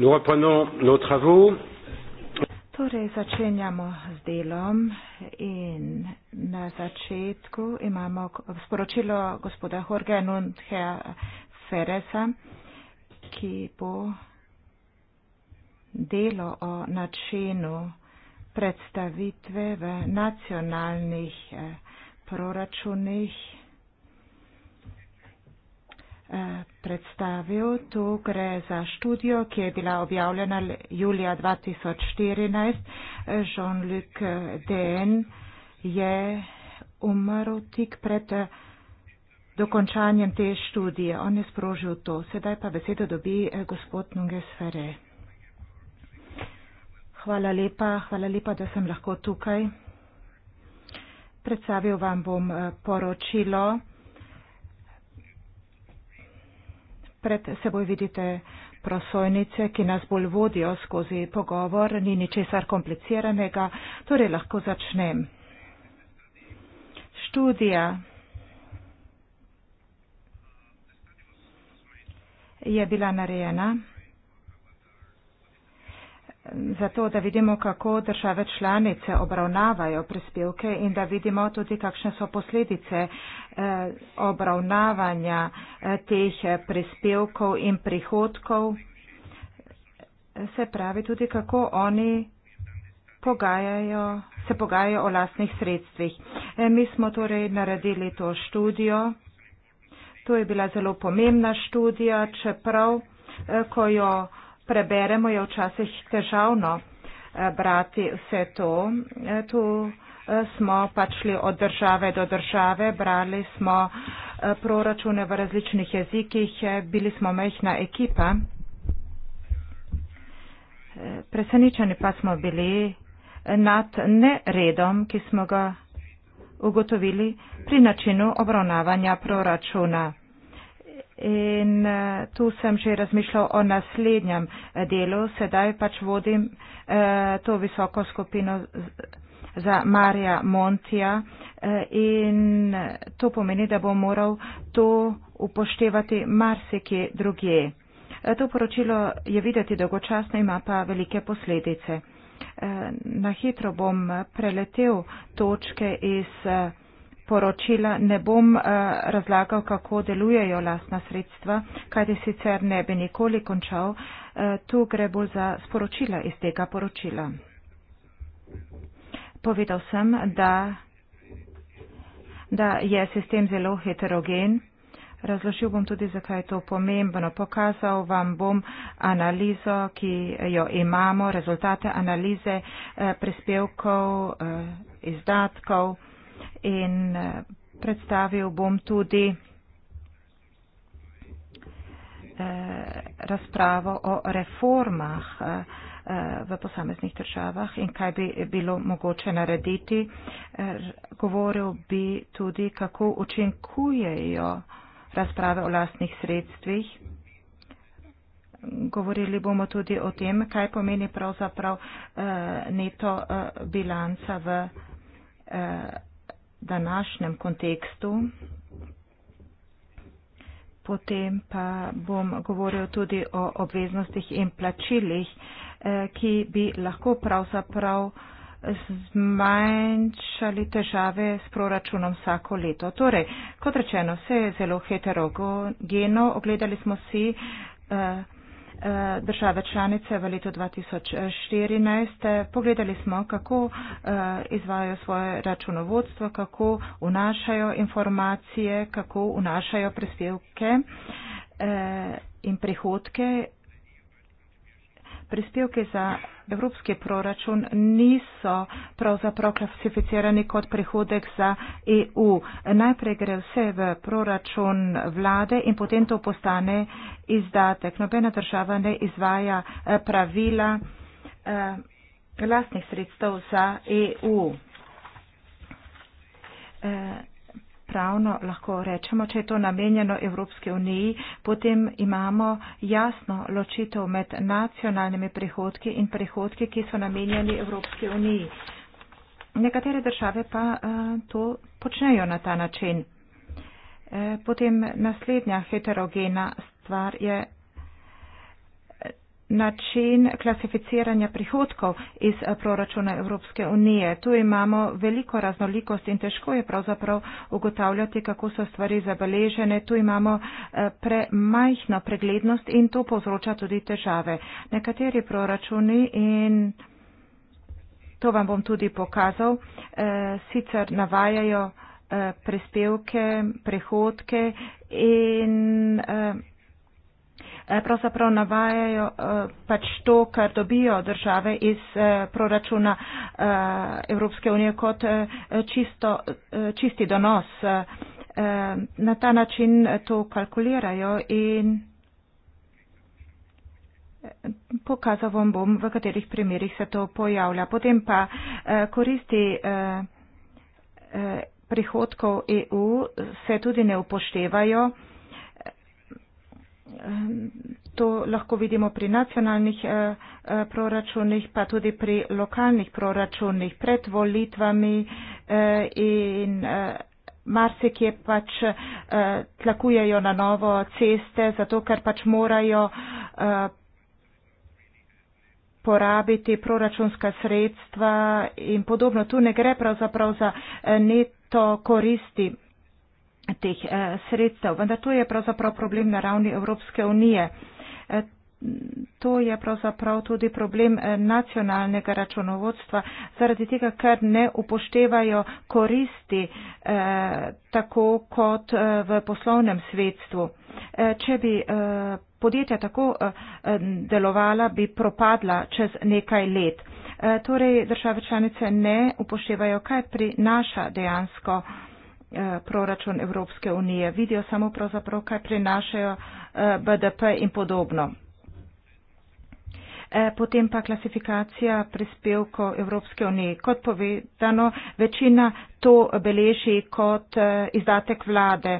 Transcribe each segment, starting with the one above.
Nous reprenons nos travaux. Torej, začenjamo z delom in na začetku imamo sporočilo gospoda Jorge Nunthea Feresa, ki bo delo o načinu predstavitve v nacionalnih eh, proračunih 2021-2022 predstavil. Tu gre za študijo, ki je bila objavljena julija 2014. Jean-Luc Den je umrl tik pred eh, dokončanjem te študije. On je sprožil to. Sedaj pa besedo dobi eh, gospod Nunges Fere. Hvala lepa, hvala lepa, da sem lahko tukaj. Predstavil vam bom eh, poročilo. Pred seboj vidite prosojnice, ki nas bolj vodijo skozi pogovor, ni ničesar kompliciranega, torej lahko začnem. Študija je bila narejena zato, da vidimo, kako države članice obravnavajo prispevke in da vidimo tudi, kakšne so posledice eh, obravnavanja eh, teh prispevkov in prihodkov. Se pravi tudi, kako oni pogajajo, se pogajajo o lastnih sredstvih. Eh, mi smo torej naredili to študijo. To je bila zelo pomembna študija, čeprav, ko jo preberemo, je včasih težavno eh, brati vse to. Eh, tu eh, smo pač šli od države do države, brali smo proračune v različnih jezikih, bili smo mehna ekipa. Presenečeni pa smo bili nad neredom, ki smo ga ugotovili pri načinu obravnavanja proračuna. In eh, tu sem že razmišljal o naslednjem eh, delu, sedaj pač vodim eh, to visoko skupino za Marija Montija eh, in to pomeni, da bom moral to upoštevati marsikje druge. To poročilo je videti dolgočasno, ima pa velike posledice. Na hitro bom preletel točke iz poročila ne bom eh, razlagal, kako delujejo lastna sredstva, kajti sicer ne bi nikoli končal. Eh, tu gre bolj za sporočila iz tega poročila. Povedal sem, da, da je sistem zelo heterogen. Razložil bom tudi, zakaj je to pomembno. Pokazal vam bom analizo, ki jo imamo, rezultate analize eh, prispevkov, izdatkov in eh, predstavil bom tudi eh, razpravo o reformah eh, v posameznih državah in kaj bi bilo mogoče narediti. Govoril bi tudi, kako učinkujejo razprave o lastnih sredstvih. Govorili bomo tudi o tem, kaj pomeni pravzaprav neto bilanca v današnjem kontekstu. Potem pa bom govoril tudi o obveznostih in plačilih, eh, ki bi lahko pravzaprav zmanjšali težave s proračunom vsako leto. Torej, kot rečeno, vse je zelo heterogeno. Ogledali smo si uh, Eh, države članice v letu 2014. Pogledali smo, kako eh, izvajo svoje računovodstvo, kako vnašajo informacije, kako vnašajo prispevke eh, in prihodke prispevki za evropski proračun niso pravzaprav klasificirani kot prihodek za EU. Najprej gre vse v proračun vlade in potem to postane izdatek. Nobena država ne izvaja eh, pravila vlastnih eh, sredstev za EU. Eh, pravno lahko rečemo, če je to namenjeno Evropske uniji, potem imamo jasno ločitev med nacionalnimi prihodki in prihodki, ki so namenjeni Evropske uniji. Nekatere države pa eh, to počnejo na ta način. Eh, potem naslednja heterogena stvar je način klasificiranja prihodkov iz eh, proračuna Evropske unije. Tu imamo veliko raznolikost in težko je pravzaprav ugotavljati, kako so stvari zabeležene. Tu imamo eh, premajhno preglednost in to povzroča tudi težave. Nekateri proračuni in to vam bom tudi pokazal, eh, sicer navajajo prispevke, prihodke in Eh, pravzaprav navajajo eh, pač to, kar dobijo države iz eh, proračuna Evropske unije kot čisto, čisti donos. Na ta način to kalkulirajo in pokazal vam bom, v katerih primerjih se to pojavlja. Potem pa koristi prihodkov EU se tudi ne upoštevajo. Ehm, to lahko vidimo pri nacionalnih eh, eh, proračunih, pa tudi pri lokalnih proračunih pred volitvami eh, in marsikje pač tlakujejo na novo ceste, zato ker pač morajo porabiti proračunska sredstva in podobno. Tu ne gre pravzaprav za neto koristi teh eh, sredstev. Vendar to je pravzaprav problem na ravni Evropske unije. Eh, to je pravzaprav tudi problem eh, nacionalnega računovodstva, zaradi tega, ker ne upoštevajo koristi tako kot v poslovnem svetstvu. Če bi podjetja tako delovala, bi propadla čez nekaj let. Torej, države članice ne upoštevajo, kaj prinaša dejansko Eh, proračun Evropske unije. Vidijo samo pravzaprav, kaj prinašajo eh, BDP in podobno. Eh, potem pa klasifikacija prispevkov Evropske unije. Kot povedano, večina to beleži kot eh, izdatek vlade.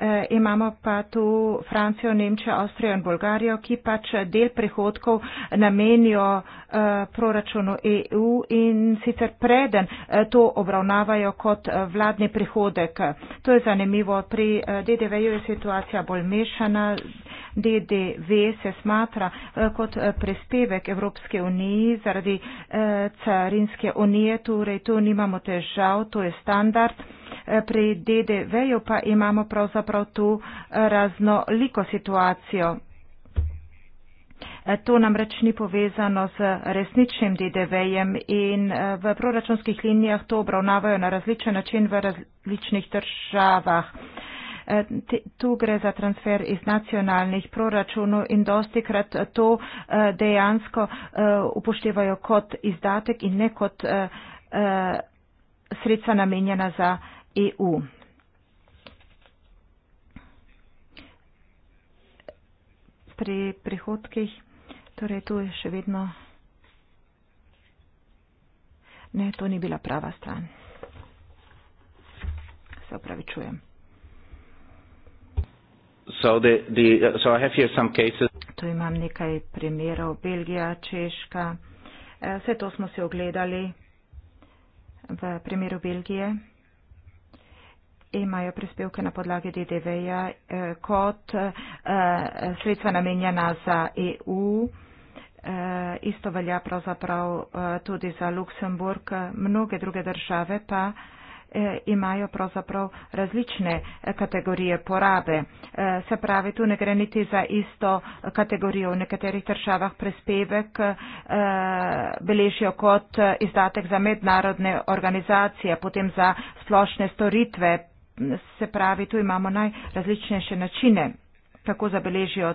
Eh, imamo pa tu Francijo, Nemčijo, Avstrijo in Bolgarijo, ki pač del prihodkov namenijo proračunu EU in sicer preden to obravnavajo kot vladni prihodek. To je zanimivo. Pri DDV-ju je situacija bolj mešana. DDV se smatra eh, kot eh, prispevek Evropske unije zaradi eh, carinske unije, torej tu nimamo težav, to je standard. Pri DDV-ju pa imamo pravzaprav tu raznoliko situacijo. To namreč ni povezano z resničnim DDV-jem in v proračunskih linijah to obravnavajo na različen način v različnih državah. Eh, tu gre za transfer iz nacionalnih proračunov in dosti krat to eh, dejansko eh, upoštevajo kot izdatek in ne kot sredstva namenjena za EU. Pri prihodkih, torej tu je še vedno. Ne, to ni bila prava stran. Se opravičujem. Tu imam nekaj primerov, Belgija, Češka. Eh, vse to smo si ogledali v primeru Belgije. Imajo prispevke na podlagi DDV-ja eh, kot eh, sredstva namenjena za EU. Isto velja pravzaprav tudi za Luksemburg, mnoge druge države pa. Eh, imajo pravzaprav različne eh, kategorije porabe. Eh, se pravi, tu ne gre niti za isto kategorijo. V nekaterih državah prispevek beležijo kot izdatek za mednarodne organizacije, potem za splošne storitve. Se pravi, tu imamo najrazličnejše načine, kako zabeležijo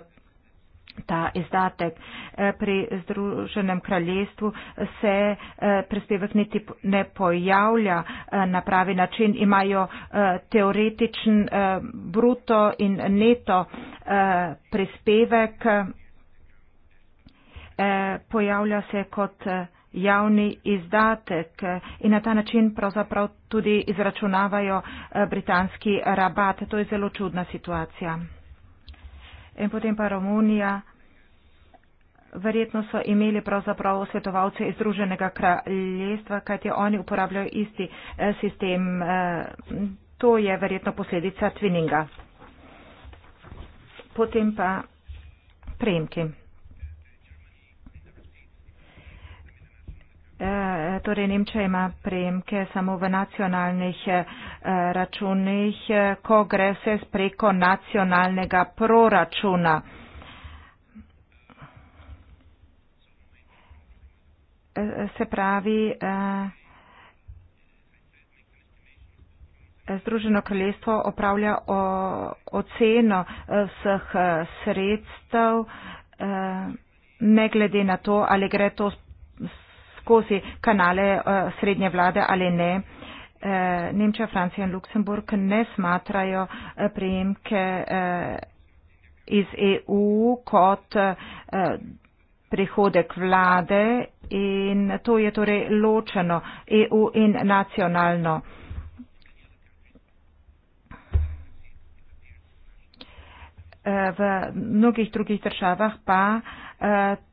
ta izdatek. Eh, pri Združenem kraljestvu se eh, prispevek niti ne pojavlja eh, na pravi način. Imajo teoretičen bruto in neto prispevek. Pojavlja se kot javni izdatek in na ta način pravzaprav tudi izračunavajo britanski rabat. To je zelo čudna situacija in potem pa Romunija. Verjetno so imeli pravzaprav svetovalce iz Združenega kraljestva, kajti oni uporabljajo isti eh, sistem. Eh, to je verjetno posledica twininga. Potem pa prejemki. Eh, torej Nemčija ima prejemke samo v nacionalnih eh, računih, eh, ko gre se preko nacionalnega proračuna. Se pravi, Združeno kraljestvo opravlja o, oceno vseh sredstev, ne glede na to, ali gre to s skozi kanale eh, srednje vlade ali ne. Eh, Nemčija, Francija in Luksemburg ne smatrajo eh, prejemke iz EU kot prihodek vlade in to je torej ločeno EU in nacionalno. V mnogih drugih državah pa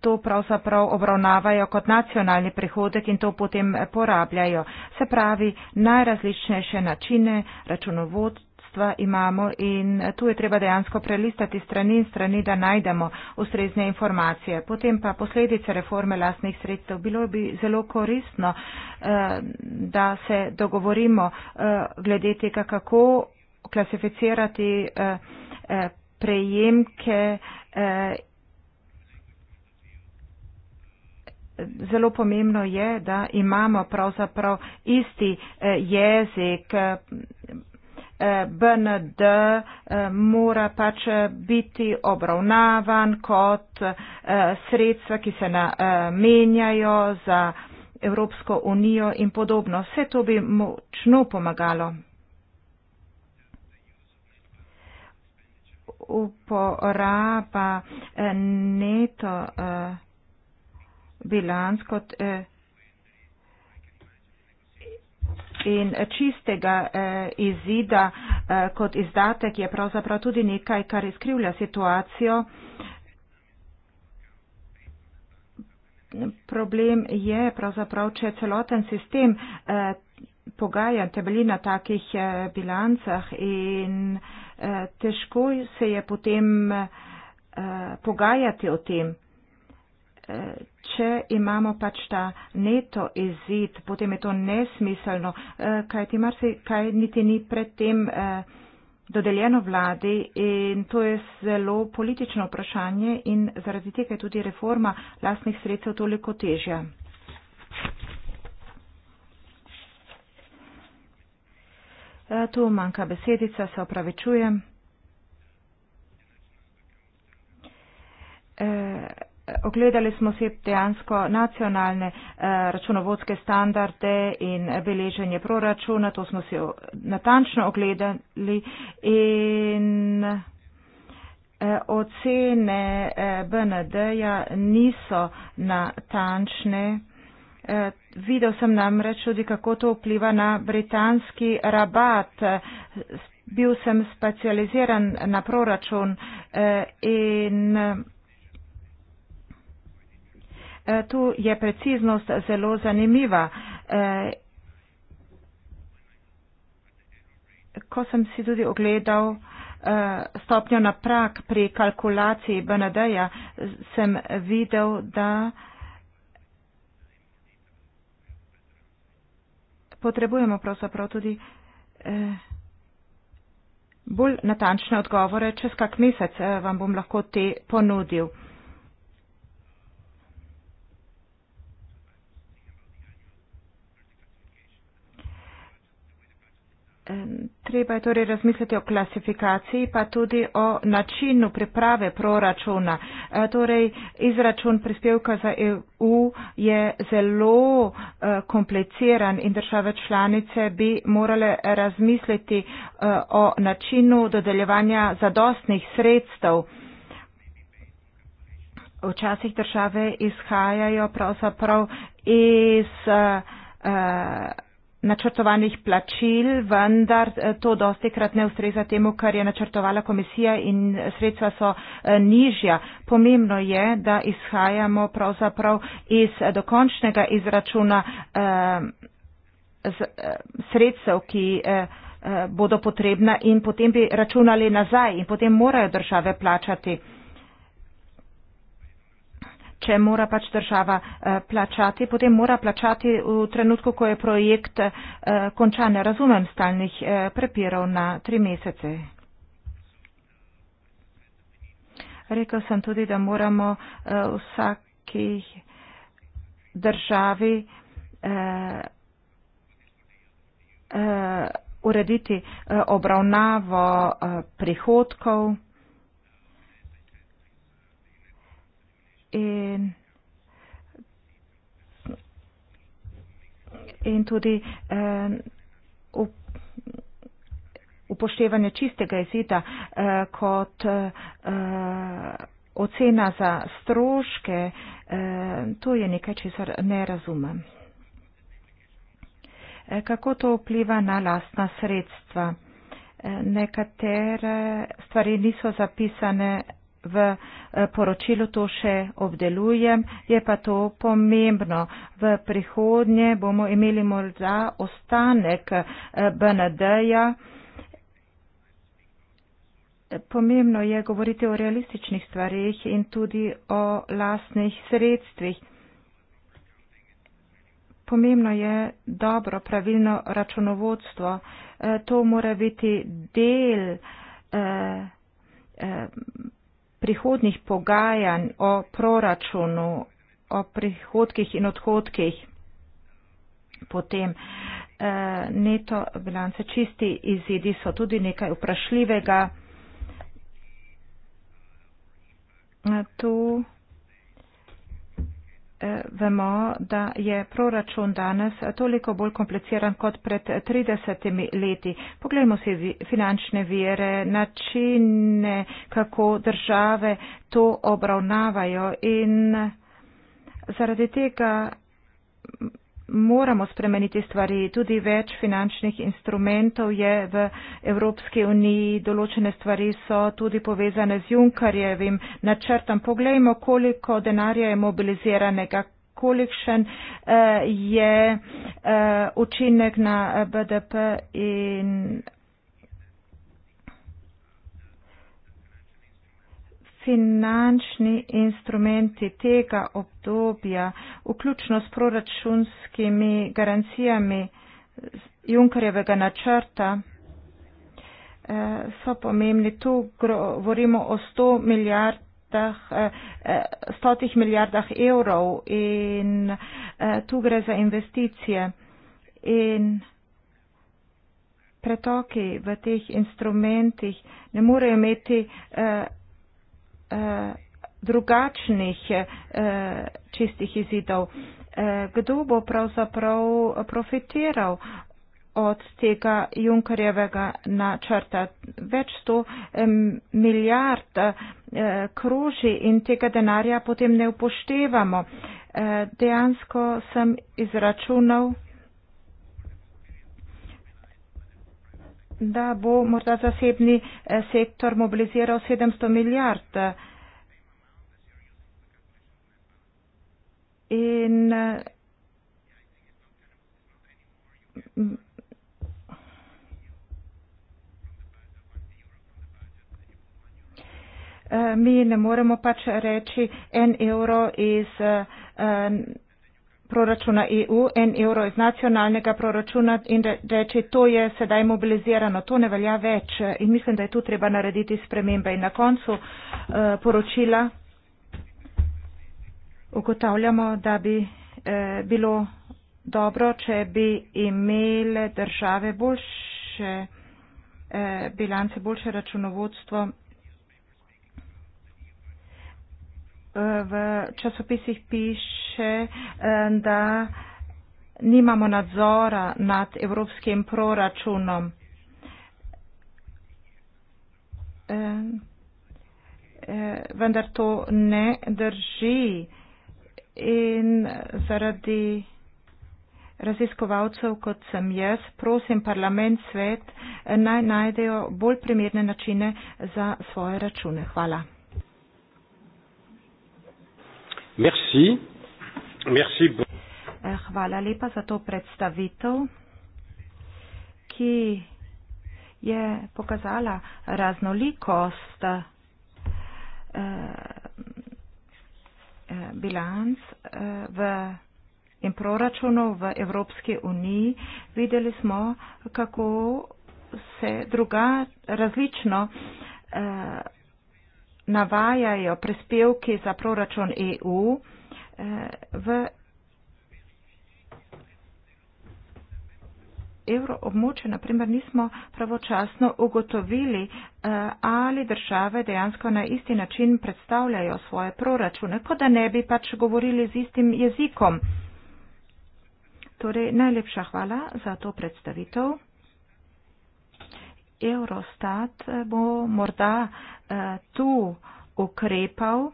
to pravzaprav obravnavajo kot nacionalni prihodek in to potem porabljajo. Se pravi, najrazličnejše načine računovodstva imamo in tu je treba dejansko prelistati strani in strani, da najdemo ustrezne informacije. Potem pa posledice reforme lastnih sredstev. Bilo bi zelo koristno, eh, da se dogovorimo eh, glede tega, kako klasificirati eh, prejemke zelo pomembno je, da imamo pravzaprav isti eh, jezik. Eh, BND eh, mora pač biti obravnavan kot sredstva, ki se namenjajo za Evropsko unijo in podobno. Vse to bi močno pomagalo. Uporaba neto. Uh, bilans kot eh, in čistega eh, izida eh, kot izdatek je pravzaprav tudi nekaj, kar izkrivlja situacijo. Problem je pravzaprav, če celoten sistem pogajanj temelji na takih bilancah in težko se je potem pogajati o tem če imamo pač ta neto izid, potem je to nesmiselno, eh, kaj ti marsi, kaj niti ni predtem eh, dodeljeno vladi in to je zelo politično vprašanje in zaradi tega je tudi reforma lastnih sredstev toliko težja. Eh, tu manjka besedica, se opravičujem. Ogledali smo si dejansko nacionalne eh, računovodske standarde in beleženje proračuna, to smo si natančno ogledali in eh, ocene eh, BND-ja niso natančne. Videl sem namreč tudi, kako to vpliva na britanski rabat. Bil sem specializiran na proračun in Eh, tu je preciznost zelo zanimiva. Eh, ko sem si tudi ogledal eh, stopnjo na prak pri kalkulaciji BND-ja, sem videl, da potrebujemo pravzaprav tudi bolj natančne odgovore. Čez kak mesec vam bom lahko te ponudil. Treba je torej razmisliti o klasifikaciji, pa tudi o načinu priprave proračuna. E, torej, izračun prispevka za EU je zelo e, kompliciran in države članice bi morale razmisliti e, o načinu dodeljevanja zadostnih sredstev. Včasih države izhajajo pravzaprav iz. Uh, načrtovanih plačil, vendar eh, to dosti krat ne ustreza temu, kar je načrtovala komisija in sredstva so eh, nižja. Pomembno je, da izhajamo pravzaprav iz eh, dokončnega izračuna sredstev, ki bodo potrebna in potem bi računali nazaj in potem morajo države plačati če mora pač država eh, plačati, potem mora plačati v trenutku, ko je projekt eh, končan. Razumem stalnih eh, prepirov na tri mesece. Rekel sem tudi, da moramo vsaki državi urediti obravnavo prihodkov. In in tudi eh, upoštevanje čistega izida eh, kot eh, ocena za stroške, to je nekaj, česar ne razumem. Kako to vpliva na lastna sredstva? Nekatere stvari niso zapisane v eh, poročilu to še obdelujem, je pa to pomembno. V prihodnje bomo imeli morda ostanek eh, BND-ja. Pomembno je govoriti o realističnih stvarih in tudi o lastnih sredstvih. Pomembno je dobro, pravilno računovodstvo. Eh, to mora biti del eh, eh, prihodnih pogajanj o proračunu, o prihodkih in odhodkih, potem eh, neto bilance čisti izidi so tudi nekaj vprašljivega. Tu Eh, vemo, da je proračun danes toliko bolj kompliciran kot pred 30 leti. Poglejmo si finančne vire, načine, kako države to obravnavajo in zaradi tega moramo spremeniti stvari. Tudi več finančnih instrumentov je v Evropski uniji, določene stvari so tudi povezane z Junkarjevim načrtom. Poglejmo, koliko denarja je mobiliziranega, kolikšen eh, je eh, učinek na eh, BDP in finančni instrumenti tega obdobja, vključno s proračunskimi garancijami Junkarjevega načrta, eh, so pomembni. Tu govorimo o 100 milijard. 100 milijardah evrov in eh, tu gre za investicije in pretoki v teh instrumentih ne morejo imeti eh, Eh, drugačnih eh, čistih izidov. Eh, kdo bo pravzaprav profitiral od tega Junkerjevega načrta? Več sto milijard kroži in tega denarja potem ne upoštevamo. Dejansko sem izračunal, da bo morda zasebni eh, sektor mobiliziral 700 milijard. In eh, mi ne moremo pač reči en evro iz. Uh, proračuna EU, en evro iz nacionalnega proračuna in reči, to je sedaj mobilizirano, to ne velja več in mislim, da je tu treba narediti spremembe. In na koncu uh, poročila ugotavljamo, da bi uh, bilo dobro, če bi imele države boljše uh, bilance, boljše računovodstvo. v časopisih piše, da nimamo nadzora nad evropskim proračunom. Eh, vendar to ne drži in zaradi raziskovalcev, kot sem jaz, prosim parlament, svet, naj najdejo bolj primerne načine za svoje račune. Hvala. Merci. Merci pour... Eh, hvala lepa za to predstavitev, ki je pokazala raznolikost eh, eh bilanc eh, v in proračunov v Evropski uniji. Videli smo, kako se druga različno eh, navajajo prispevki za proračun EU eh, v evroobmoče, naprimer, nismo pravočasno ugotovili, eh, ali države dejansko na isti način predstavljajo svoje proračune, kot da ne bi pač govorili z istim jezikom. Torej, najlepša hvala za to predstavitev. Eurostat bo morda eh, tu ukrepal.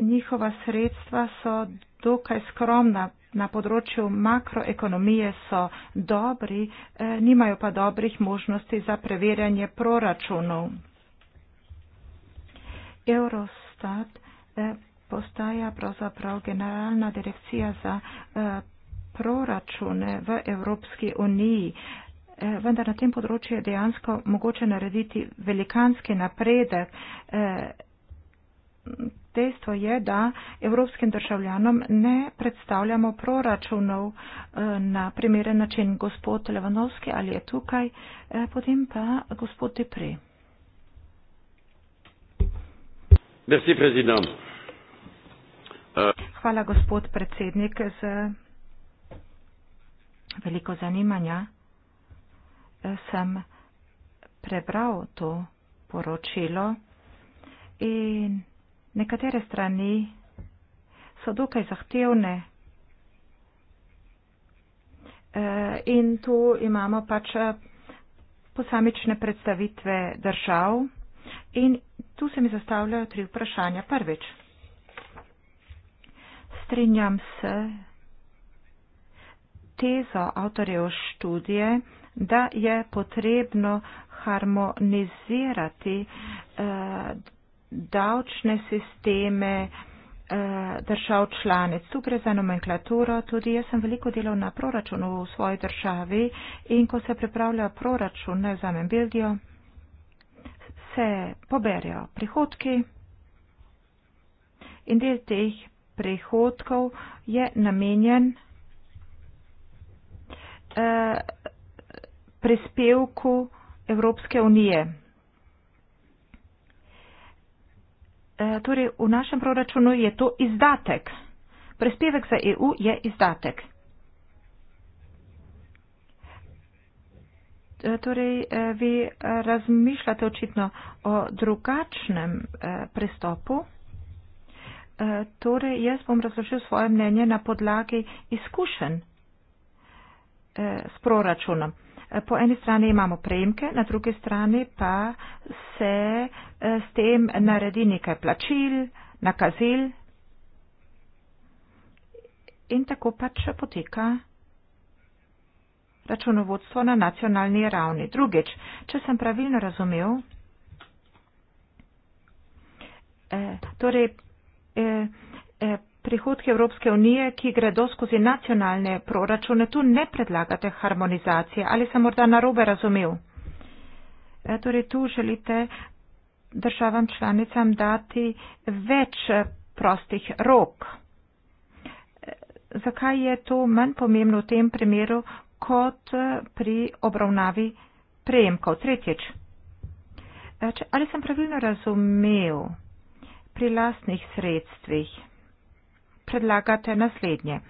Njihova sredstva so dokaj skromna. Na področju makroekonomije so dobri, eh, nimajo pa dobrih možnosti za preverjanje proračunov. Eurostat eh, postaja pravzaprav generalna direkcija za eh, proračune v Evropski uniji. Eh, vendar na tem področju je dejansko mogoče narediti velikanski napredek. Eh, dejstvo je, da evropskim državljanom ne predstavljamo proračunov eh, na primeren način. Gospod Levanovski ali je tukaj, potem pa gospod Depri. Hvala, gospod predsednik, z veliko zanimanja sem prebral to poročilo in nekatere strani so dokaj zahtevne. E, in tu imamo pač e, posamične predstavitve držav in tu se mi zastavljajo tri vprašanja. Prvič, strinjam se tezo avtorjev študije, da je potrebno harmonizirati eh, davčne sisteme eh, držav članic. Tu gre za nomenklaturo. Tudi jaz sem veliko delal na proračunu v svoji državi in ko se pripravlja proračun, ne vzamem Belgijo, se poberjo prihodki in del teh prihodkov je namenjen. Uh, prispevku Evropske unije. E, torej, v našem proračunu je to izdatek. Prispevek za EU je izdatek. E, torej, e, vi razmišljate očitno o drugačnem pristopu. Torej, jaz bom razložil svoje mnenje na podlagi izkušenj s proračunom. Po eni strani imamo prejemke, na drugi strani pa se eh, s tem naredi nekaj plačil, nakazil in tako pač poteka računovodstvo na nacionalni ravni. Drugič, če sem pravilno razumel, eh, torej eh, prihodki Evropske unije, ki gredo skozi nacionalne proračune, tu ne predlagate harmonizacije ali sem morda narobe razumel. E, torej, tu želite državam članicam dati več e, prostih rok. E, zakaj je to manj pomembno v tem primeru kot e, pri obravnavi prejemkov? Tretjič. Ali sem pravilno razumel pri lastnih sredstvih? predlagate naslednje.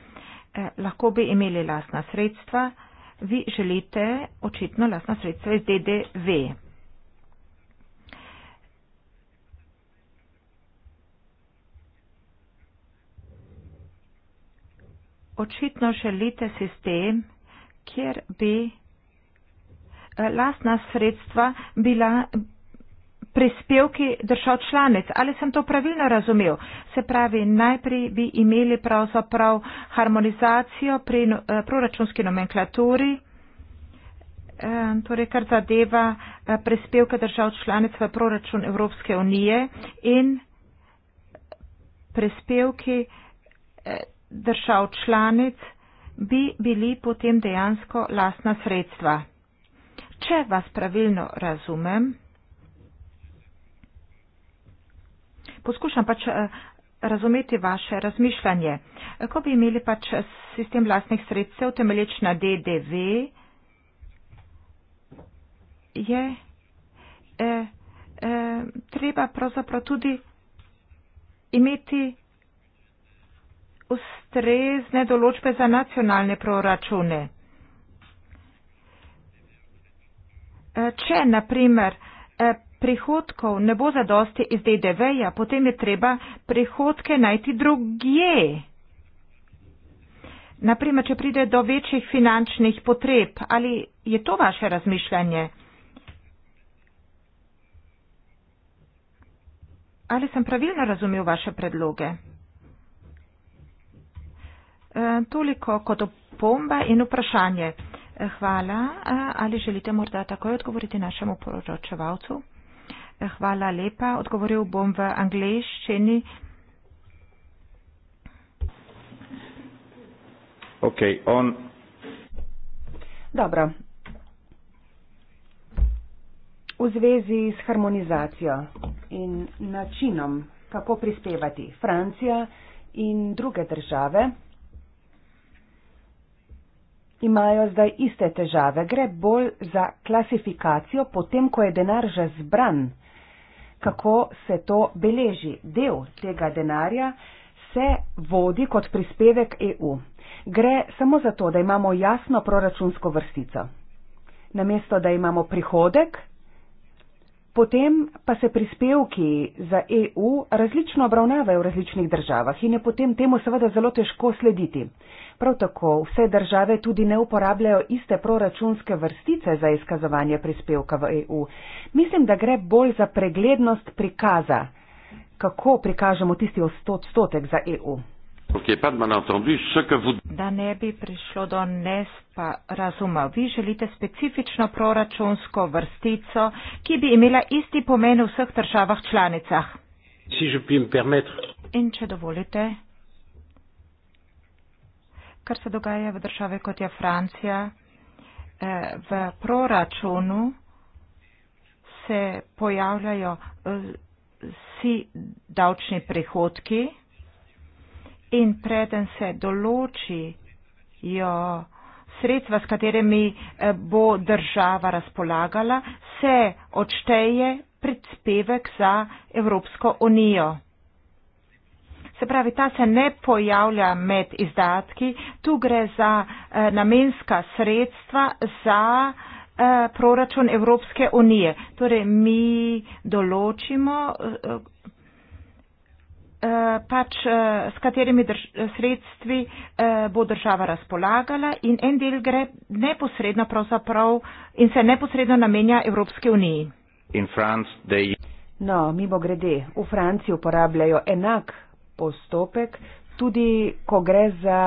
Eh, lahko bi imeli lasna sredstva, vi želite očitno lasna sredstva iz DDV. Očitno želite sistem, kjer bi eh, lasna sredstva bila prispevki držav članic. Ali sem to pravilno razumel? Se pravi, najprej bi imeli pravzaprav harmonizacijo pri eh, proračunski nomenklaturi, eh, torej kar zadeva eh, prispevke držav članic v proračun Evropske unije in prispevki držav članic bi bili potem dejansko lastna sredstva. Če vas pravilno razumem, poskušam pač eh, razumeti vaše razmišljanje. Ko bi imeli pač sistem vlastnih sredstev temelječ na DDV, je e, e, treba pravzaprav tudi imeti ustrezne določbe za nacionalne proračune. Če, na primer, prihodkov ne bo zadosti iz DDV-ja, potem je treba prihodke najti drugje. Naprimer, če pride do večjih finančnih potreb, ali je to vaše razmišljanje? Ali sem pravilno razumel vaše predloge? E, toliko kot opomba in vprašanje. E, hvala. E, ali želite morda takoj odgovoriti našemu poročevalcu? Hvala lepa. Odgovoril bom v angliščini. Ok, on. Dobro. V zvezi s harmonizacijo in načinom, kako prispevati Francija in druge države, imajo zdaj iste težave. Gre bolj za klasifikacijo, potem ko je denar že zbran kako se to beleži. Del tega denarja se vodi kot prispevek EU. Gre samo za to, da imamo jasno proračunsko vrstico. Namesto, da imamo prihodek, potem pa se prispevki za EU različno obravnavajo v različnih državah in je potem temu seveda zelo težko slediti. Prav tako vse države tudi ne uporabljajo iste proračunske vrstice za izkazovanje prispevka v EU. Mislim, da gre bolj za preglednost prikaza, kako prikažemo tisti odstotek za EU. Da ne bi prišlo do nespa razuma, vi želite specifično proračunsko vrstico, ki bi imela isti pomen v vseh državah članicah. In če dovolite, kar se dogaja v države kot je Francija. Eh, v proračunu se pojavljajo eh, vsi davčni prihodki in preden se določijo sredstva, s katerimi eh, bo država razpolagala, se odšteje prispevek za Evropsko unijo. Se pravi, ta se ne pojavlja med izdatki, tu gre za eh, namenska sredstva za eh, proračun Evropske unije. Torej, mi določimo, eh, eh pač, eh, s katerimi drž sredstvi eh, bo država razpolagala in en del gre neposredno pravzaprav in se neposredno namenja Evropske unije. No, mimo grede, v Franciji uporabljajo enak postopek, tudi ko gre za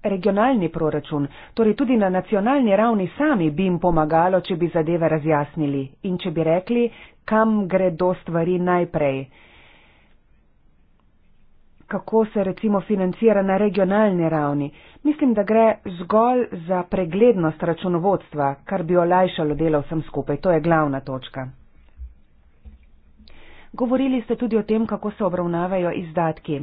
regionalni proračun, torej tudi na nacionalni ravni sami bi jim pomagalo, če bi zadeve razjasnili in če bi rekli, kam gredo stvari najprej. Kako se recimo financira na regionalni ravni? Mislim, da gre zgolj za preglednost računovodstva, kar bi olajšalo delo vsem skupaj. To je glavna točka. Govorili ste tudi o tem, kako se obravnavajo izdatki.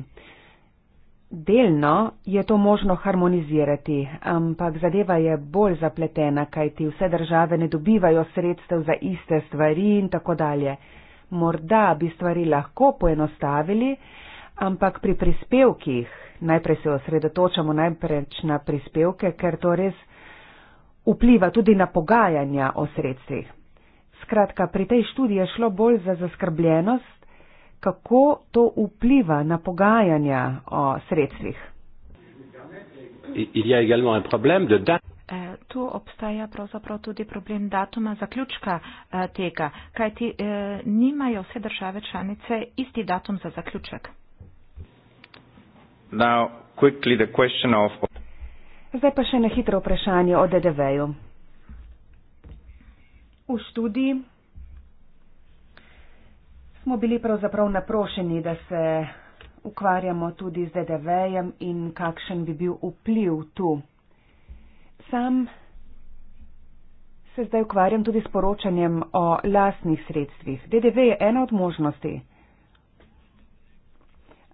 Delno je to možno harmonizirati, ampak zadeva je bolj zapletena, kajti vse države ne dobivajo sredstev za iste stvari in tako dalje. Morda bi stvari lahko poenostavili, ampak pri prispevkih, najprej se osredotočamo najprej na prispevke, ker to res vpliva tudi na pogajanja o sredstvih. Skratka, pri tej študiji je šlo bolj za zaskrbljenost, kako to vpliva na pogajanja o sredstvih. Eh, tu obstaja pravzaprav tudi problem datuma zaključka eh, tega, kajti eh, nimajo vse države članice isti datum za zaključek. Now, quickly, of... Zdaj pa še na hitro vprašanje o DDV-ju. V študiji smo bili pravzaprav naprošeni, da se ukvarjamo tudi z DDV-jem in kakšen bi bil vpliv tu. Sam se zdaj ukvarjam tudi s poročanjem o lasnih sredstvih. DDV je ena od možnosti.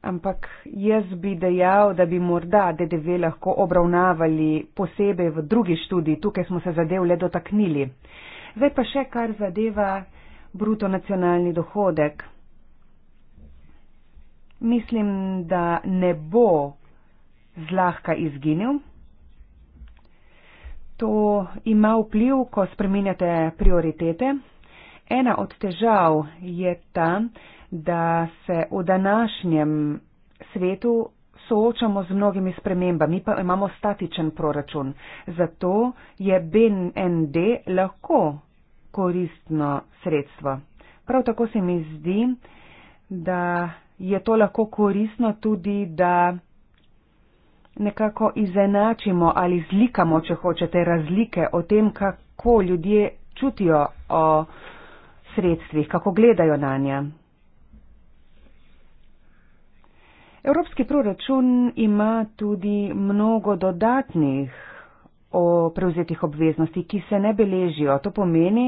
Ampak jaz bi dejal, da bi morda DDV lahko obravnavali posebej v drugi študiji. Tukaj smo se zadev le dotaknili. Zdaj pa še kar zadeva bruto nacionalni dohodek. Mislim, da ne bo zlahka izginil. To ima vpliv, ko spreminjate prioritete. Ena od težav je ta, da se v današnjem svetu soočamo z mnogimi spremembami, pa imamo statičen proračun. Zato je BND lahko koristno sredstvo. Prav tako se mi zdi, da je to lahko koristno tudi, da nekako izenačimo ali zlikamo, če hočete, razlike o tem, kako ljudje čutijo o sredstvih, kako gledajo na njem. Evropski proračun ima tudi mnogo dodatnih o prevzetih obveznosti, ki se ne beležijo. To pomeni,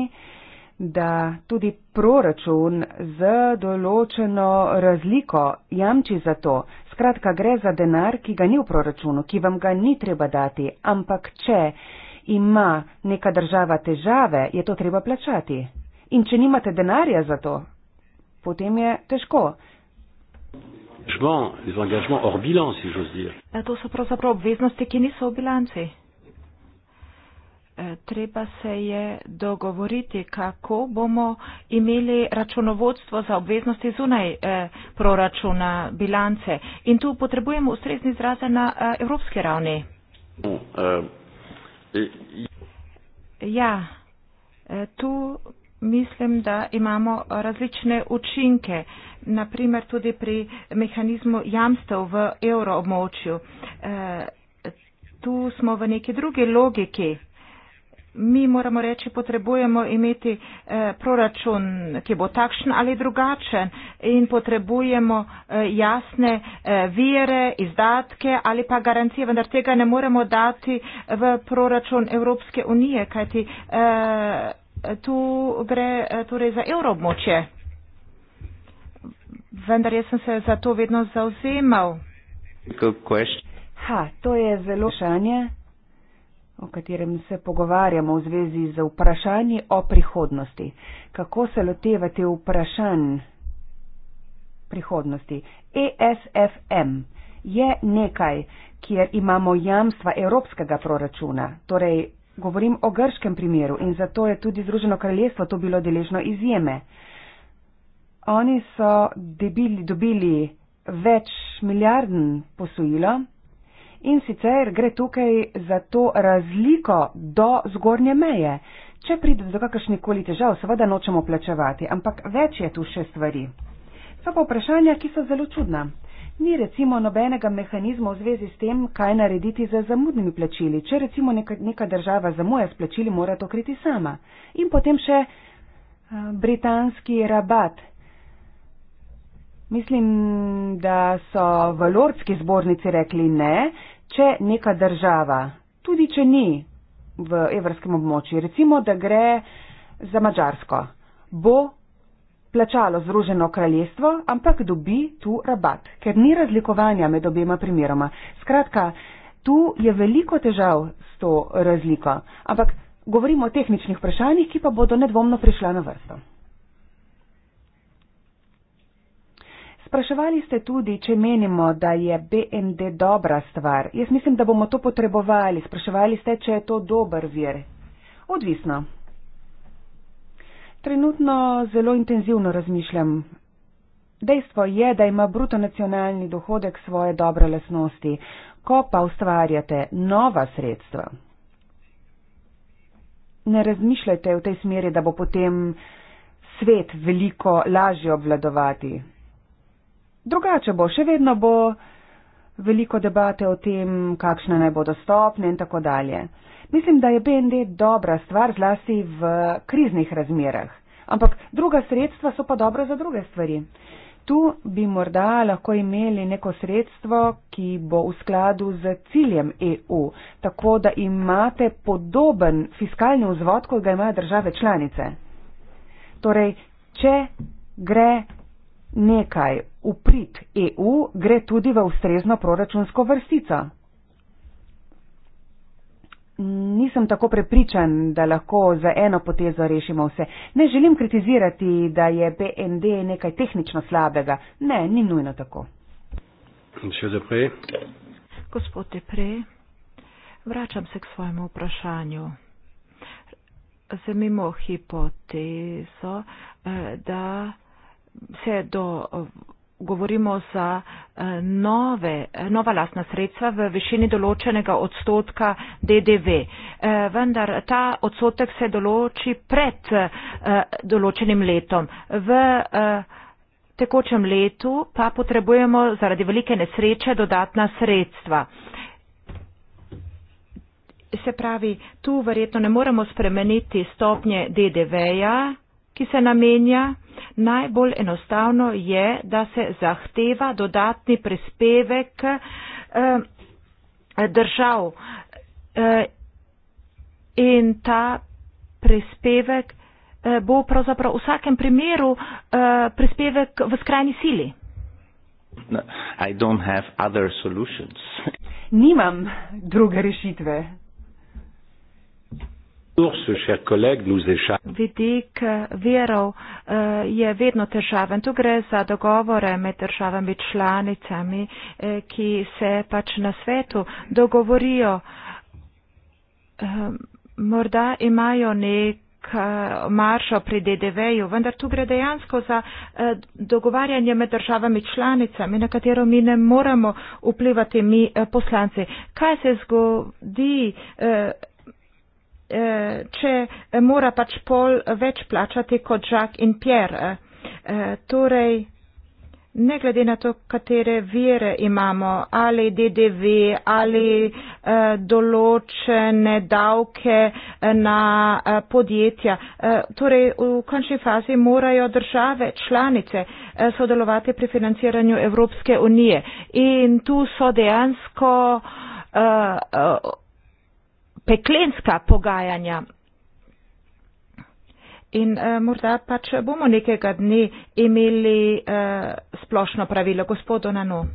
da tudi proračun z določeno razliko jamči za to. Skratka, gre za denar, ki ga ni v proračunu, ki vam ga ni treba dati, ampak če ima neka država težave, je to treba plačati. In če nimate denarja za to, potem je težko engagements, les engagements hors bilan, si j'ose dire. Ja, to so pravzaprav obveznosti, ki niso v bilanci. Eh, treba se je dogovoriti, kako bomo imeli računovodstvo za obveznosti zunaj eh, proračuna bilance. In tu potrebujemo ustrezni izraze na eh, evropski ravni. Ja, tu mislim, da imamo različne učinke, naprimer tudi pri mehanizmu jamstev v evroobmočju. Eh, tu smo v neki drugi logiki. Mi moramo reči, potrebujemo imeti eh, proračun, ki bo takšen ali drugačen in potrebujemo eh, jasne vire, izdatke ali pa garancije, vendar tega ne moremo dati v proračun Evropske unije, kajti tu gre eh, torej za evroobmočje. Vendar jaz sem se za to vedno zauzemal. Ha, to je zelo vprašanje, o katerem se pogovarjamo v zvezi z vprašanji o prihodnosti. Kako se lotevate vprašanj prihodnosti? ESFM je nekaj, kjer imamo jamstva evropskega proračuna, torej govorim o grškem primeru in zato je tudi Združeno kraljestvo to bilo deležno izjeme. Oni so debili, dobili več milijarden posojilo in sicer gre tukaj za to razliko do zgornje meje. Če pride do kakršnih koli težav, seveda nočemo plačevati, ampak več je tu še stvari. So pa vprašanja, ki so zelo čudna ni recimo nobenega mehanizma v zvezi s tem, kaj narediti z zamudnimi plačili. Če recimo neka, neka država zamuja s plačili, mora to kriti sama. In potem še britanski rabat. Mislim, da so v lordski zbornici rekli ne, če neka država, tudi če ni v evrskem območju, recimo da gre za Mačarsko, bo plačalo Združeno kraljestvo, ampak dobi tu rabat, ker ni razlikovanja med obema primeroma. Skratka, tu je veliko težav s to razliko, ampak govorimo o tehničnih vprašanjih, ki pa bodo nedvomno prišla na vrsto. Spraševali ste tudi, če menimo, da je BND dobra stvar. Jaz mislim, da bomo to potrebovali. Spraševali ste, če je to dober vir. Odvisno. Trenutno zelo intenzivno razmišljam. Dejstvo je, da ima bruto nacionalni dohodek svoje dobre lasnosti, ko pa ustvarjate nova sredstva. Ne razmišljajte v tej smeri, da bo potem svet veliko lažje obvladovati. Drugače bo, še vedno bo veliko debate o tem, kakšne naj bodo stopne in tako dalje. Mislim, da je BND dobra stvar zlasti v kriznih razmerah, ampak druga sredstva so pa dobra za druge stvari. Tu bi morda lahko imeli neko sredstvo, ki bo v skladu z ciljem EU, tako da imate podoben fiskalni vzvod, kot ga imajo države članice. Torej, če gre nekaj uprit EU, gre tudi v ustrezno proračunsko vrstico. Nisem tako prepričan, da lahko za eno potezo rešimo vse. Ne želim kritizirati, da je BND nekaj tehnično slabega. Ne, ni nujno tako. Gospod Depre, vračam se k svojemu vprašanju. Zemimo hipotezo, eh, da se do govorimo za eh, nove, eh, nova lastna sredstva v višini določenega odstotka DDV. Eh, vendar ta odstotek se določi pred določenim letom. V tekočem letu pa potrebujemo zaradi velike nesreče dodatna sredstva. Se pravi, tu verjetno ne moremo spremeniti stopnje DDV-ja ki se namenja, najbolj enostavno je, da se zahteva dodatni prispevek eh, držav eh, in ta prispevek eh, bo pravzaprav v vsakem primeru prispevek v skrajni sili. No, Nimam druge rešitve. Vidik eh, virov eh, je vedno težaven. Tu gre za dogovore med državami članicami, eh, ki se pač na svetu dogovorijo. Ehm, morda imajo nek maršo pri DDV-ju, vendar tu gre dejansko za dogovarjanje med državami članicami, na katero mi ne moremo vplivati mi poslanci. Kaj se zgodi? Eh, če mora pač pol več plačati kot žak in pjer. Eh, torej, ne glede na to, katere vire imamo, ali DDV, ali eh, določene davke na podjetja. Torej, v končni fazi morajo države članice sodelovati pri financiranju Evropske unije. In tu so dejansko peklenska pogajanja. In uh, morda pač bomo nekega dne imeli uh, splošno pravilo, gospodo Nano.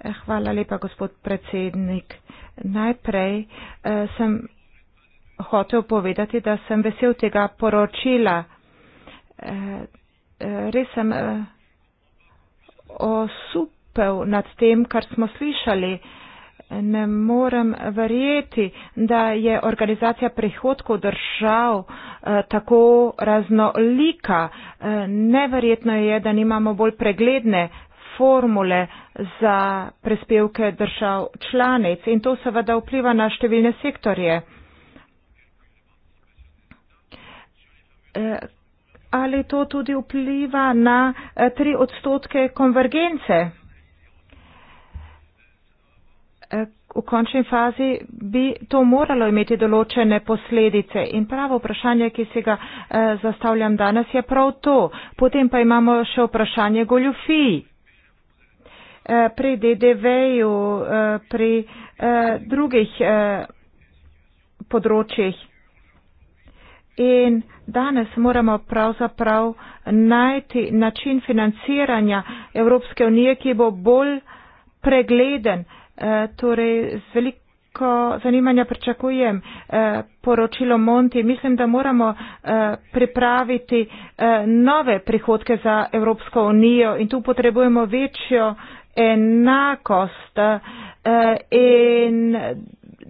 Eh, hvala lepa, gospod predsednik. Najprej uh, sem hotel povedati, da sem vesel tega poročila. Uh, uh, res sem uh, osupel nad tem, kar smo slišali. Uh, ne morem verjeti, da je organizacija prihodkov držav eh, tako raznolika. Eh, neverjetno je, da nimamo bolj pregledne formule za prispevke držav članic in to seveda vpliva na številne sektorje. Eh, ali to tudi vpliva na tri odstotke konvergence? Eh, v končni fazi bi to moralo imeti določene posledice. In pravo vprašanje, ki se ga eh, zastavljam danes, je prav to. Potem pa imamo še vprašanje goljufij. Eh, pri DDV-ju, pri drugih področjih. In danes moramo pravzaprav najti način financiranja Evropske unije, ki bo bolj pregleden. Eh, torej z veliko zanimanja pričakujem eh, poročilo Monti. Mislim, da moramo eh, pripraviti nove prihodke za Evropsko unijo in tu potrebujemo večjo enakost in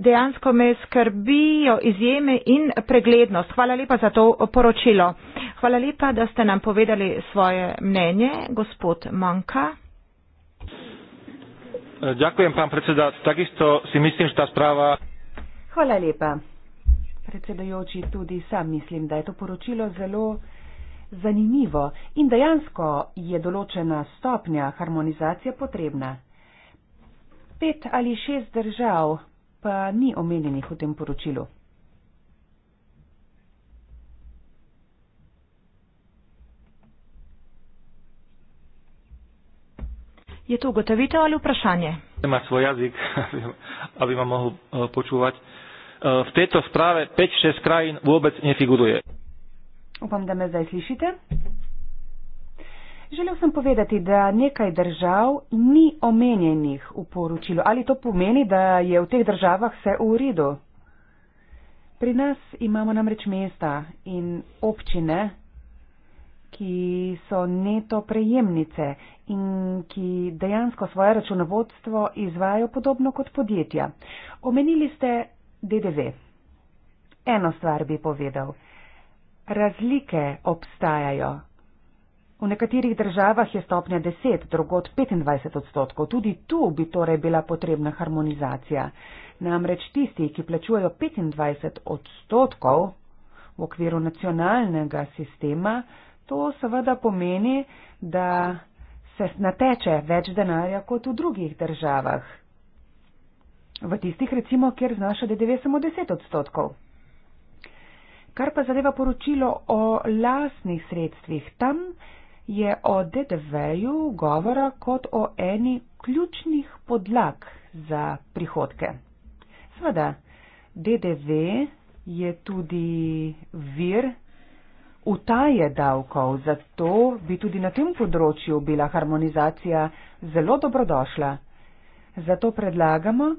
dejansko me skrbijo izjeme in preglednost. Hvala lepa za to poročilo. Hvala lepa, da ste nam povedali svoje mnenje, gospod Manka. Ďakujem, pán predseda. Takisto si myslím, že tá správa... Hvala lepa. Predsedajoči, tudi sam mislim, da je to poročilo zelo zanimivo in dejansko je določena stopnja harmonizacije potrebna. Pet ali šest držav pa ni omenjenih v tem poročilu. Je to ugotovitev ali vprašanje? Ima svoj jezik, da bi ga lahko počuvati. V tejto sprave 5-6 krajin vôbec ne figuruje. Upam, da me zdaj slišite. Želel sem povedati, da nekaj držav ni omenjenih v poročilu. Ali to pomeni, da je v teh državah vse v redu? Pri nas imamo namreč mesta in občine, ki so neto prejemnice in ki dejansko svoje računovodstvo izvajo podobno kot podjetja. Omenili ste DDV. Eno stvar bi povedal. Razlike obstajajo. V nekaterih državah je stopnja 10, drugot 25 odstotkov. Tudi tu bi torej bila potrebna harmonizacija. Namreč tisti, ki plačujejo 25 odstotkov v okviru nacionalnega sistema, to seveda pomeni, da se nateče več denarja kot v drugih državah. V tistih recimo, kjer znaša DDV samo 10 odstotkov. Kar pa zadeva poročilo o lasnih sredstvih, tam je o DDV-ju govora kot o eni ključnih podlag za prihodke. Sveda, DDV je tudi vir utaje davkov, zato bi tudi na tem področju bila harmonizacija zelo dobrodošla. Zato predlagamo,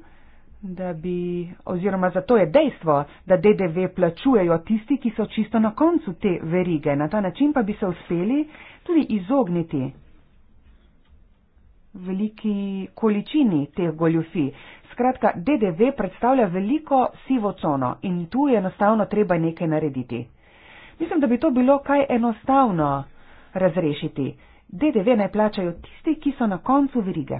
da bi, oziroma zato je dejstvo, da DDV plačujejo tisti, ki so čisto na koncu te verige. Na ta način pa bi se uspeli tudi izogniti veliki količini teh goljufi. Skratka, DDV predstavlja veliko sivo cono in tu je enostavno treba nekaj narediti. Mislim, da bi to bilo kaj enostavno razrešiti. DDV naj plačajo tisti, ki so na koncu verige.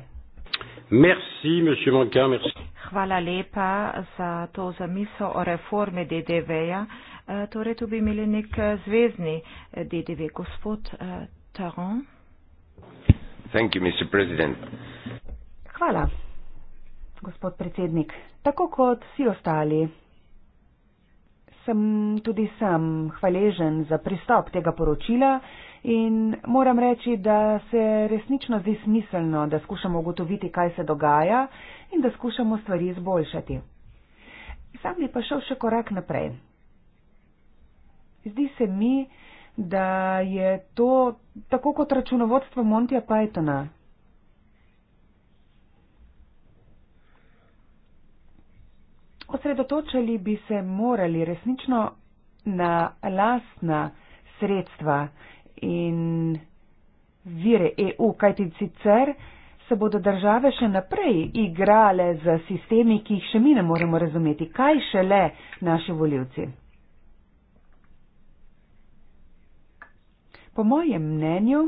Merci, Manca, merci. Hvala lepa za to zamisel o reforme DDV-ja. E, torej, tu bi imeli nek e, zvezdni e, DDV, gospod e, Taron. Thank you, Mr. President. Hvala, gospod predsednik, tako kot vsi ostali sem tudi sam hvaležen za pristop tega poročila in moram reči, da se resnično zdi smiselno, da skušamo ugotoviti, kaj se dogaja in da skušamo stvari izboljšati. Sam bi pa šel še korak naprej. Zdi se mi, da je to tako kot računovodstvo Montija Pythona, Osredotočali bi se morali resnično na lastna sredstva in vire EU, kajti sicer se bodo države še naprej igrale z sistemi, ki jih še mi ne moremo razumeti. Kaj šele naši voljivci? Po mojem mnenju,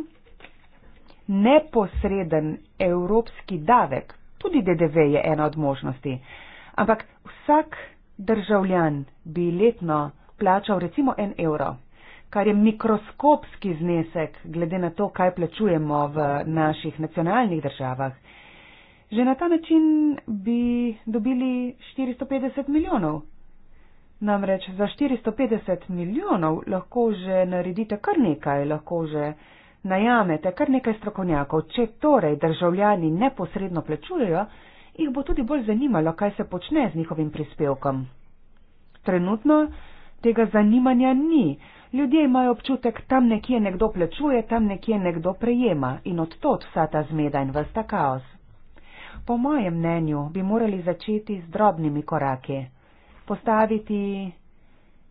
neposreden evropski davek, tudi DDV je ena od možnosti ampak vsak državljan bi letno plačal recimo en evro, kar je mikroskopski znesek glede na to, kaj plačujemo v naših nacionalnih državah. Že na ta način bi dobili 450 milijonov. Namreč za 450 milijonov lahko že naredite kar nekaj, lahko že najamete kar nekaj strokovnjakov. Če torej državljani neposredno plačujejo, jih bo tudi bolj zanimalo, kaj se počne z njihovim prispevkom. Trenutno tega zanimanja ni. Ljudje imajo občutek, tam nekje nekdo plačuje, tam nekje nekdo prejema in od tod vsa ta zmeda in vsta kaos. Po mojem mnenju bi morali začeti z drobnimi koraki. Postaviti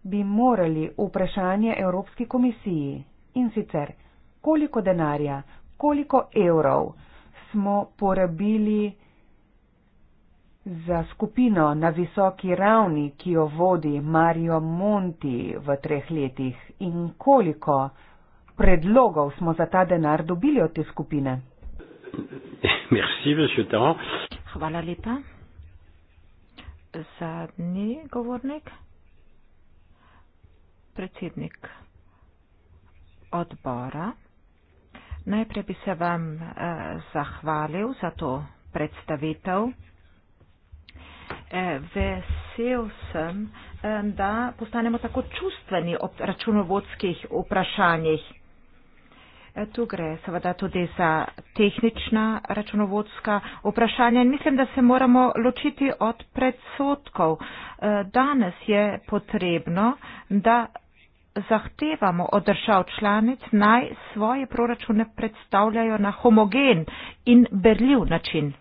bi morali vprašanje Evropski komisiji in sicer, koliko denarja, koliko evrov smo porabili Za skupino na visoki ravni, ki jo vodi Mario Monti v treh letih in koliko predlogov smo za ta denar dobili od te skupine? Merci, Hvala lepa. Zadnji govornik, predsednik odbora. Najprej bi se vam eh, zahvalil za to predstavitev. E, vesel sem, e, da postanemo tako čustveni ob računovodskih vprašanjih. E, tu gre seveda tudi za tehnična računovodska vprašanja in mislim, da se moramo ločiti od predsotkov. Danes je potrebno, da zahtevamo od držav članic naj svoje proračune predstavljajo na homogen in berljiv način.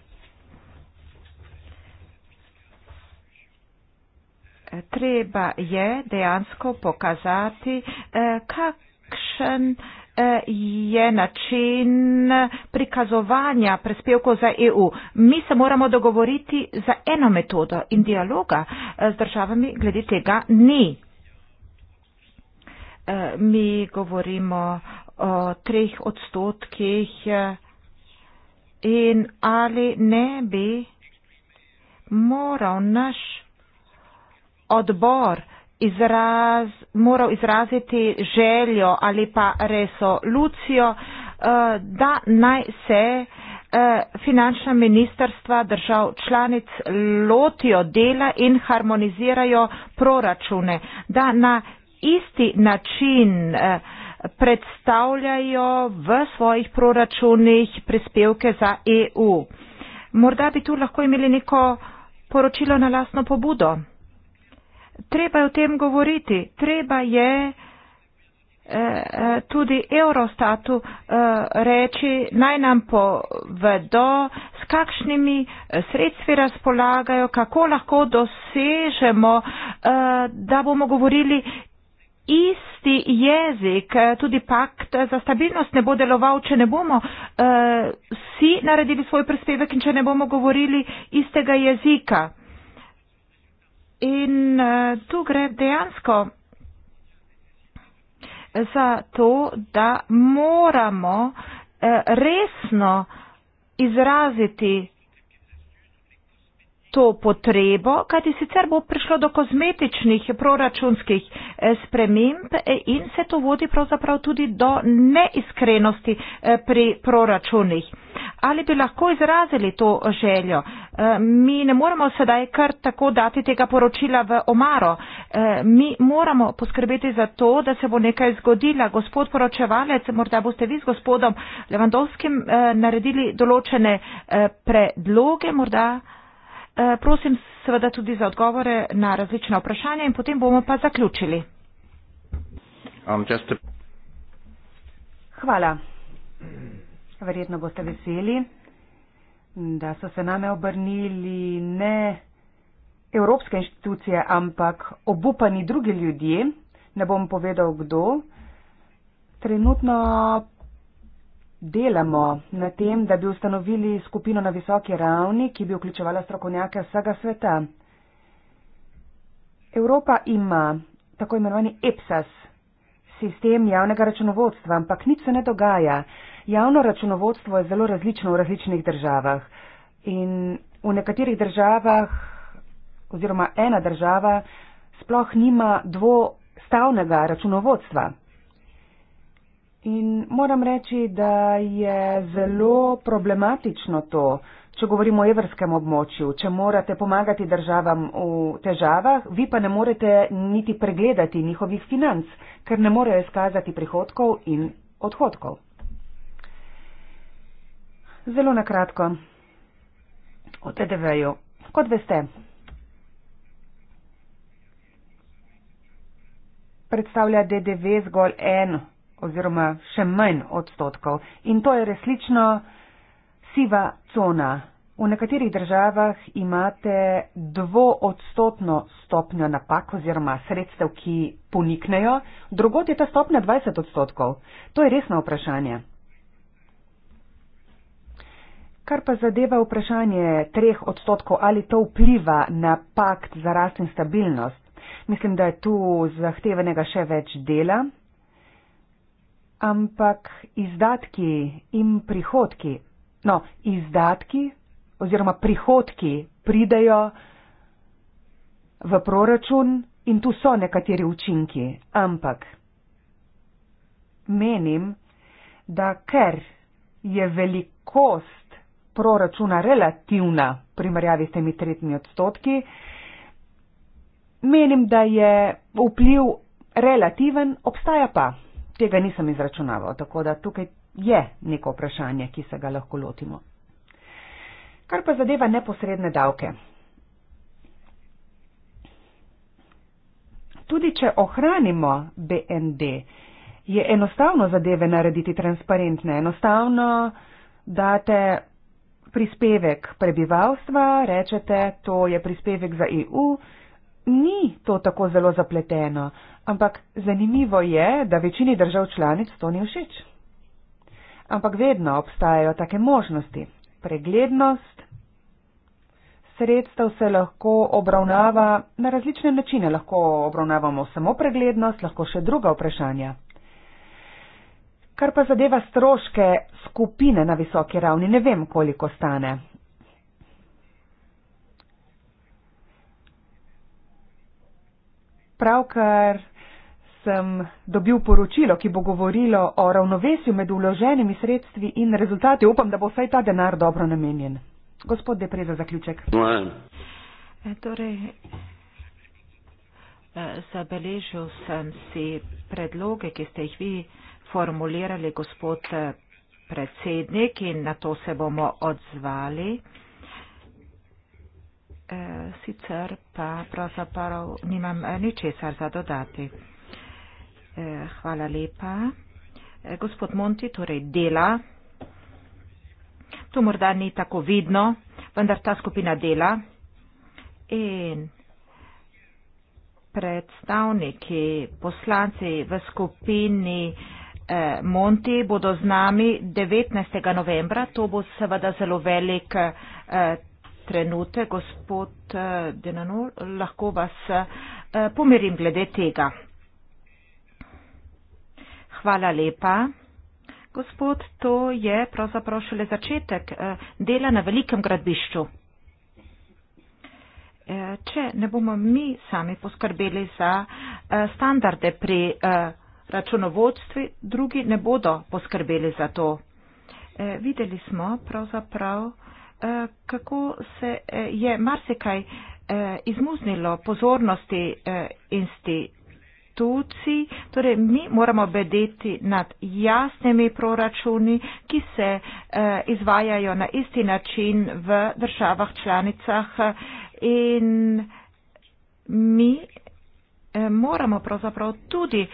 treba je dejansko pokazati, eh, kakšen eh, je način prikazovanja prispevkov za EU. Mi se moramo dogovoriti za eno metodo in dialoga eh, z državami glede tega ni. Mi govorimo o treh odstotkih in ali ne bi moral naš odbor izraz, moral izraziti željo ali pa resolucijo, eh, da naj se eh, finančna ministerstva držav članic lotijo dela in harmonizirajo proračune, da na isti način eh, predstavljajo v svojih proračunih prispevke za EU. Morda bi tu lahko imeli neko poročilo na lastno pobudo treba je o tem govoriti, treba je eh, eh, tudi Eurostatu eh, reči, naj nam povedo, s kakšnimi sredstvi razpolagajo, kako lahko dosežemo, da bomo govorili isti jezik, tudi pakt za stabilnost ne bo deloval, če ne bomo vsi naredili svoj prispevek in če ne bomo govorili istega jezika. In uh, tu gre dejansko za to, da moramo uh, resno izraziti to potrebo, kajti sicer bo prišlo do kozmetičnih proračunskih eh, sprememb eh, in se to vodi pravzaprav tudi do neiskrenosti eh, pri proračunih. Ali bi lahko izrazili to željo? Mi ne moramo sedaj kar tako dati tega poročila v omaro. Mi moramo poskrbeti za to, da se bo nekaj zgodila. Gospod poročevalec, morda boste vi z gospodom Levandovskim naredili določene predloge, morda. Eh, prosim seveda tudi za odgovore na različna vprašanja in potem bomo pa zaključili. Um, Hvala. Verjetno boste veseli, da so se name obrnili ne evropske inštitucije, ampak obupani drugi ljudje. Ne bom povedal, kdo. Trenutno delamo na tem, da bi ustanovili skupino na visoki ravni, ki bi vključevala strokovnjake vsega sveta. Evropa ima tako imenovani EPSAS, sistem javnega računovodstva, ampak nič se ne dogaja. Javno računovodstvo je zelo različno v različnih državah. In v nekaterih državah, oziroma ena država, sploh nima dvostavnega računovodstva. In moram reči, da je zelo problematično to, če govorimo o evrskem območju, če morate pomagati državam v težavah, vi pa ne morete niti pregledati njihovih financ, ker ne morejo izkazati prihodkov in odhodkov. Zelo na kratko o TDV-ju. Kot veste, predstavlja DDV zgolj eno oziroma še manj odstotkov. In to je resnično siva cona. V nekaterih državah imate dvoodstotno stopnjo napak oziroma sredstev, ki poniknejo, drugot je ta stopnja 20 odstotkov. To je resno vprašanje. Kar pa zadeva vprašanje treh odstotkov, ali to vpliva na pakt za rast in stabilnost, mislim, da je tu zahtevenega še več dela ampak izdatki in prihodki. No, izdatki oziroma prihodki pridejo v proračun in tu so nekateri učinki, ampak menim, da ker je velikost proračuna relativna v primerjavi s temi tretjimi odstotki, menim, da je vpliv relativen, obstaja pa tega nisem izračunaval, tako da tukaj je neko vprašanje, ki se ga lahko lotimo. Kar pa zadeva neposredne davke. Tudi če ohranimo BND, je enostavno zadeve narediti transparentne. Enostavno date prispevek prebivalstva, rečete, to je prispevek za EU ni to tako zelo zapleteno, ampak zanimivo je, da večini držav članic to ni všeč. Ampak vedno obstajajo take možnosti. Preglednost sredstev se lahko obravnava na različne načine. Lahko obravnavamo samo preglednost, lahko še druga vprašanja. Kar pa zadeva stroške skupine na visoki ravni, ne vem, koliko stane. pravkar sem dobil poročilo, ki bo govorilo o ravnovesju med uloženimi sredstvi in rezultati. Upam, da bo vsaj ta denar dobro namenjen. Gospod Depre za zaključek. E, torej, e, zabeležil sem si predloge, ki ste jih vi formulirali, gospod e, predsednik, in na to se bomo odzvali. E, sicer pa pravzaprav nimam e, ničesar za dodati. E, hvala lepa. Gospod Monti, torej dela. To morda ni tako vidno, vendar ta skupina dela. In predstavniki, poslanci v skupini Monti bodo z nami 19. novembra. To bo seveda zelo velik trenutek, gospod eh, Denanul, lahko vas eh, pomerim glede tega. Hvala lepa. Gospod, to je pravzaprav šele začetek eh, dela na velikem gradbišču. Če ne bomo mi sami poskrbeli za standarde pri računovodstvi, drugi ne bodo poskrbeli za to. Videli smo pravzaprav, Eh, kako se eh, je marsikaj eh, izmuznilo pozornosti instituciji, torej mi moramo bedeti nad jasnimi proračuni, ki se izvajajo na isti način v državah članicah in mi moramo pravzaprav tudi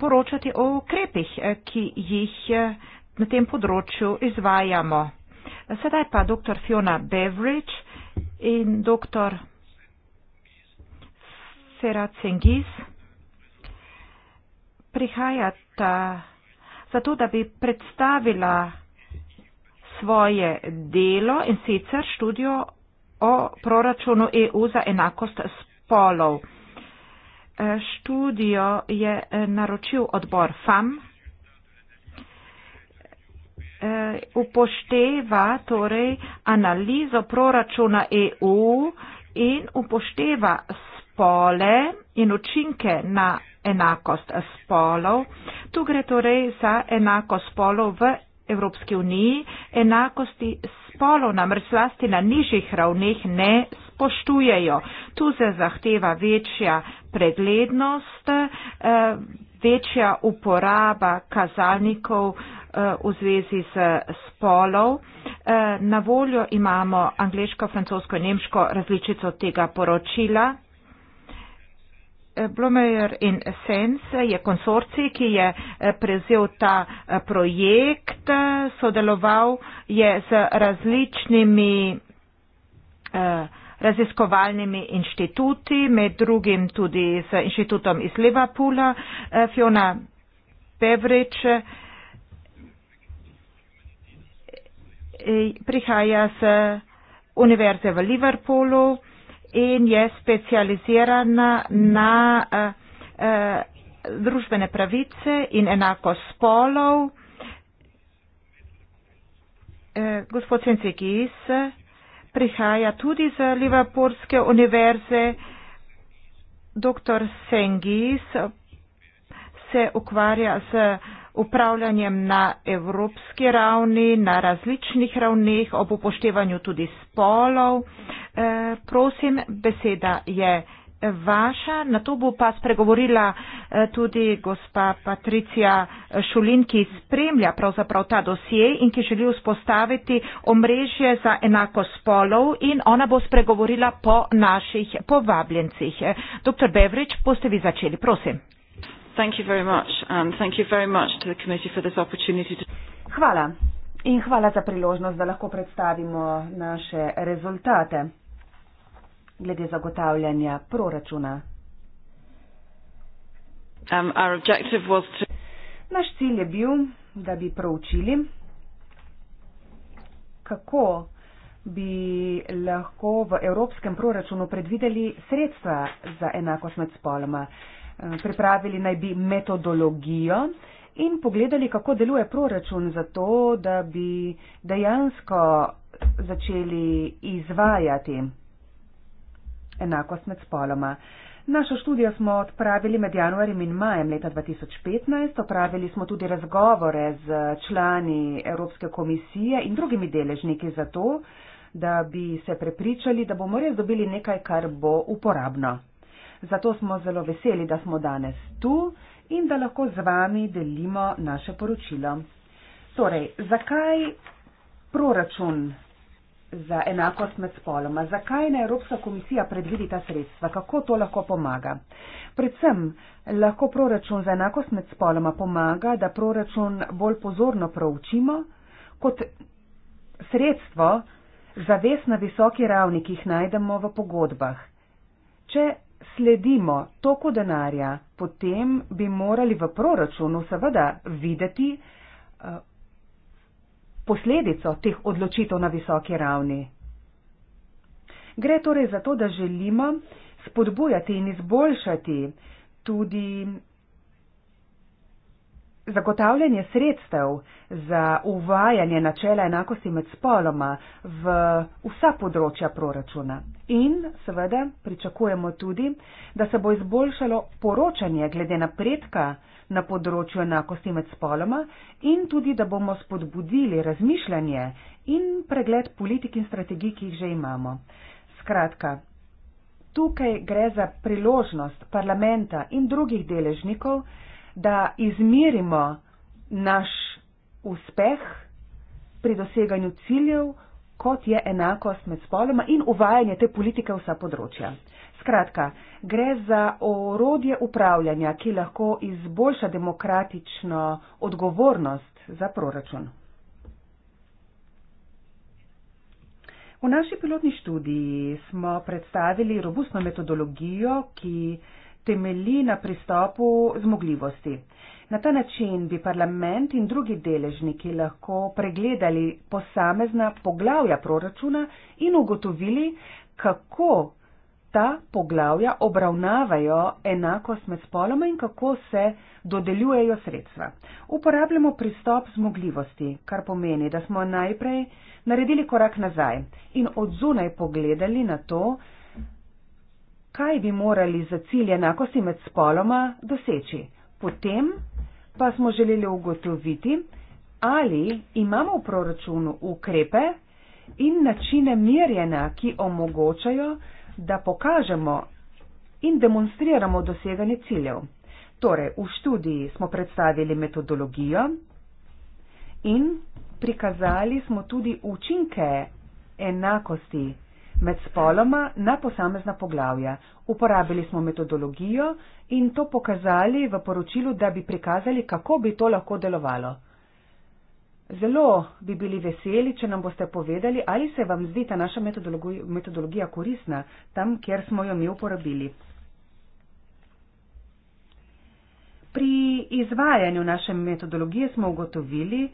poročati o ukrepih, ki jih na tem področju izvajamo. Sedaj pa dr. Fiona Beveridge in dr. Serat Sengiz prihajata zato, da bi predstavila svoje delo in sicer študijo o proračunu EU za enakost spolov. Eh, študijo je eh, naročil odbor FAM eh, upošteva torej analizo proračuna EU in upošteva spole in učinke na enakost spolov. Tu gre torej za enakost spolov v Evropski uniji, enakosti spolov namreč zlasti na nižjih ravneh ne spoštujejo. Tu se zahteva večja preglednost, eh, večja uporaba kazalnikov Eh, v zvezi s spolov. Eh, na voljo imamo angliško, francosko in nemško različico tega poročila. Eh, Blumeyer in Sens je konsorcij, ki je prevzel ta projekt, sodeloval je z različnimi raziskovalnimi inštituti, med drugim tudi z inštitutom iz Liverpoola, Fiona Beveridge Eh, prihaja z univerze v Liverpoolu in je specializirana na uh, uh, družbene pravice in enako spolov. Gospod Sencegis prihaja tudi z Liverpoolske univerze. Doktor Sengis se ukvarja z uh, upravljanjem na evropski ravni, na različnih ravneh, ob upoštevanju tudi spolov. E, prosim, beseda je vaša. Na to bo pa spregovorila eh, tudi gospa Patricija Šulin, ki spremlja pravzaprav ta dosjej in ki želi vzpostaviti omrežje za enako spolov in ona bo spregovorila po naših povabljencih. Eh, Dr. Bevrič, boste vi začeli, prosim. Thank you very much and thank you very much to the committee for this opportunity. To... Hvala. In hvala za priložnost, da lahko predstavimo naše rezultate glede zagotavljanja proračuna. Um, our objective was to Naš cilj je bil, da bi proučili kako bi lahko v evropskem proračunu predvideli sredstva za enakost med spoloma. Eh, pripravili naj bi metodologijo in pogledali, kako deluje proračun za to, da bi dejansko začeli izvajati enakost med spoloma. Našo študijo smo odpravili med januarjem in majem leta 2015, opravili smo tudi razgovore z člani Evropske komisije in drugimi deležniki za to, da bi se prepričali, da bomo res dobili nekaj, kar bo uporabno. Zato smo zelo veseli, da smo danes tu in da lahko z vami delimo naše poročilo. Torej, zakaj proračun za enakost med spoloma? Zakaj na Evropska komisija predvidi ta sredstva? Kako to lahko pomaga? Predvsem lahko proračun za enakost med spoloma pomaga, da proračun bolj pozorno proučimo kot sredstvo zaves na visoki ravni, ki jih najdemo v pogodbah. Če sledimo toku denarja, potem bi morali v proračunu seveda videti eh, posledico teh odločitev na visoki ravni. Gre torej za to, da želimo spodbujati in izboljšati tudi Zagotavljanje sredstev za uvajanje načela enakosti med spoloma v vsa področja proračuna. In seveda pričakujemo tudi, da se bo izboljšalo poročanje glede napredka na področju enakosti med spoloma in tudi, da bomo spodbudili razmišljanje in pregled politik in strategij, ki jih že imamo. Skratka, tukaj gre za priložnost parlamenta in drugih deležnikov, da izmerimo naš uspeh pri doseganju ciljev, kot je enakost med spoloma in uvajanje te politike vsa področja. Skratka, gre za orodje upravljanja, ki lahko izboljša demokratično odgovornost za proračun. V naši pilotni študiji smo predstavili robustno metodologijo, ki temelji na pristopu zmogljivosti. Na ta način bi parlament in drugi deležniki lahko pregledali posamezna poglavja proračuna in ugotovili, kako ta poglavja obravnavajo enakost med spoloma in kako se dodeljujejo sredstva. Uporabljamo pristop zmogljivosti, kar pomeni, da smo najprej naredili korak nazaj in od zunaj pogledali na to, kaj bi morali za cilj enakosti med spoloma doseči. Potem pa smo želeli ugotoviti, ali imamo v proračunu ukrepe in načine mirjena, ki omogočajo, da pokažemo in demonstriramo doseganje ciljev. Torej, v študiji smo predstavili metodologijo in prikazali smo tudi učinke enakosti med spoloma na posamezna poglavja. Uporabili smo metodologijo in to pokazali v poročilu, da bi prikazali, kako bi to lahko delovalo. Zelo bi bili veseli, če nam boste povedali, ali se vam zdi ta naša metodologi metodologija korisna tam, kjer smo jo mi uporabili. Pri izvajanju naše metodologije smo ugotovili,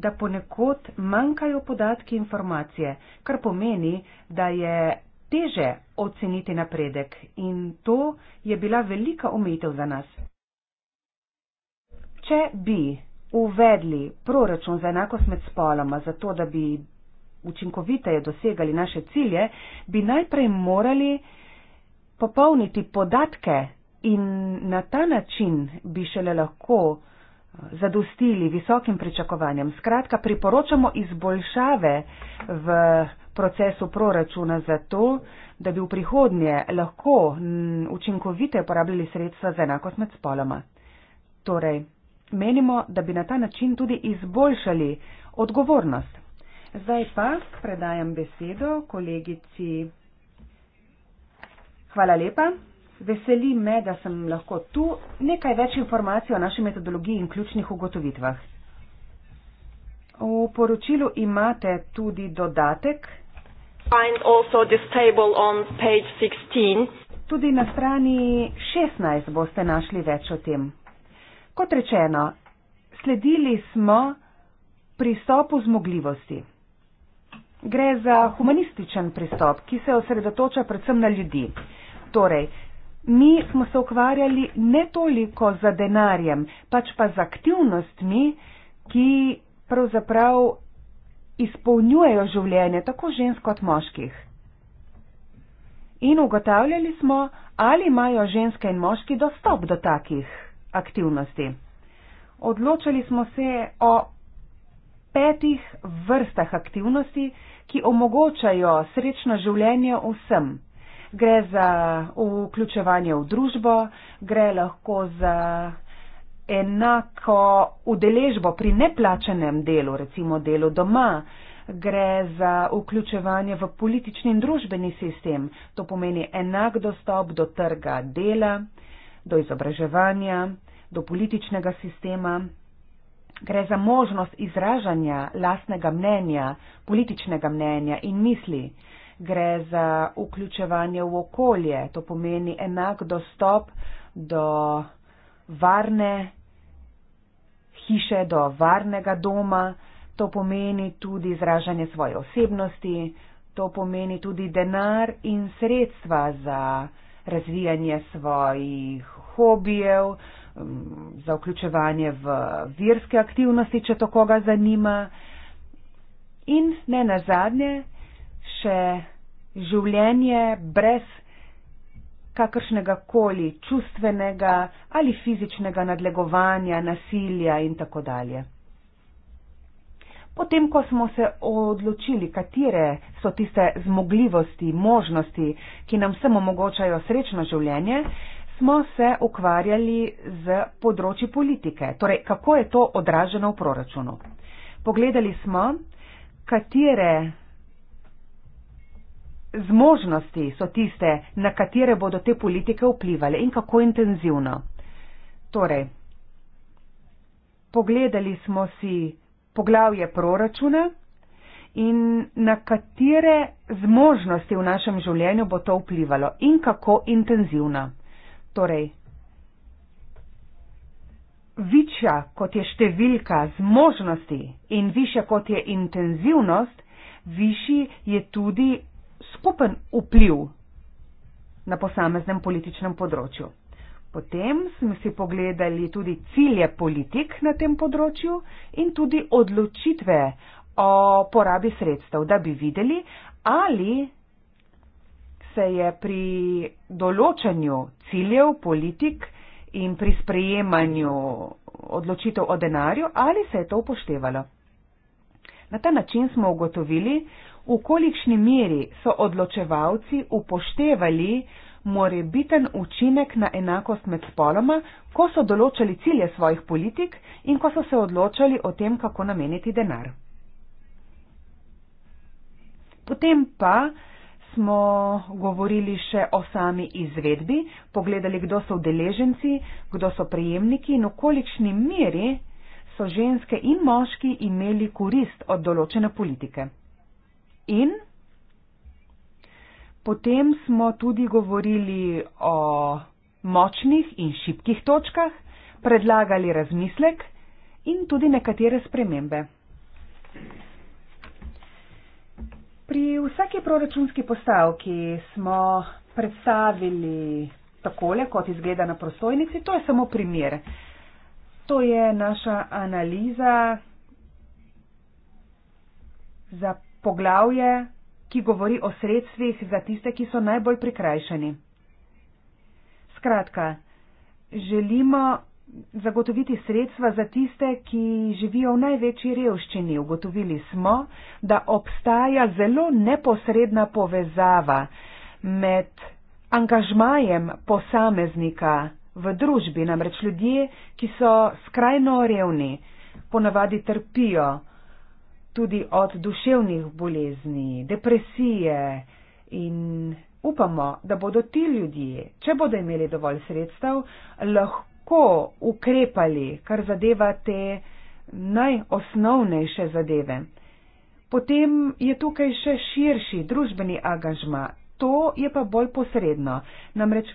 da ponekod manjkajo podatki informacije, kar pomeni, da je teže oceniti napredek in to je bila velika omejitev za nas. Če bi uvedli proračun za enakost med spoloma, zato da bi učinkoviteje dosegali naše cilje, bi najprej morali popolniti podatke in na ta način bi šele lahko zadostili visokim pričakovanjem. Skratka, priporočamo izboljšave v procesu proračuna za to, da bi v prihodnje lahko mm, učinkovite uporabljali sredstva za enakost med spoloma. Torej, menimo, da bi na ta način tudi izboljšali odgovornost. Zdaj pa predajam besedo kolegici. Hvala lepa. Veseli me, da sem lahko tu nekaj več informacij o naši metodologiji in ključnih ugotovitvah. V poročilu imate tudi dodatek. Tudi na strani 16 boste našli več o tem. Kot rečeno, sledili smo pristopu zmogljivosti. Gre za humanističen pristop, ki se osredotoča predvsem na ljudi. Torej, mi smo se ukvarjali ne toliko za denarjem, pač pa z aktivnostmi, ki pravzaprav izpolnjujejo življenje tako žensk kot moških. In ugotavljali smo, ali imajo ženske in moški dostop do takih aktivnosti. Odločali smo se o petih vrstah aktivnosti, ki omogočajo srečno življenje vsem gre za vključevanje v družbo, gre lahko za enako udeležbo pri neplačenem delu, recimo delu doma, gre za vključevanje v politični in družbeni sistem. To pomeni enak dostop do trga dela, do izobraževanja, do političnega sistema. Gre za možnost izražanja lastnega mnenja, političnega mnenja in misli gre za vključevanje v okolje, to pomeni enak dostop do varne hiše, do varnega doma, to pomeni tudi izražanje svoje osebnosti, to pomeni tudi denar in sredstva za razvijanje svojih hobijev, mm, za vključevanje v virske aktivnosti, če to koga zanima. In ne nazadnje, naše življenje brez kakršnega koli čustvenega ali fizičnega nadlegovanja, nasilja in tako dalje. Potem, ko smo se odločili, katere so tiste zmogljivosti, možnosti, ki nam vsem omogočajo srečno življenje, smo se ukvarjali z področji politike, torej kako je to odraženo v proračunu. Pogledali smo, katere zmožnosti so tiste, na katere bodo te politike vplivali in kako intenzivno. Torej, pogledali smo si poglavje proračuna in na katere zmožnosti v našem življenju bo to vplivalo in kako intenzivno. Torej, Večja kot je številka zmožnosti in više kot je intenzivnost, višji je tudi skupen vpliv na posameznem političnem področju. Potem smo si pogledali tudi cilje politik na tem področju in tudi odločitve o porabi sredstev, da bi videli, ali se je pri določanju ciljev politik in pri sprejemanju odločitev o denarju, ali se je to upoštevalo. Na ta način smo ugotovili, v kolikšni meri so odločevalci upoštevali morebiten učinek na enakost med spoloma, ko so določali cilje svojih politik in ko so se odločali o tem, kako nameniti denar. Potem pa smo govorili še o sami izvedbi, pogledali, kdo so udeleženci, kdo so prejemniki in v kolikšni meri so ženske in moški imeli korist od določene politike. In potem smo tudi govorili o močnih in šibkih točkah, predlagali razmislek in tudi nekatere spremembe. Pri vsaki proračunski postavki smo predstavili takole, kot izgleda na prostojnici. To je samo primer. To je naša analiza za poglavje, ki govori o sredstvih za tiste, ki so najbolj prikrajšani. Skratka, želimo zagotoviti sredstva za tiste, ki živijo v največji revščini. Ugotovili smo, da obstaja zelo neposredna povezava med angažmajem posameznika v družbi, namreč ljudje, ki so skrajno revni, ponavadi trpijo, tudi od duševnih bolezni, depresije in upamo, da bodo ti ljudje, če bodo imeli dovolj sredstev, lahko ukrepali, kar zadeva te najosnovnejše zadeve. Potem je tukaj še širši družbeni angažma, to je pa bolj posredno. Namreč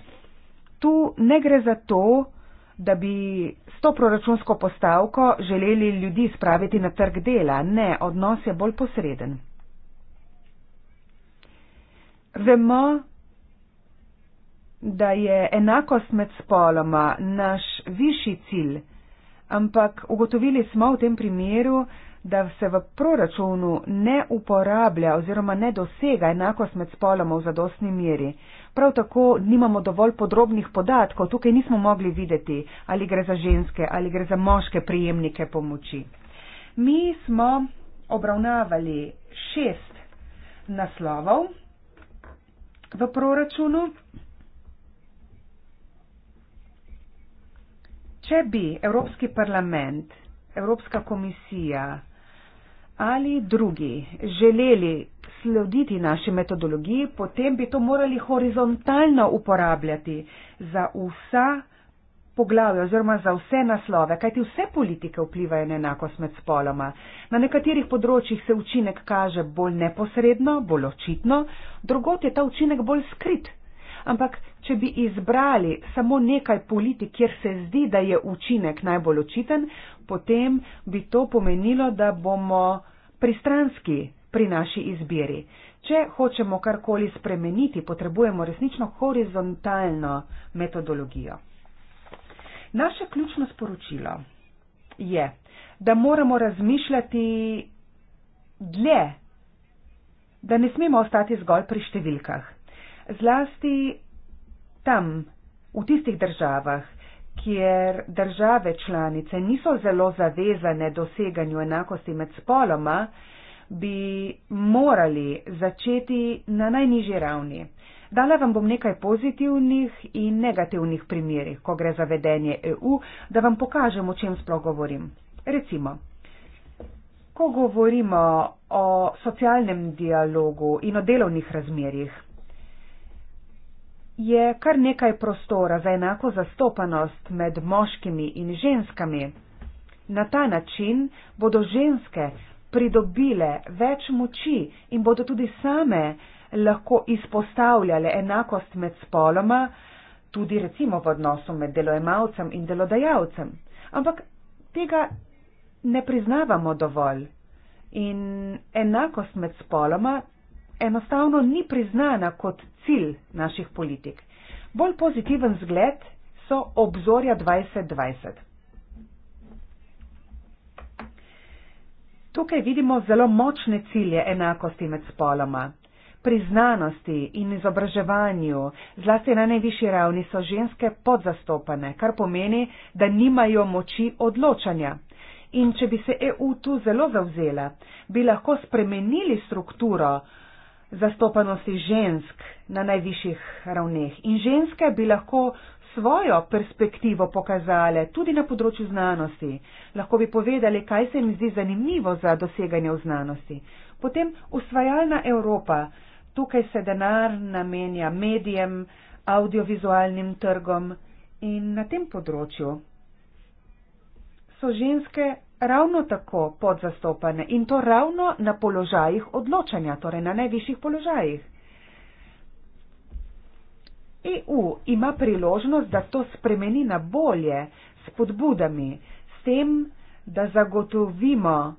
tu ne gre za to, da bi s to proračunsko postavko želeli ljudi spraviti na trg dela. Ne, odnos je bolj posreden. Vemo, da je enakost med spoloma naš višji cilj, ampak ugotovili smo v tem primeru, da se v proračunu ne uporablja oziroma ne dosega enakost med spoloma v zadostni meri. Prav tako nimamo dovolj podrobnih podatkov, tukaj nismo mogli videti, ali gre za ženske ali gre za moške prijemnike pomoči. Mi smo obravnavali šest naslovov v proračunu. Če bi Evropski parlament, Evropska komisija ali drugi želeli slediti naši metodologiji, potem bi to morali horizontalno uporabljati za vsa poglavja oziroma za vse naslove, kajti vse politike vplivajo na enakost med spoloma. Na nekaterih področjih se učinek kaže bolj neposredno, bolj očitno, drugot je ta učinek bolj skrit. Ampak, če bi izbrali samo nekaj politik, kjer se zdi, da je učinek najbolj očiten, potem bi to pomenilo, da bomo pristranski pri naši izbiri. Če hočemo karkoli spremeniti, potrebujemo resnično horizontalno metodologijo. Naše ključno sporočilo je, da moramo razmišljati dlje, da ne smemo ostati zgolj pri številkah. Zlasti tam, v tistih državah, kjer države članice niso zelo zavezane doseganju enakosti med spoloma, bi morali začeti na najnižji ravni. Dala vam bom nekaj pozitivnih in negativnih primerih, ko gre za vedenje EU, da vam pokažem, o čem sploh govorim. Recimo, ko govorimo o socialnem dialogu in o delovnih razmerjih, je kar nekaj prostora za enako zastopanost med moškimi in ženskami. Na ta način bodo ženske pridobile več moči in bodo tudi same lahko izpostavljale enakost med spoloma, tudi recimo v odnosu med delojemalcem in delodajalcem. Ampak tega ne priznavamo dovolj. In enakost med spoloma enostavno ni priznana kot cilj naših politik. Bolj pozitiven zgled so obzorja 2020. Tukaj vidimo zelo močne cilje enakosti med spoloma. Pri znanosti in izobraževanju, zlasti na najvišji ravni, so ženske podzastopane, kar pomeni, da nimajo moči odločanja. In če bi se EU tu zelo zauzela, bi lahko spremenili strukturo zastopanosti žensk na najvišjih ravneh. In ženske bi lahko svojo perspektivo pokazale tudi na področju znanosti, lahko bi povedali, kaj se jim zdi zanimivo za doseganje v znanosti. Potem usvajalna Evropa, tukaj se denar namenja medijem, audiovizualnim trgom in na tem področju so ženske ravno tako podzastopane in to ravno na položajih odločanja, torej na najvišjih položajih. EU ima priložnost, da to spremeni na bolje s podbudami, s tem, da zagotovimo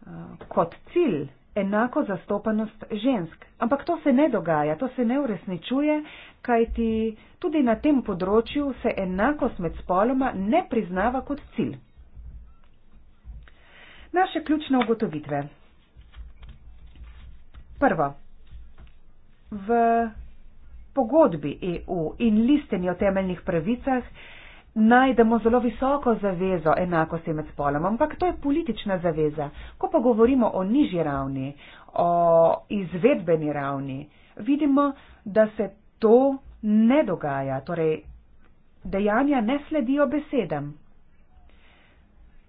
eh, kot cilj enako zastopanost žensk. Ampak to se ne dogaja, to se ne uresničuje, kajti tudi na tem področju se enakost med spoloma ne priznava kot cilj. Naše ključne ugotovitve. Prvo. V pogodbi EU in listeni o temeljnih pravicah najdemo zelo visoko zavezo enakosti med spolom, ampak to je politična zaveza. Ko pa govorimo o nižji ravni, o izvedbeni ravni, vidimo, da se to ne dogaja, torej dejanja ne sledijo besedam.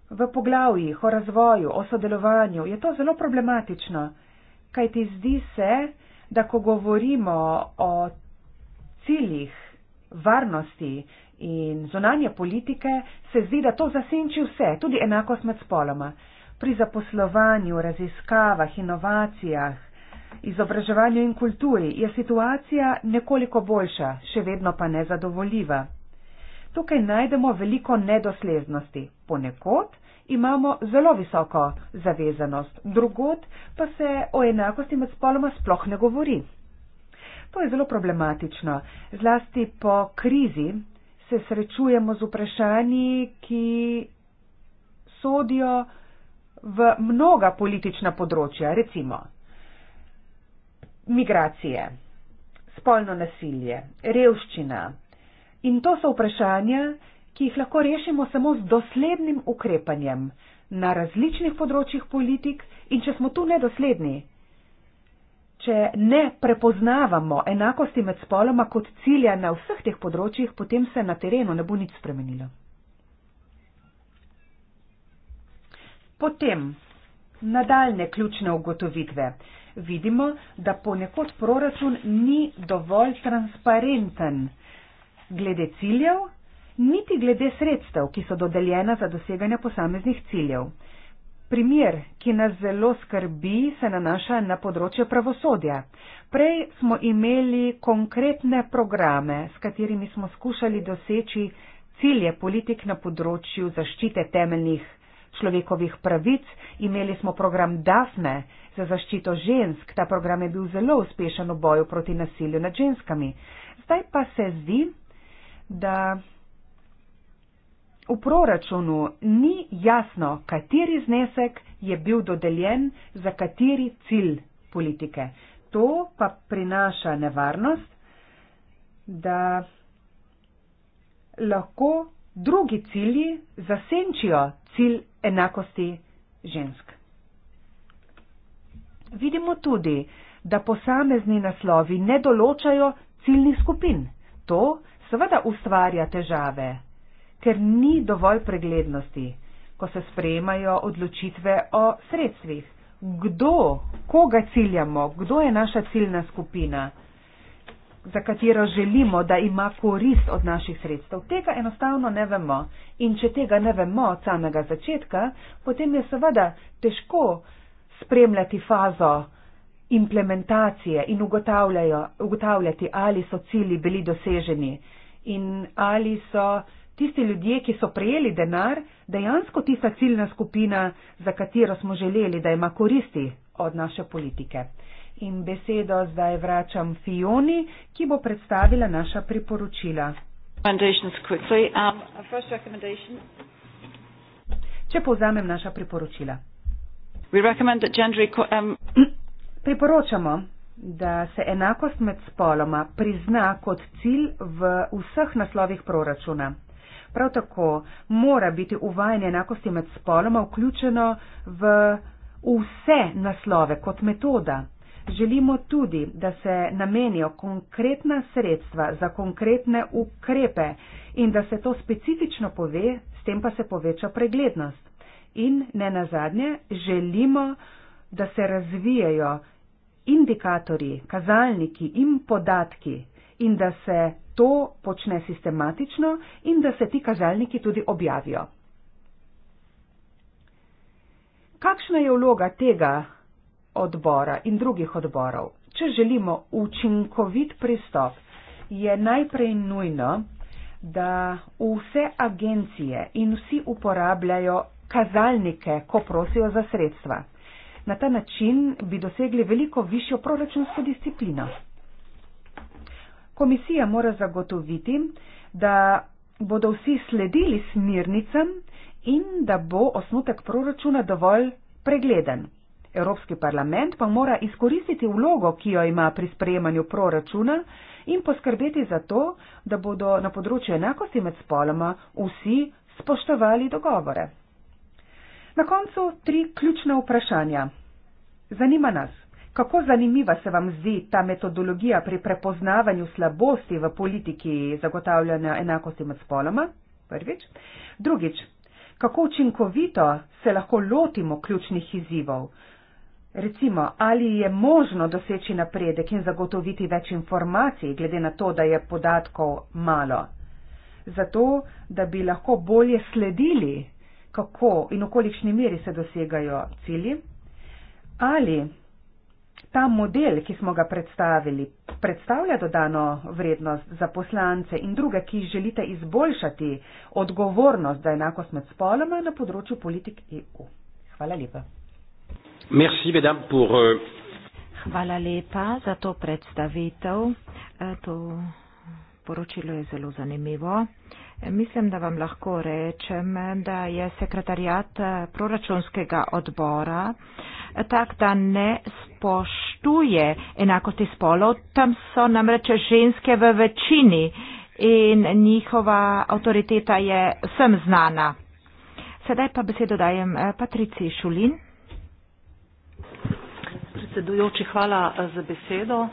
V poglavjih o razvoju, o sodelovanju je to zelo problematično, kajti zdi se, da ko govorimo o ciljih varnosti in zonanje politike se zdi, da to zasenči vse, tudi enakost med spoloma. Pri zaposlovanju, raziskavah, inovacijah, izobraževanju in kulturi je situacija nekoliko boljša, še vedno pa nezadovoljiva. Tukaj najdemo veliko nedosleznosti. Ponekod imamo zelo visoko zavezanost, drugod pa se o enakosti med spoloma sploh ne govori. To je zelo problematično. Zlasti po krizi se srečujemo z vprašanji, ki sodijo v mnoga politična področja, recimo migracije, spolno nasilje, revščina. In to so vprašanja, ki jih lahko rešimo samo z doslednim ukrepanjem na različnih področjih politik in če smo tu nedosledni, Če ne prepoznavamo enakosti med spoloma kot cilja na vseh teh področjih, potem se na terenu ne bo nič spremenilo. Potem nadaljne ključne ugotovitve. Vidimo, da ponekod proračun ni dovolj transparenten glede ciljev, niti glede sredstev, ki so dodeljena za doseganje posameznih ciljev. Primer, ki nas zelo skrbi, se nanaša na področje pravosodja. Prej smo imeli konkretne programe, s katerimi smo skušali doseči cilje politik na področju zaščite temeljnih človekovih pravic. Imeli smo program DAFNE za zaščito žensk. Ta program je bil zelo uspešen v boju proti nasilju nad ženskami. Zdaj pa se zdi, da V proračunu ni jasno, kateri znesek je bil dodeljen za kateri cilj politike. To pa prinaša nevarnost, da lahko drugi cilji zasenčijo cilj enakosti žensk. Vidimo tudi, da posamezni naslovi ne določajo ciljnih skupin. To seveda ustvarja težave ker ni dovolj preglednosti, ko se sprejemajo odločitve o sredstvih. Kdo, koga ciljamo, kdo je naša ciljna skupina, za katero želimo, da ima korist od naših sredstev. Tega enostavno ne vemo. In če tega ne vemo od samega začetka, potem je seveda težko spremljati fazo implementacije in ugotavljati, ali so cili bili doseženi in ali so tisti ljudje, ki so prejeli denar, dejansko tista ciljna skupina, za katero smo želeli, da ima koristi od naše politike. In besedo zdaj vračam Fioni, ki bo predstavila naša priporočila. Um, Če povzamem naša priporočila. Um, Priporočamo, da se enakost med spoloma prizna kot cilj v vseh naslovih proračuna. Prav tako mora biti uvajanje enakosti med spoloma vključeno v vse naslove kot metoda. Želimo tudi, da se namenijo konkretna sredstva za konkretne ukrepe in da se to specifično pove, s tem pa se poveča preglednost. In ne nazadnje, želimo, da se razvijajo indikatorji, kazalniki in podatki in da se to počne sistematično in da se ti kazalniki tudi objavijo. Kakšna je vloga tega odbora in drugih odborov? Če želimo učinkovit pristop, je najprej nujno, da vse agencije in vsi uporabljajo kazalnike, ko prosijo za sredstva. Na ta način bi dosegli veliko višjo proračunsko disciplino. Komisija mora zagotoviti, da bodo vsi sledili smirnicam in da bo osnutek proračuna dovolj pregleden. Evropski parlament pa mora izkoristiti vlogo, ki jo ima pri sprejemanju proračuna in poskrbeti za to, da bodo na področju enakosti med spoloma vsi spoštovali dogovore. Na koncu tri ključna vprašanja. Zanima nas. Kako zanimiva se vam zdi ta metodologija pri prepoznavanju slabosti v politiki zagotavljanja enakosti med spoloma? Prvič. Drugič. Kako učinkovito se lahko lotimo ključnih izzivov? Recimo, ali je možno doseči napredek in zagotoviti več informacij, glede na to, da je podatkov malo? Zato, da bi lahko bolje sledili, kako in v kolikšni meri se dosegajo cilji? Ali ta model, ki smo ga predstavili, predstavlja dodano vrednost za poslance in druge, ki želite izboljšati odgovornost za enakost med spoloma na področju politik EU. Hvala lepa. Merci, madame, pour... Euh, Hvala lepa za to predstavitev. E, to poročilo je zelo zanimivo. Mislim, da vam lahko rečem, da je sekretarjat eh, proračunskega odbora eh, tak, da ne spoštuje enakosti spolov. Tam so namreč ženske v večini in njihova avtoriteta je vsem znana. Sedaj pa besedo dajem eh, Patrici Šulin. Predsedujoči, hvala za besedo.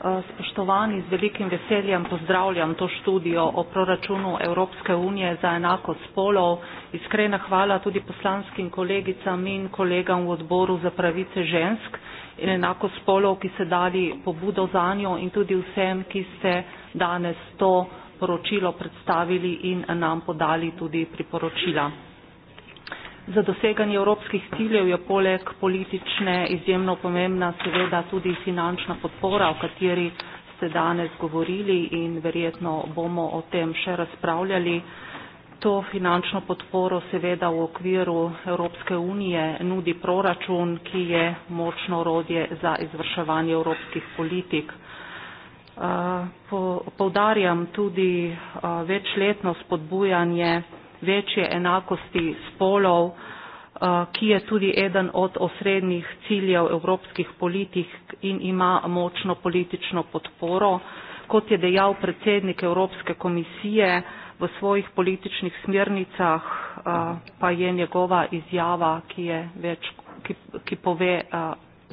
Eh, spoštovani, z velikim veseljem pozdravljam to študijo o proračunu Evropske unije za enako spolov. Iskrena hvala tudi poslanskim kolegicam in kolegam v odboru za pravice žensk in enako spolov, ki ste dali pobudo za njo in tudi vsem, ki ste danes to poročilo predstavili in nam podali tudi priporočila. Za doseganje evropskih ciljev je poleg politične izjemno pomembna seveda tudi finančna podpora, o kateri ste danes govorili in verjetno bomo o tem še razpravljali. To finančno podporo seveda v okviru Evropske unije nudi proračun, ki je močno orodje za izvrševanje evropskih politik. Uh, poudarjam tudi uh, večletno spodbujanje večje enakosti spolov, eh, ki je tudi eden od osrednjih ciljev evropskih politik in ima močno politično podporo. Kot je dejal predsednik Evropske komisije v svojih političnih smernicah, eh, pa je njegova izjava, ki, več, ki, ki pove eh,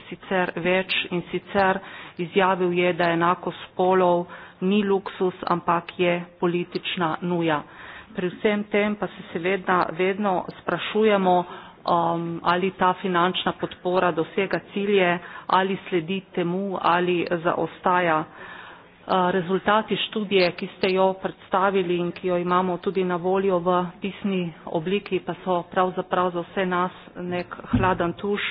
sicer več in sicer izjavil je, da enako spolov ni luksus, ampak je politična nuja pri vsem tem pa se seveda vedno sprašujemo, um, ali ta finančna podpora dosega cilje, ali sledi temu, ali zaostaja. Uh, rezultati študije, ki ste jo predstavili in ki jo imamo tudi na voljo v pisni obliki, pa so pravzaprav za vse nas nek hladen tuš,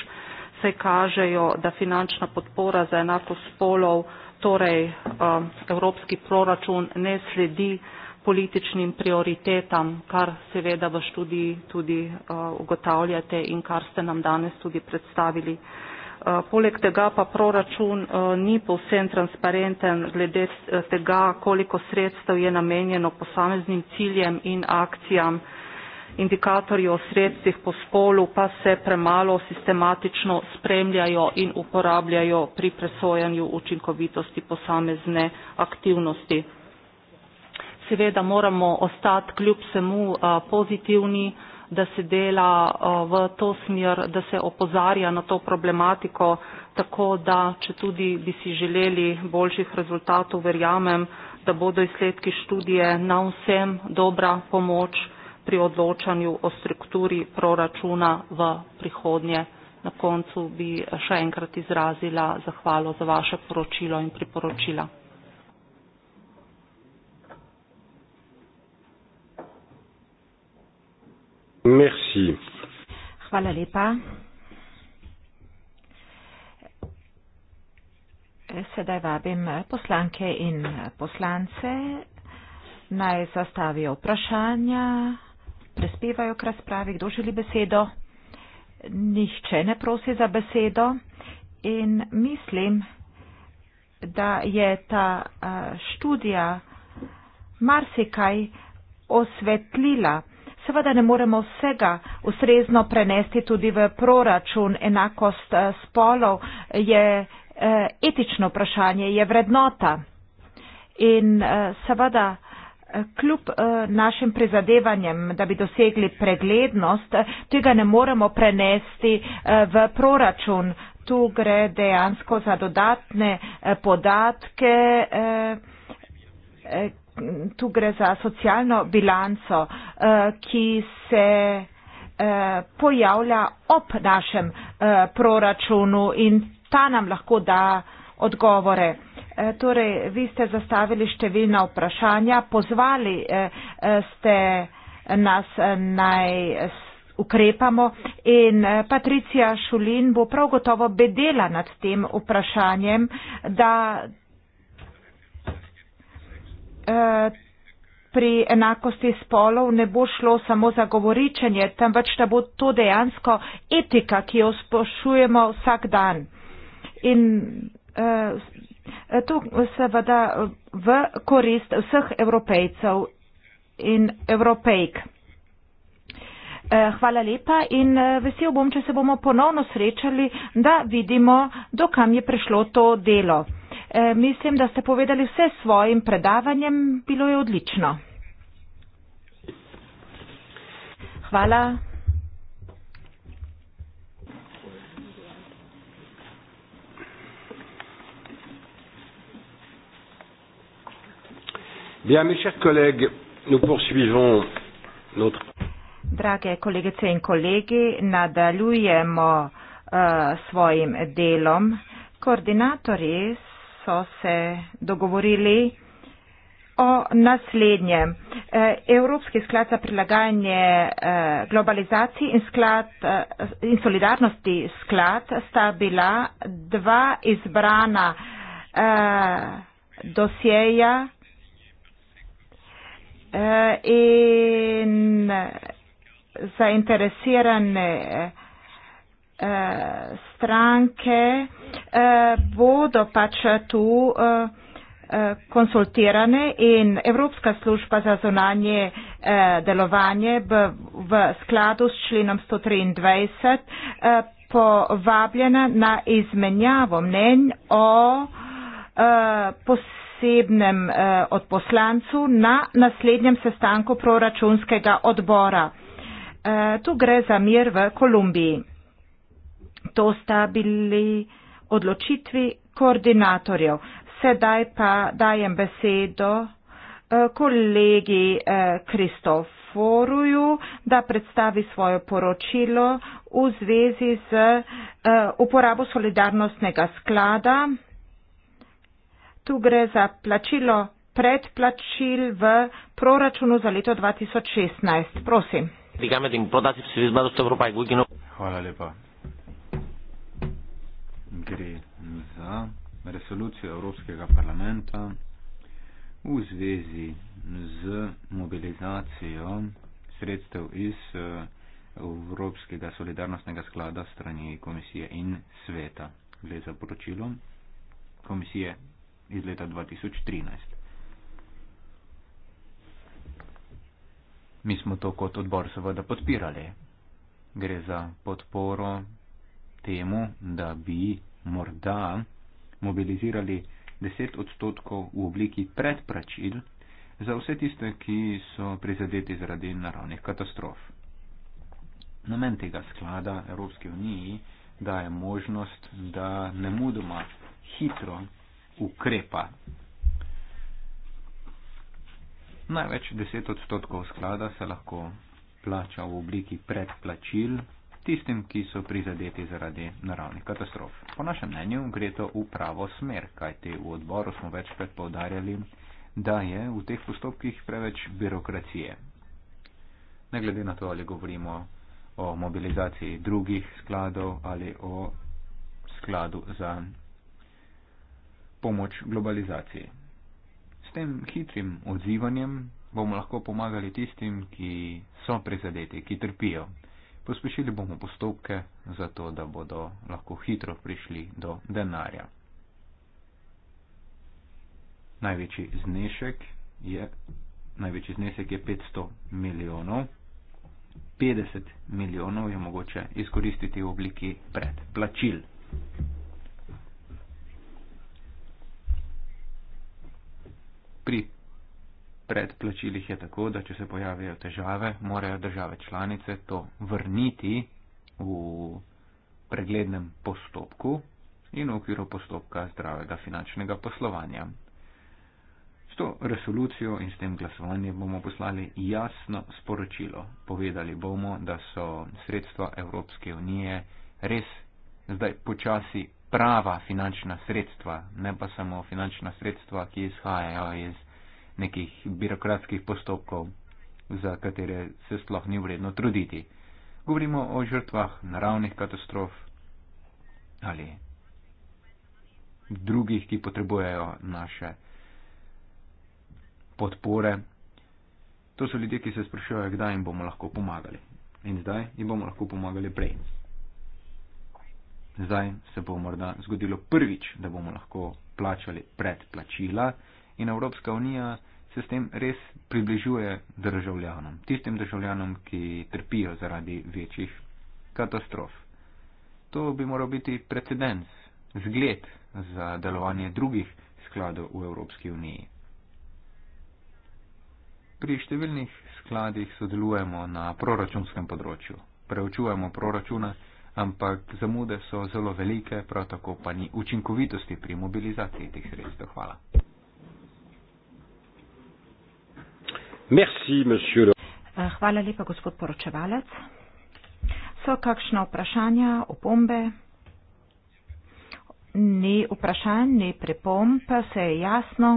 se kažejo, da finančna podpora za enako spolov, torej um, evropski proračun ne sledi političnim prioritetam, kar seveda v študiji tudi eh, ugotavljate in kar ste nam danes tudi predstavili. Eh, poleg tega pa proračun eh, ni povsem transparenten glede tega, koliko sredstev je namenjeno posameznim ciljem in akcijam. Indikatorji o sredstvih po spolu pa se premalo sistematično spremljajo in uporabljajo pri presojanju učinkovitosti posamezne aktivnosti seveda moramo ostati kljub vsemu eh, pozitivni, da se dela eh, v to smer, da se opozarja na to problematiko, tako da, če tudi bi si želeli boljših rezultatov, verjamem, da bodo izsledki študije na vsem dobra pomoč pri odločanju o strukturi proračuna v prihodnje. Na koncu bi še enkrat izrazila zahvalo za vaše poročilo in priporočila. Merci. Hvala lepa. Sedaj vabim poslanke in poslance, naj zastavijo vprašanja, prespevajo k razpravi, kdo želi besedo. Nihče ne prosi za besedo in mislim, da je ta eh, študija marsikaj osvetlila. Seveda ne moremo vsega ustrezno prenesti tudi v proračun. Enakost eh, spolov je eh, etično vprašanje, je vrednota. In eh, seveda kljub našim prizadevanjem, da bi dosegli preglednost, tega ne moremo prenesti v proračun. Tu gre dejansko za dodatne podatke, tu gre za socialno bilanco, eh, ki se eh, pojavlja ob našem eh, proračunu in ta nam lahko da odgovore. Torej, vi ste zastavili številna vprašanja, pozvali ste nas naj ukrepamo in Patricija Šulin bo prav gotovo bedela nad tem vprašanjem, da pri enakosti spolov ne bo šlo samo za govoričenje, temveč da bo to dejansko etika, ki jo spošujemo vsak dan. In eh, to seveda v korist vseh evropejcev in evropejk. Eh, hvala lepa in eh, vesel bom, če se bomo ponovno srečali, da vidimo, dokam je prišlo to delo. E, mislim, da ste povedali vse s svojim predavanjem, bilo je odlično. Hvala. Bien, mes chers collègues, nous poursuivons notre. Drage kolegice in kolegi, nadaljujemo uh, svojim delom. Koordinatorji so se dogovorili o naslednjem. E, Evropski sklad za prilagajanje e, globalizaciji in, sklad, e, in solidarnosti sklad sta bila dva izbrana dosjeja in zainteresirane Eh, stranke eh, bodo pač tu eh, konsultirane in Evropska služba za zunanje delovanje v skladu s členom 123 povabljena na izmenjavo mnen o posebnem odposlancu na naslednjem sestanku proračunskega odbora. Tu gre za mir v Kolumbiji. To sta bili odločitvi koordinatorjev. Sedaj pa dajem besedo eh, kolegi eh, Kristoforuju, da predstavi svoje poročilo v zvezi z eh, uporabo solidarnostnega sklada. Tu gre za plačilo predplačil v proračunu za leto 2016. Prosim. Hvala lepa gre za resolucijo Evropskega parlamenta v zvezi z mobilizacijo sredstev iz eh, Evropskega solidarnostnega sklada strani komisije in sveta. Gre za poročilo komisije iz leta 2013. Mi smo to kot odbor seveda podpirali. Gre za podporo temu, da bi morda mobilizirali 10 odstotkov v obliki predplačil za vse tiste, ki so prizadeti zaradi naravnih katastrof. Namen tega sklada Evropske unije daje možnost, da ne mudoma hitro ukrepa. Največ 10 odstotkov sklada se lahko plača v obliki predplačil tistim, ki so prizadeti zaradi naravnih katastrof. Po našem mnenju gre to v pravo smer, kajte v odboru smo večkrat povdarjali, da je v teh postopkih preveč birokracije. Ne glede na to, ali govorimo o mobilizaciji drugih skladov ali o skladu za pomoč globalizaciji. S tem hitrim odzivanjem bomo lahko pomagali tistim, ki so prizadeti, ki trpijo, Pospešili bomo postopke, zato da bodo lahko hitro prišli do denarja. Največji znesek je, največji znesek je 500 milijonov. 50 milijonov je mogoče izkoristiti v obliki predplačil. Pri predplačilih je tako, da če se pojavijo težave, morajo države članice to vrniti v preglednem postopku in v okviru postopka zdravega finančnega poslovanja. S to resolucijo in s tem glasovanjem bomo poslali jasno sporočilo. Povedali bomo, da so sredstva Evropske unije res zdaj počasi prava finančna sredstva, ne pa samo finančna sredstva, ki izhajajo iz nekih birokratskih postopkov, za katere se sploh ni vredno truditi. Govorimo o žrtvah naravnih katastrof ali drugih, ki potrebujejo naše podpore. To so ljudje, ki se sprašujejo, kdaj jim bomo lahko pomagali. In zdaj jim bomo lahko pomagali prej. Zdaj se bo morda zgodilo prvič, da bomo lahko plačali predplačila in Evropska unija se s tem res približuje državljanom, tistim državljanom, ki trpijo zaradi večjih katastrof. To bi moral biti precedens, zgled za delovanje drugih skladov v Evropski uniji. Pri številnih skladih sodelujemo na proračunskem področju, preučujemo proračune, ampak zamude so zelo velike, prav tako pa ni učinkovitosti pri mobilizaciji teh sredstev. Hvala. Merci, le... Eh, hvala lepa, gospod poročevalec. So kakšna vprašanja, opombe? Ni vprašanj, ni prepomp, se je jasno.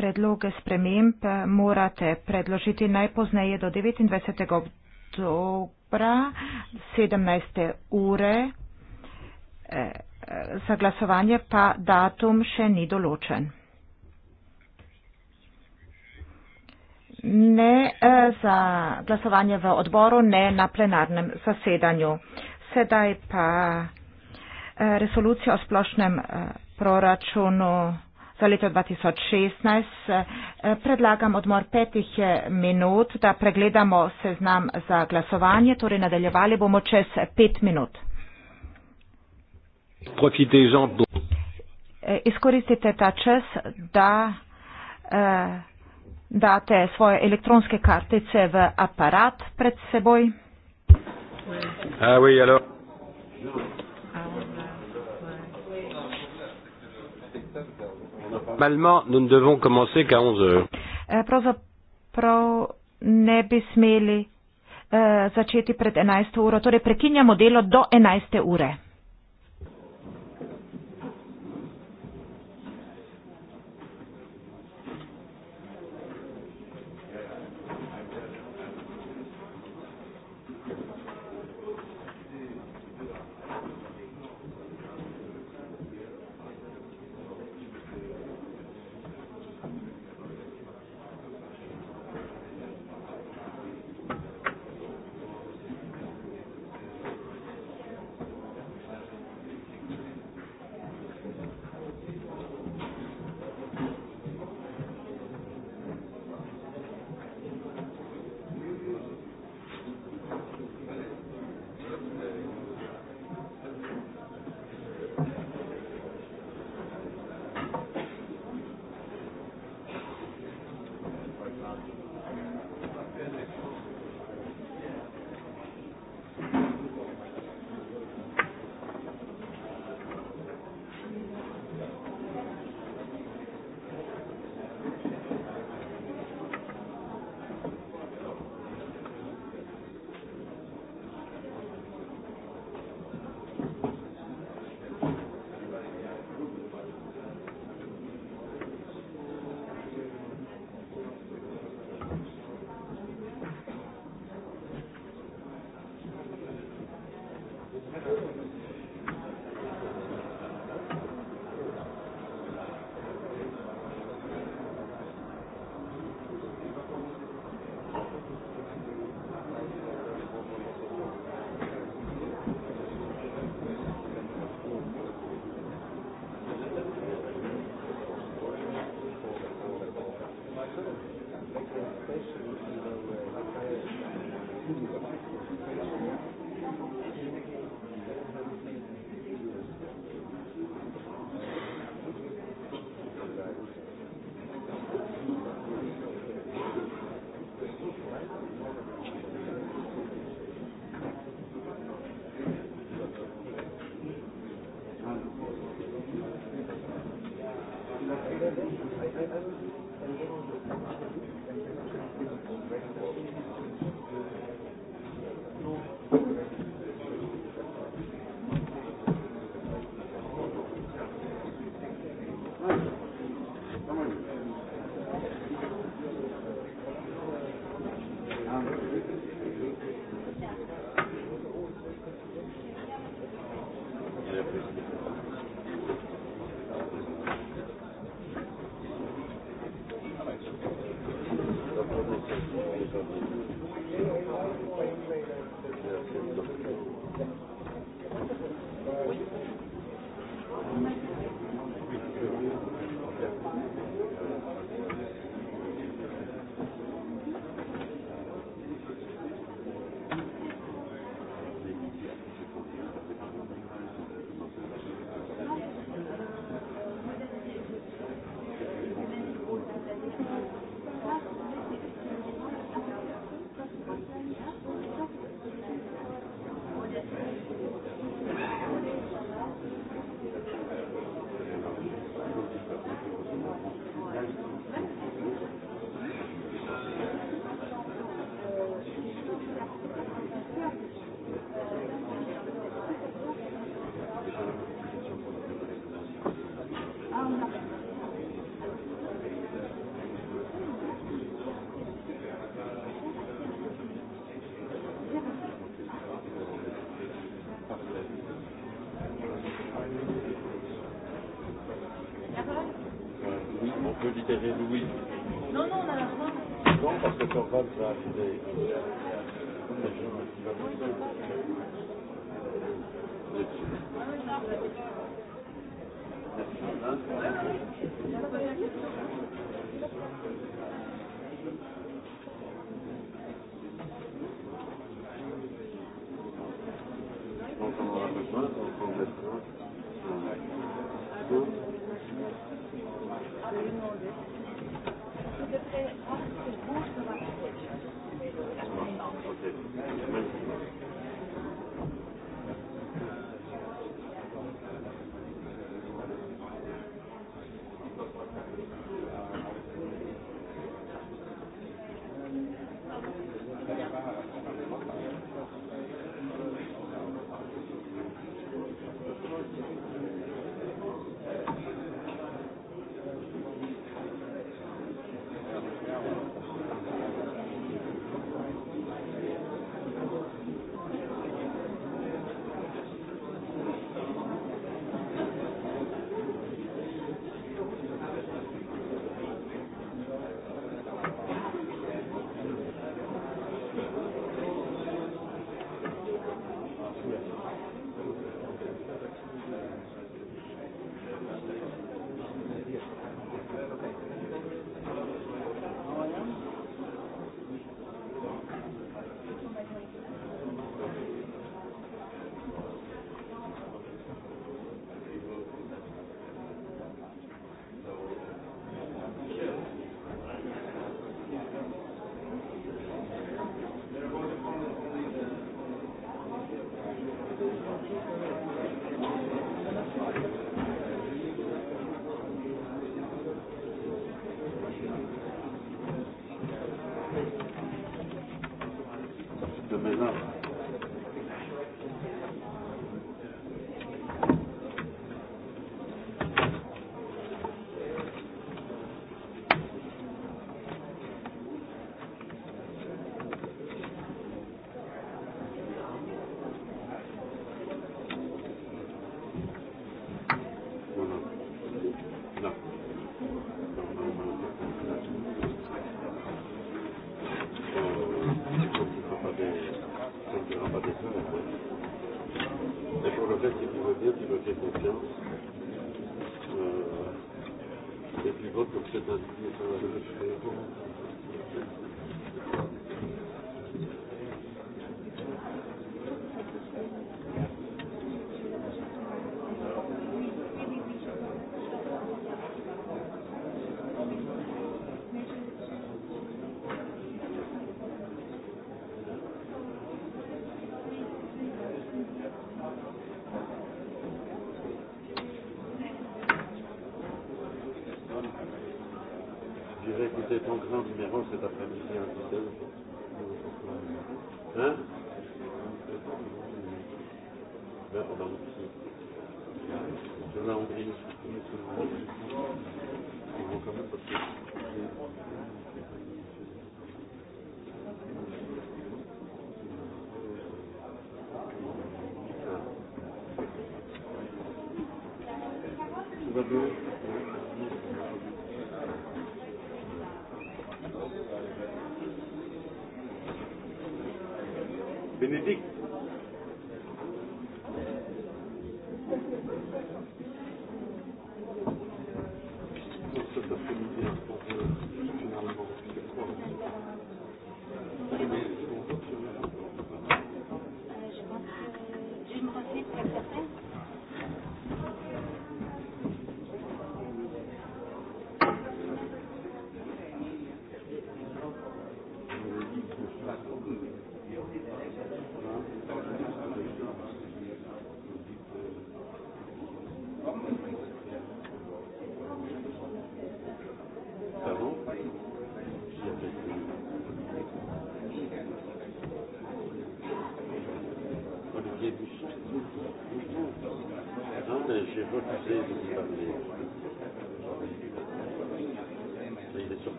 Predloge sprememb morate predložiti najpozneje do 29. oktobra 17. ure. Eh, eh, za glasovanje pa datum še ni določen. ne eh, za glasovanje v odboru, ne na plenarnem zasedanju. Sedaj pa eh, resolucija o splošnem eh, proračunu za leto 2016. Predlagam odmor petih minut, da pregledamo seznam za glasovanje, torej nadaljevali bomo čez pet minut. Izkoristite ta čas, da. Uh, date svoje elektronske kartice v aparat pred seboj. Ah eh, pravzaprav ne bi smeli uh, začeti pred 11. uro, torej prekinjamo delo do 11. ure.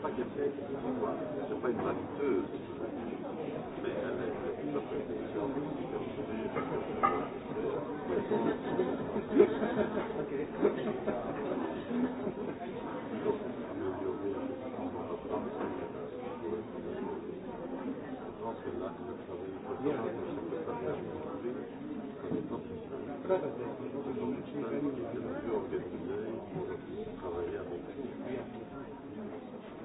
pas qu'elle fait une voix, ce pas une voix douteuse, mais elle est une voix de l'histoire.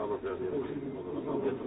Hvala za odgovor.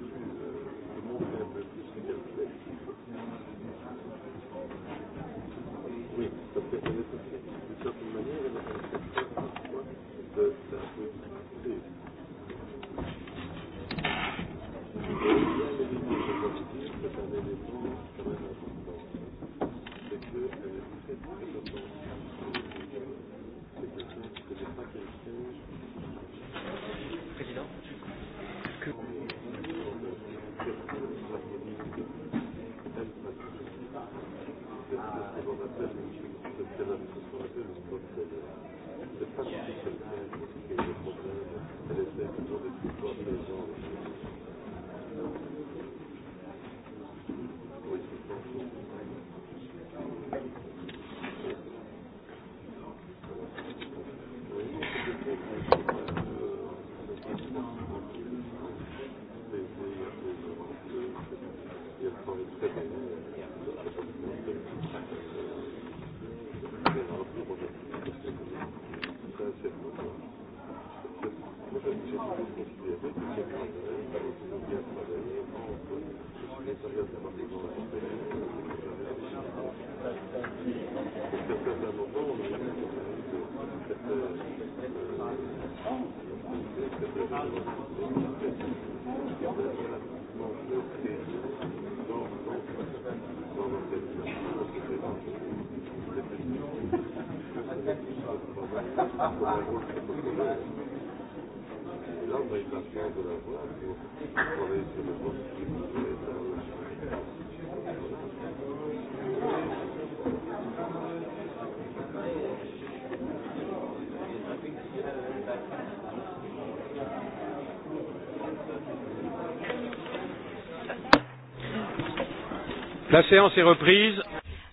La séance est reprise.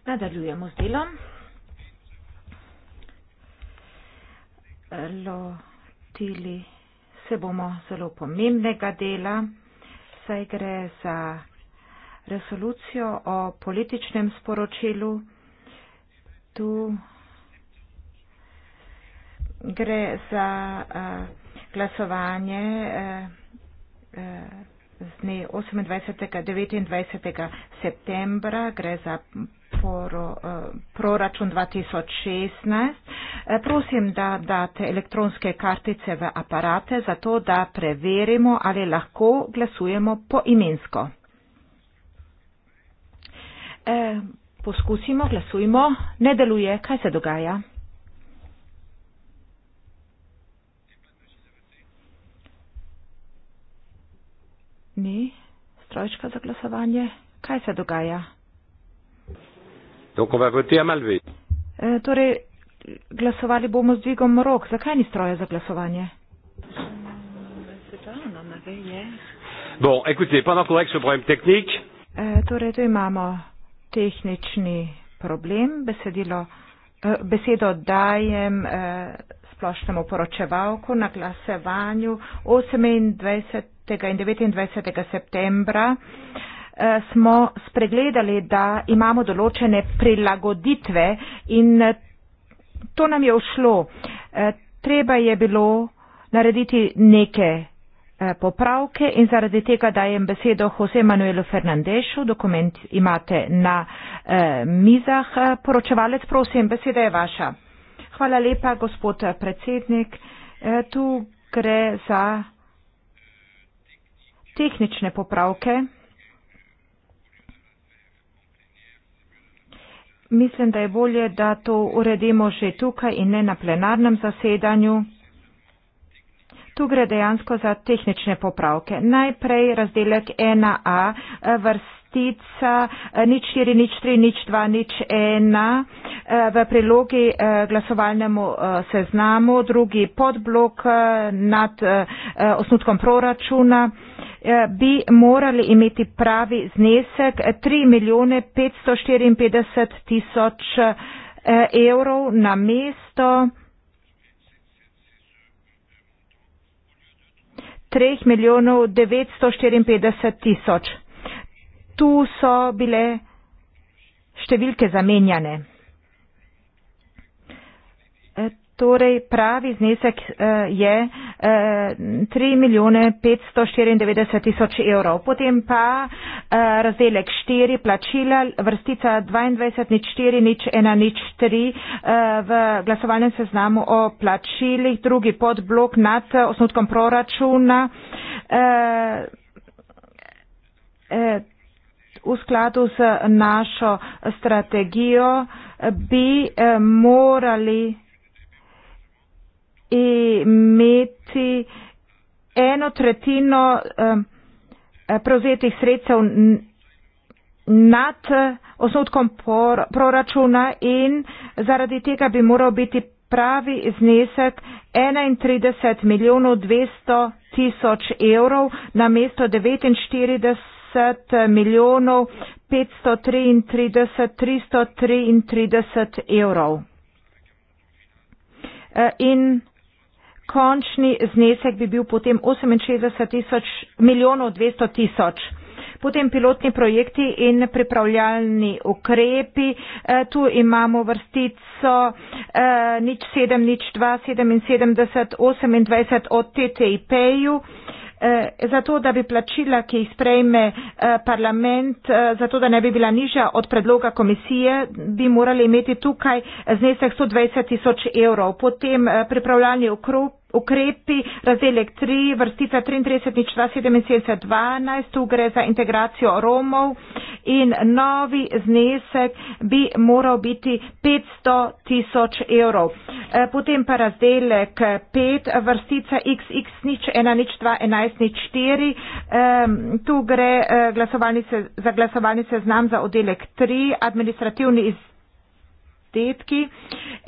Nadalujemo z delom. Lotili se bomo zelo pomembnega dela, saj gre za resolucijo o političnem sporočilu. Tu gre za uh, glasovanje uh, uh, z dne 28. in 29. septembra, gre za podporo eh, proračun 2016. Eh, prosim, da date elektronske kartice v aparate, zato da preverimo, ali lahko glasujemo po imensko. Eh, poskusimo, glasujmo. Ne deluje, kaj se dogaja. Ni strojčka za glasovanje. Kaj se dogaja? Donc on va voter à Malvé. Euh, torej, glasovali bomo z dvigom rok. Zakaj ni stroja za glasovanje? Bon, écoutez, pendant qu'on règle ce problème technique. Euh, torej, tu imamo tehnični problem, besedilo, euh, besedo dajem euh, splošnemu poročevalku na glasovanju 28. in 29. septembra. Euh, Eh, smo spregledali, da imamo določene prilagoditve in eh, to nam je ušlo. Eh, treba je bilo narediti neke popravke in zaradi tega dajem besedo Jose Manuelu Fernandešu. Dokument imate na mizah. Poročevalec, prosim, beseda je vaša. Hvala lepa, gospod predsednik. Tu gre za tehnične popravke. Mislim, da je bolje, da to uredimo že tukaj in ne na plenarnem zasedanju. Tu gre dejansko za tehnične popravke. Najprej razdelek 1a eh, vrst vrstica eh, nič štiri nič tri nič dva nič ena eh, v prilogi eh, glasovalnemu seznamu, drugi podblok nad osnutkom proračuna bi morali imeti pravi znesek 3 milijone 554 tisoč evrov na mesto 3 milijonov 954 tisoč tu so bile številke zamenjane. E, torej, pravi znesek e, je 3 e, milijone 594 tisoč evrov. Potem pa razdelek 4, plačila, vrstica 22, nič 4, nič 1, nič 3 v glasovalnem seznamu o plačilih, drugi podblok nad osnutkom proračuna v skladu z našo strategijo bi eh, morali imeti eno tretjino eh, prevzetih sredstev nad osnutkom proračuna in zaradi tega bi moral biti pravi znesek 31 milijonov 200 tisoč evrov na mesto 49 30 milijonov 533 333 evrov. E, in končni znesek bi bil potem 68 tisoč, milijonov 200 tisoč. Potem pilotni projekti in pripravljalni ukrepi. E, tu imamo vrstico e, nič 7, nič 2, 77, 28 od TTIP-ju. Eh, zato da bi plačila, ki jih sprejme eh, parlament, eh, zato da ne bi bila nižja od predloga komisije, bi morali imeti tukaj znesek 120 tisoč evrov. Potem pripravljalni okrog ukrepi, razdelek 3, vrstica 33, nič 27, 12, tu gre za integracijo Romov in novi znesek bi moral biti 500 tisoč evrov. Eh, potem pa razdelek 5, vrstica XX, nič 1, nič 2, 11, nič 4, tu gre eh, glasovalni se, za glasovalni seznam za oddelek 3, administrativni izdelki.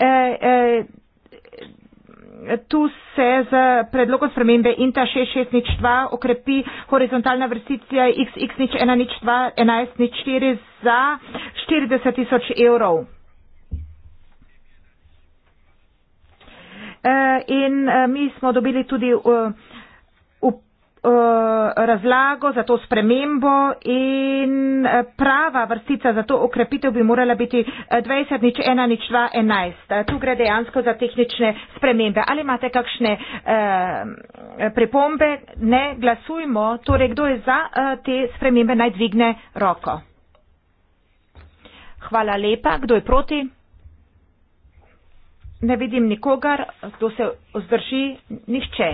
Eh, tu se z predlogom spremembe INTA 6602 okrepi horizontalna vrstica XX012 1104 za 40 tisoč evrov. Uh, in uh, mi smo dobili tudi uh, Eh, razlago za to spremembo in eh, prava vrstica za to okrepitev bi morala biti 20 eh, nič 1 nič 2 11. Tu gre dejansko za tehnične spremembe. Ali imate kakšne uh, pripombe? Ne, glasujmo. Torej, kdo je za uh, te spremembe, naj dvigne roko. Hvala lepa. Kdo je proti? Ne vidim nikogar. Kdo se vzdrži? Nihče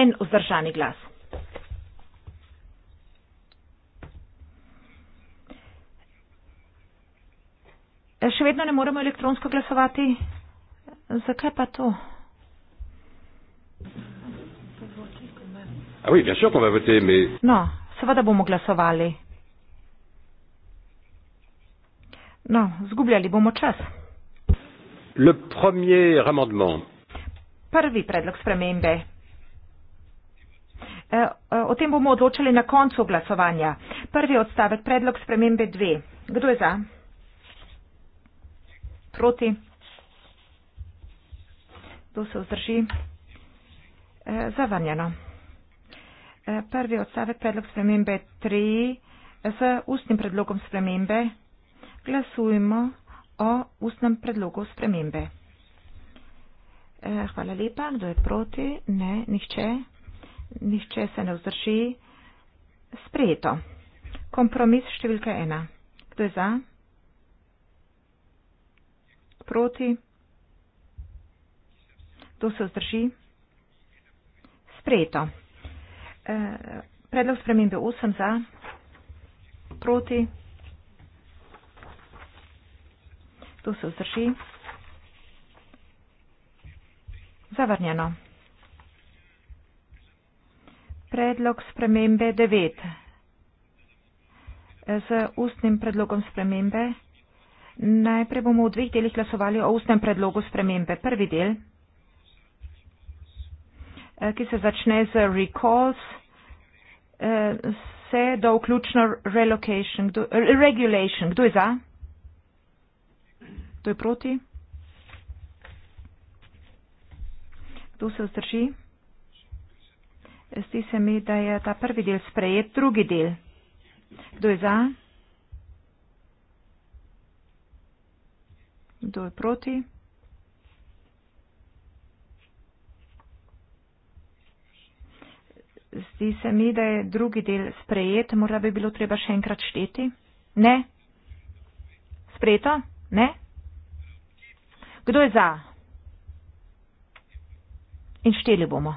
en vzdržani glas. Še vedno ne moremo elektronsko glasovati. Zakaj pa to? Ah no, seveda bomo glasovali. No, zgubljali bomo čas. Prvi predlog spremembe. Eh, eh, o tem bomo odločali na koncu glasovanja. Prvi odstavek, predlog spremembe dve. Kdo je za? Proti? Kdo se vzdrži? Eh, Zavanjeno. Prvi odstavek, predlog spremembe tri. Z ustnim predlogom spremembe glasujemo o ustnem predlogu spremembe. Hvala lepa. Kdo je proti? Ne, nihče nišče se ne vzdrži, sprejeto. Kompromis številka ena. Kdo je za? Proti? Kdo se vzdrži? Sprejeto. E, predlog spremembe 8 za, proti, to se vzdrži, zavrnjeno. Predlog spremembe 9. Z ustnim predlogom spremembe. Najprej bomo v dveh delih glasovali o ustnem predlogu spremembe. Prvi del, eh, ki se začne z recalls, eh, se do vključno relocation, eh, regulation. Kdo je za? Kdo je proti? Kdo se vzdrži? Zdi se mi, da je ta prvi del sprejet, drugi del. Kdo je za? Kdo je proti? Zdi se mi, da je drugi del sprejet, morda bi bilo treba še enkrat šteti. Ne? Sprejeto? Ne? Kdo je za? In šteli bomo.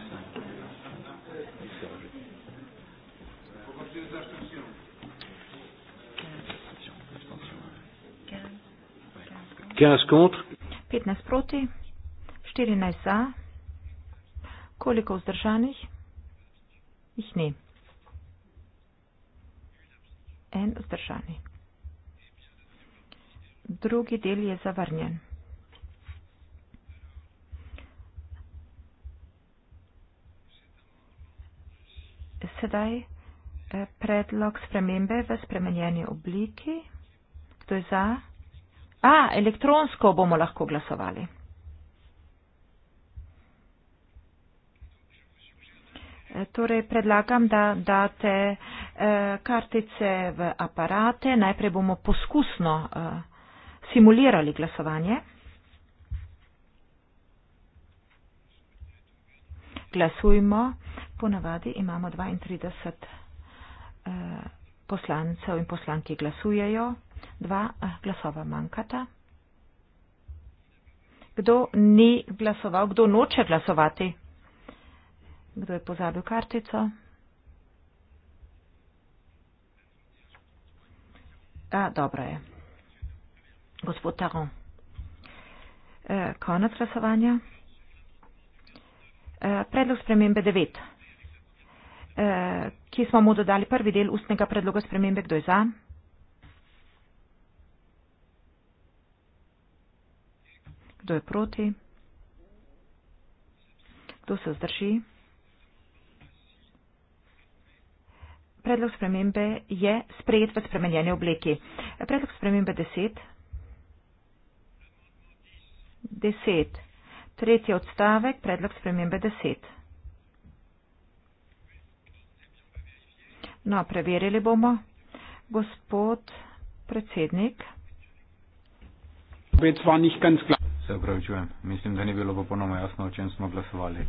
15 contre. 15 proti, 14 za. Koliko vzdržanih? Jih ni. En vzdržani. Drugi del je zavrnjen. Sedaj eh, predlog spremembe v spremenjeni obliki. Kdo je za? A, elektronsko bomo lahko glasovali. E, torej predlagam, da date e, kartice v aparate. Najprej bomo poskusno e, simulirali glasovanje. Glasujmo. Ponavadi imamo 32 poslancev in poslanki glasujejo. Dva glasova manjkata. Kdo ni glasoval, kdo noče glasovati? Kdo je pozabil kartico? A, dobro je. Gospod Taron. E, konec glasovanja. E, predlog spremembe 9. E, ki smo mu dodali prvi del ustnega predloga spremembe, kdo je za? Kdo je proti? Kdo se zdrži? Predlog spremembe je sprejet v spremenjeni obliki. Predlog spremembe 10. 10. Tretji odstavek, predlog spremembe 10. No, preverili bomo. Gospod predsednik se upravičujem. Mislim, da ni bilo popolnoma jasno, o čem smo glasovali.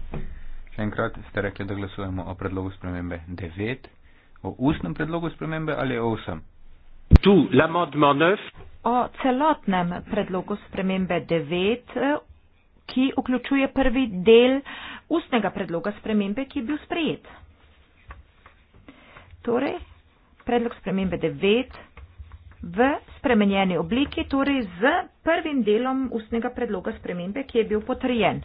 Še enkrat ste rekli, da glasujemo o predlogu spremembe 9, o ustnem predlogu spremembe ali o vsem? Tu, o celotnem predlogu spremembe 9, eh, ki vključuje prvi del ustnega predloga spremembe, ki je bil sprejet. Torej, predlog spremembe 9 v spremenjeni obliki, torej z prvim delom ustnega predloga spremembe, ki je bil potrjen.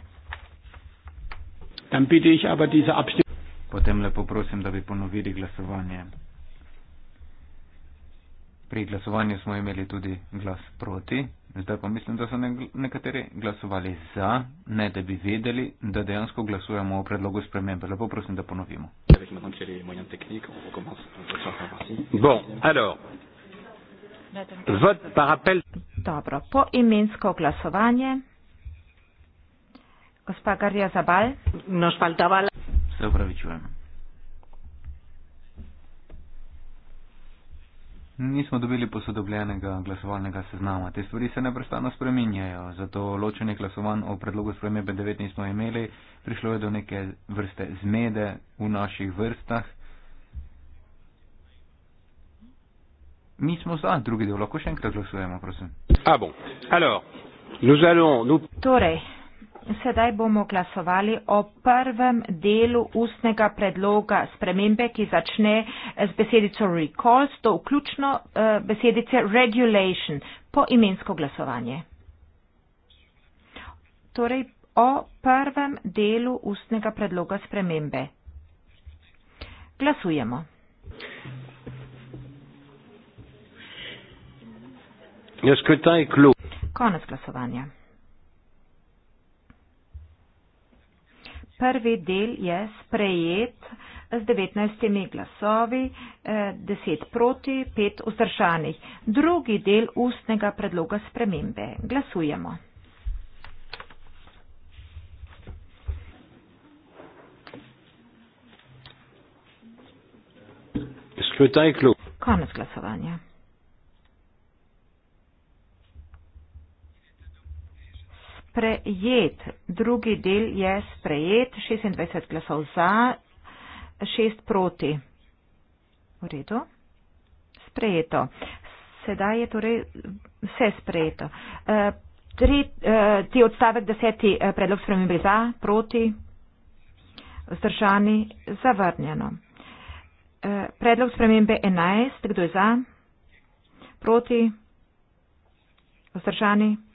Potem lepo prosim, da bi ponovili glasovanje. Pri glasovanju smo imeli tudi glas proti, zdaj pa mislim, da so nekateri glasovali za, ne da bi vedeli, da dejansko glasujemo o predlogu spremembe. Lepo prosim, da ponovimo. Bon, alors, V parapel. Dobro, po imensko glasovanje. Gospa Garja Zabal. Nos faltava. Se upravičujem. Nismo dobili posodobljenega glasovalnega seznama. Te stvari se neprestano spreminjajo, zato ločenje glasovanj o predlogu spremembe 19 smo imeli. Prišlo je do neke vrste zmede v naših vrstah. Mi smo za, drugi del lahko še enkrat glasujemo, prosim. Ah, bon. Alors, nous allons, nous... Torej, sedaj bomo glasovali o prvem delu ustnega predloga spremembe, ki začne z besedico recalls, to vključno uh, besedice regulation, po imensko glasovanje. Torej, o prvem delu ustnega predloga spremembe. Glasujemo. Je skrita je klub. Konec glasovanja. Prvi del je sprejet z 19 glasovi, 10 eh, proti, 5 vzdržanih. Drugi del ustnega predloga spremembe. Glasujemo. Konec glasovanja. sprejet. Drugi del je sprejet. 26 glasov za, 6 proti. V redu. Sprejeto. Sedaj je torej vse sprejeto. E, e, ti odstavek deseti e, predlog spremembe za, proti, vzdržani, zavrnjeno. Predlog spremembe enajst, kdo je za, proti, vzdržani, zavrnjeno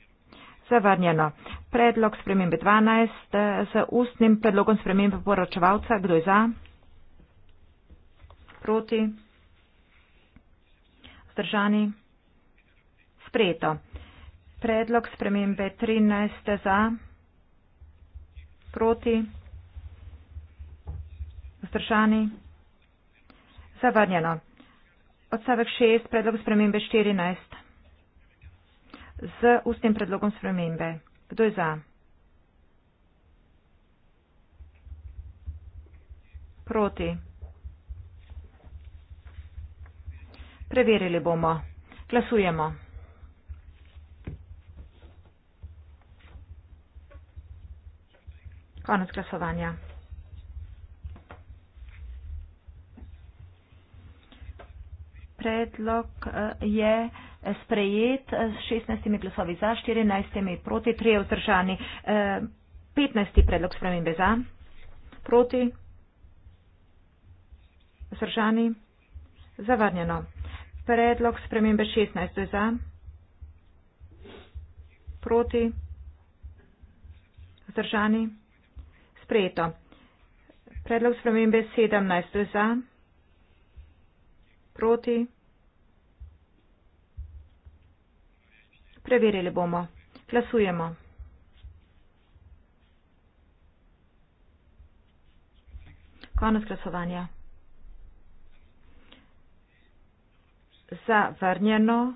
zavrnjeno. Predlog spremembe 12 eh, z ustnim predlogom spremembe poročevalca. Kdo je za? Proti? Zdržani? Sprejeto. Predlog spremembe 13 eh, za? Proti? Zdržani? Zavrnjeno. Odstavek 6. Predlog spremembe 14 z ustnim predlogom spremembe. Kdo je za? Proti. Preverili bomo. Glasujemo. Konec glasovanja. Predlog eh, je sprejet s 16 glasovi za, 14 proti, 3 vzdržani. 15. Eh, predlog spremembe za, proti, vzdržani, zavarnjeno. Predlog spremembe 16. za, proti, vzdržani, sprejeto. Predlog spremembe 17. za, proti, vzdržani. Preverili bomo. Glasujemo. Konec glasovanja. Zavrnjeno.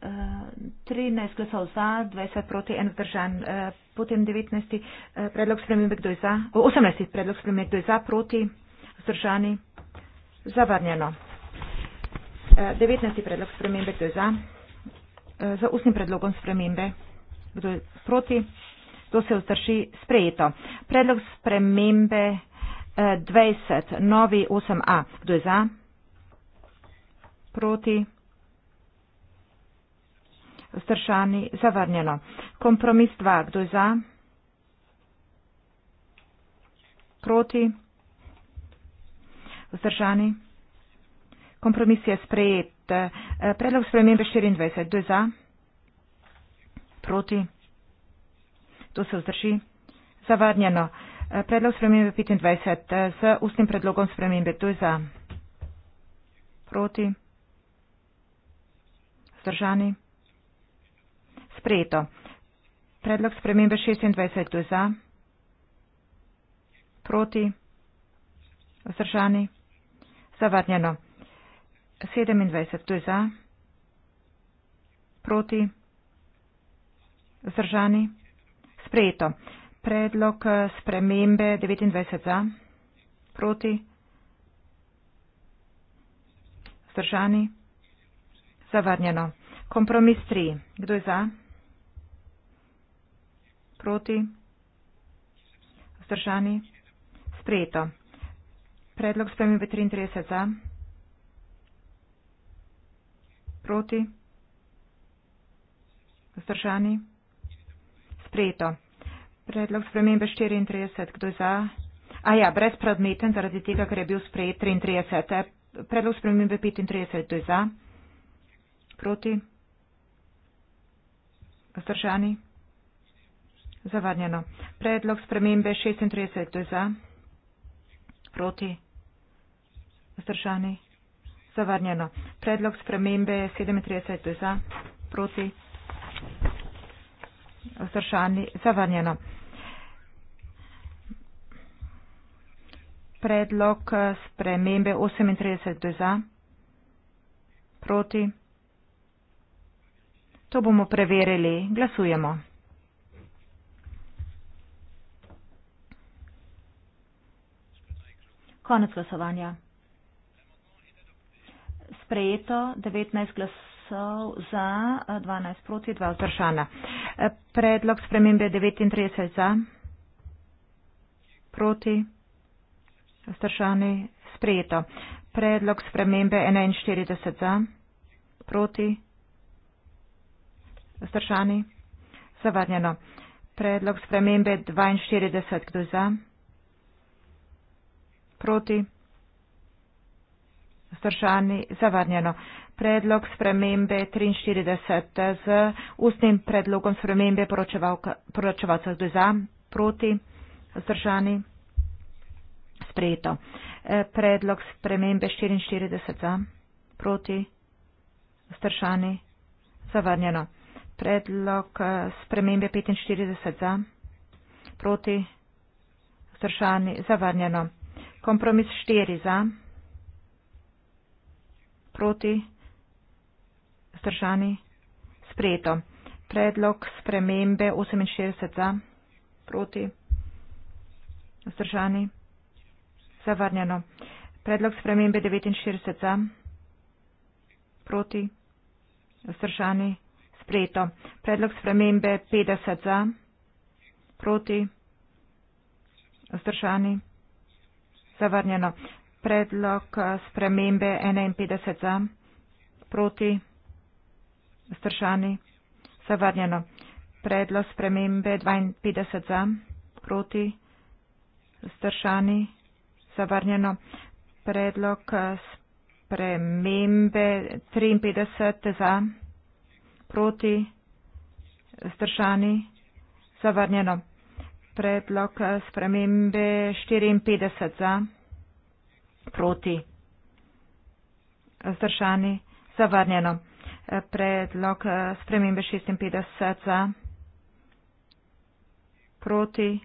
13 eh, glasov za, 20 proti, en vzdržan. Eh, potem 19 eh, predlog spremembe, kdo je za. 18 predlog spremembe, kdo je za, proti, vzdržani. Zavrnjeno. 19 predlog spremembe, kdo je za. Eh, z ustnim predlogom spremembe. Kdo je proti? To se vzdrži sprejeto. Predlog spremembe 20, eh, novi 8a. Kdo je za? Proti? Vzdržani? Zavrnjeno. Kompromis 2. Kdo je za? Proti? Vzdržani? Kompromis je sprejet. Eh, predlog spremembe 24. Kdo je za? Proti? Kdo se vzdrži? Zavadnjeno. Eh, predlog spremembe 25. Eh, z ustnim predlogom spremembe. Kdo je za? Proti? Zdržani? Sprejeto. Predlog spremembe 26. Kdo je za? Proti? Zdržani? Zavadnjeno. 27, eh, kdo je za? Proti? Zdržani? Sprejeto. Predlog spremembe 29 za? Proti? Zdržani? Zavrnjeno. Kompromis 3, kdo je za? Proti? Zdržani? Sprejeto. Predlog spremembe 33 za? proti? Zdržani? Sprejeto. Predlog spremembe 34. Kdo je za? A ja, brezpredmeten zaradi tega, ker je bil sprejet 33. E, predlog spremembe 35. Kdo je za? Proti? Zdržani? Zavarnjeno. Predlog spremembe 36. Kdo je za? Proti? Zdržani? zavrnjeno. Predlog spremembe je 37 za, proti, vzdržani, zavrnjeno. Predlog spremembe 38 za, proti. To bomo preverili. Glasujemo. Konec glasovanja sprejeto 19 glasov za, 12 proti, 2 vzdržana. Predlog spremembe 39 za, proti, vzdržani, sprejeto. Predlog spremembe 41 za, proti, vzdržani, zavarnjeno. Predlog spremembe 42 kdo za, proti, vzdržani. Zdržani zavrnjeno. Predlog spremembe 43 z ustnim predlogom spremembe poročevalca zdaj za, proti, zdržani, sprejeto. E, predlog spremembe 44 za, proti, zdržani, zavrnjeno. Predlog e, spremembe 45 za, proti, zdržani, zavrnjeno. Kompromis 4 za, proti, zdržani, sprejeto. Predlog spremembe 68 za, proti, zdržani, zavrnjeno. Predlog spremembe 69 za, proti, zdržani, sprejeto. Predlog spremembe 50 za, proti, zdržani, zavrnjeno predlog eh, spremembe 51 za, proti, stršani, zavrnjeno. Predlog spremembe 52 za, proti, stršani, zavrnjeno. Predlog eh, spremembe 53 za, proti, stršani, zavrnjeno. Predlog eh, spremembe 54 za proti. Zdržani zavrnjeno. Predlog eh, spremembe 56 za proti.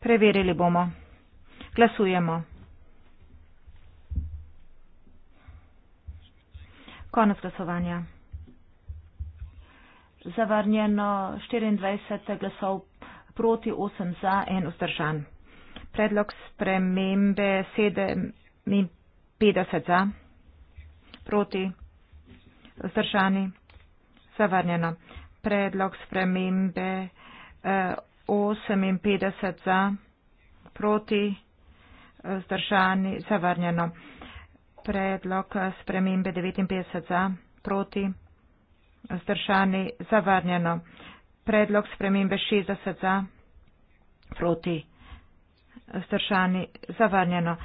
Preverili bomo. Glasujemo. Konec glasovanja. Zavrnjeno 24 glasov proti 8 za en vzdržan predlog spremembe 57 za, proti, vzdržani, zavrnjeno. Predlog spremembe 58 eh, eh, za, proti, vzdržani, zavrnjeno. Predlog spremembe 59 za, proti, vzdržani, zavrnjeno. Predlog spremembe 60 za, proti, vzdržani vzdržani zavrnjeno.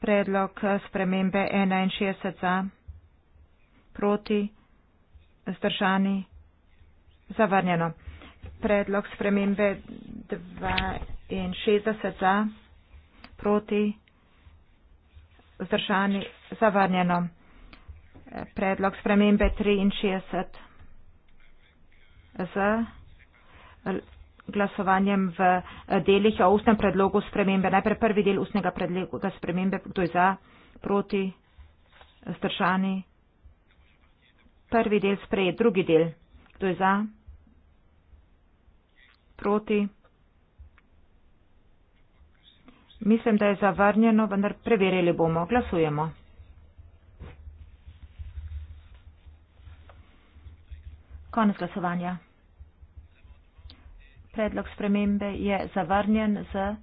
Predlog spremembe 61 za, proti, vzdržani zavrnjeno. Predlog spremembe 62 za, proti, vzdržani zavrnjeno. Predlog spremembe 63 za, glasovanjem v eh, delih o ustnem predlogu spremembe. Najprej prvi del ustnega predloga spremembe, kdo je za, proti, zdržani. Prvi del sprejet, drugi del, kdo je za, proti. Mislim, da je zavrnjeno, vendar preverili bomo. Glasujemo. Konec glasovanja predlog spremembe je zavrnjen z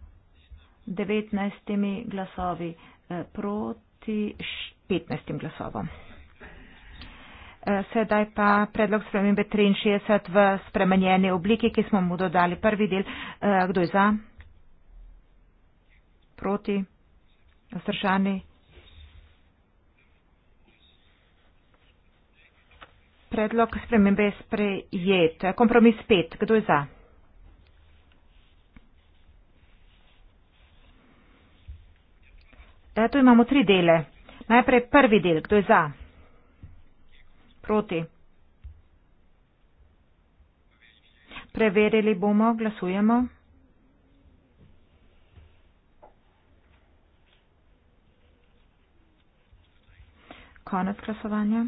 19 glasovi eh, proti 15 glasovom. Eh, sedaj pa predlog spremembe 63 v spremenjeni obliki, ki smo mu dodali prvi del. Eh, kdo je za? Proti? Zdržani? Predlog spremembe je sprejet. Kompromis 5. Kdo je za? E, tu imamo tri dele. Najprej prvi del, kdo je za? Proti. Preverili bomo, glasujemo. Konec glasovanja.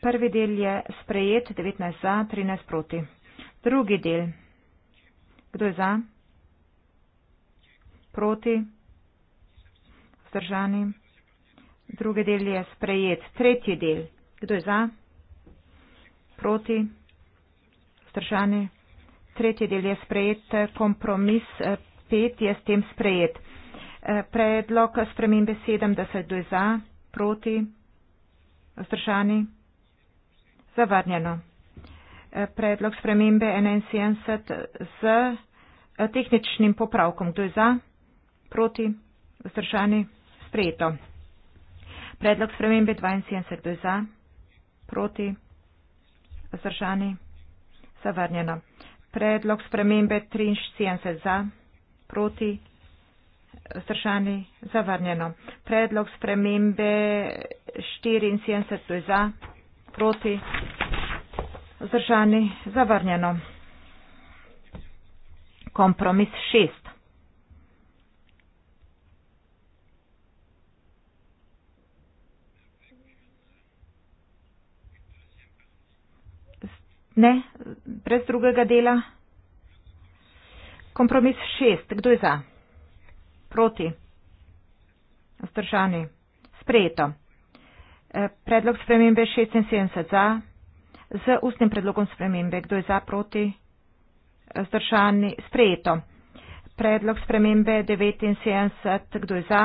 Prvi del je sprejet, 19 za, 13 proti. Drugi del. Kdo je za? proti, vzdržani. Drugi del je sprejet. Tretji del. Kdo je za? Proti, vzdržani. Tretji del je sprejet. Kompromis eh, pet je s tem sprejet. Eh, predlog spremembe 70. Kdo je za? Proti, vzdržani. Zavrnjeno. Eh, predlog spremembe 71 z tehničnim popravkom. Kdo je za? Proti. Vzdržani. Sprejeto. Predlog spremembe 72 je za. Proti. Vzdržani. Zavrnjeno. Predlog spremembe 73 za. Proti. Vzdržani. Zavrnjeno. Predlog spremembe 74 je za. Proti. Vzdržani. Zavrnjeno. Kompromis 6. Ne, brez drugega dela. Kompromis šest. Kdo je za? Proti. Zdržani. Sprejeto. E, predlog spremembe 76 za. Z ustnim predlogom spremembe. Kdo je za? Proti. Zdržani. Sprejeto. Predlog spremembe 79. Kdo je za?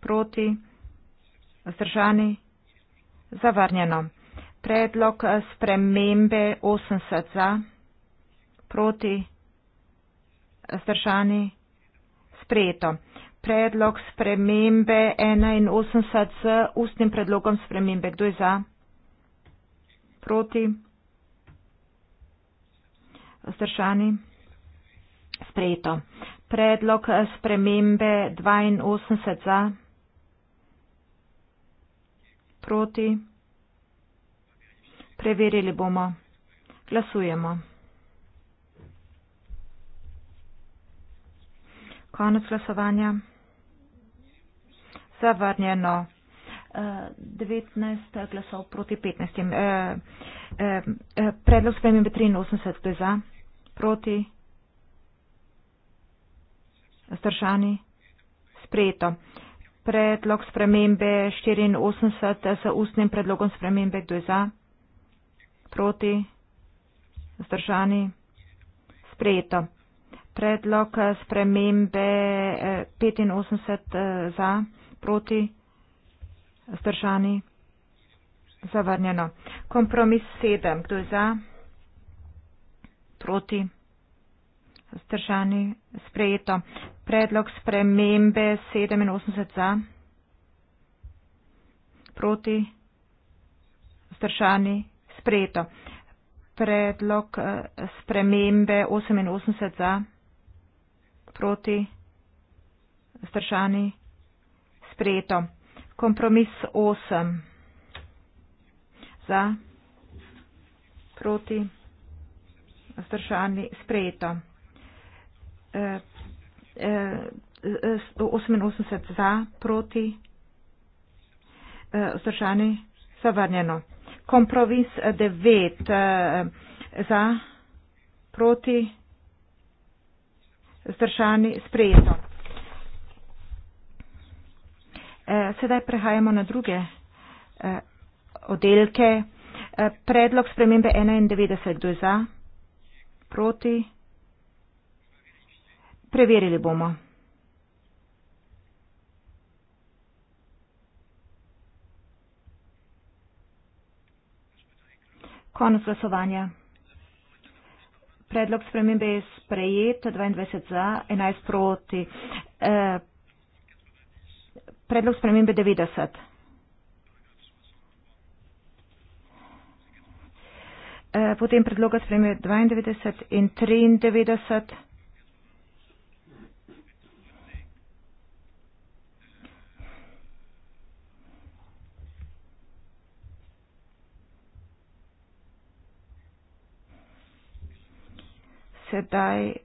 Proti. Zdržani. Zavrnjeno predlog eh, spremembe 80 za, proti, zdržani, sprejeto. Predlog spremembe 81 z ustnim predlogom spremembe. Kdo je za? Proti? Zdržani? Sprejeto. Predlog eh, spremembe 82 za? Proti? Preverili bomo. Glasujemo. Konec glasovanja. Zavrnjeno. 19 eh, glasov proti 15. Eh, eh, predlog spremi 83, to je za, proti, zdržani, sprejeto. Predlog spremembe 84 z ustnim predlogom spremembe, kdo je za? proti, zdržani, sprejeto. Predlog eh, spremembe 85 eh, eh, za, proti, zdržani, zavrnjeno. Kompromis 7, kdo je za, proti, zdržani, sprejeto. Predlog spremembe 87 za, proti, zdržani, zavrnjeno sprejeto. Predlog eh, spremembe 88 za proti zdržani sprejeto. Kompromis 8 za proti zdržani sprejeto. 88 eh, eh, za proti zdržani zavrnjeno kompromis devet eh, za proti zdržani sprejeto. Eh, sedaj prehajamo na druge eh, oddelke. Predlog spremembe 91, kdo je za, proti, preverili bomo. Konec glasovanja. Predlog spremembe je sprejet, 22 za, 11 proti. E, predlog spremembe 90. E, potem predloga spremembe 92 in 93. sedaj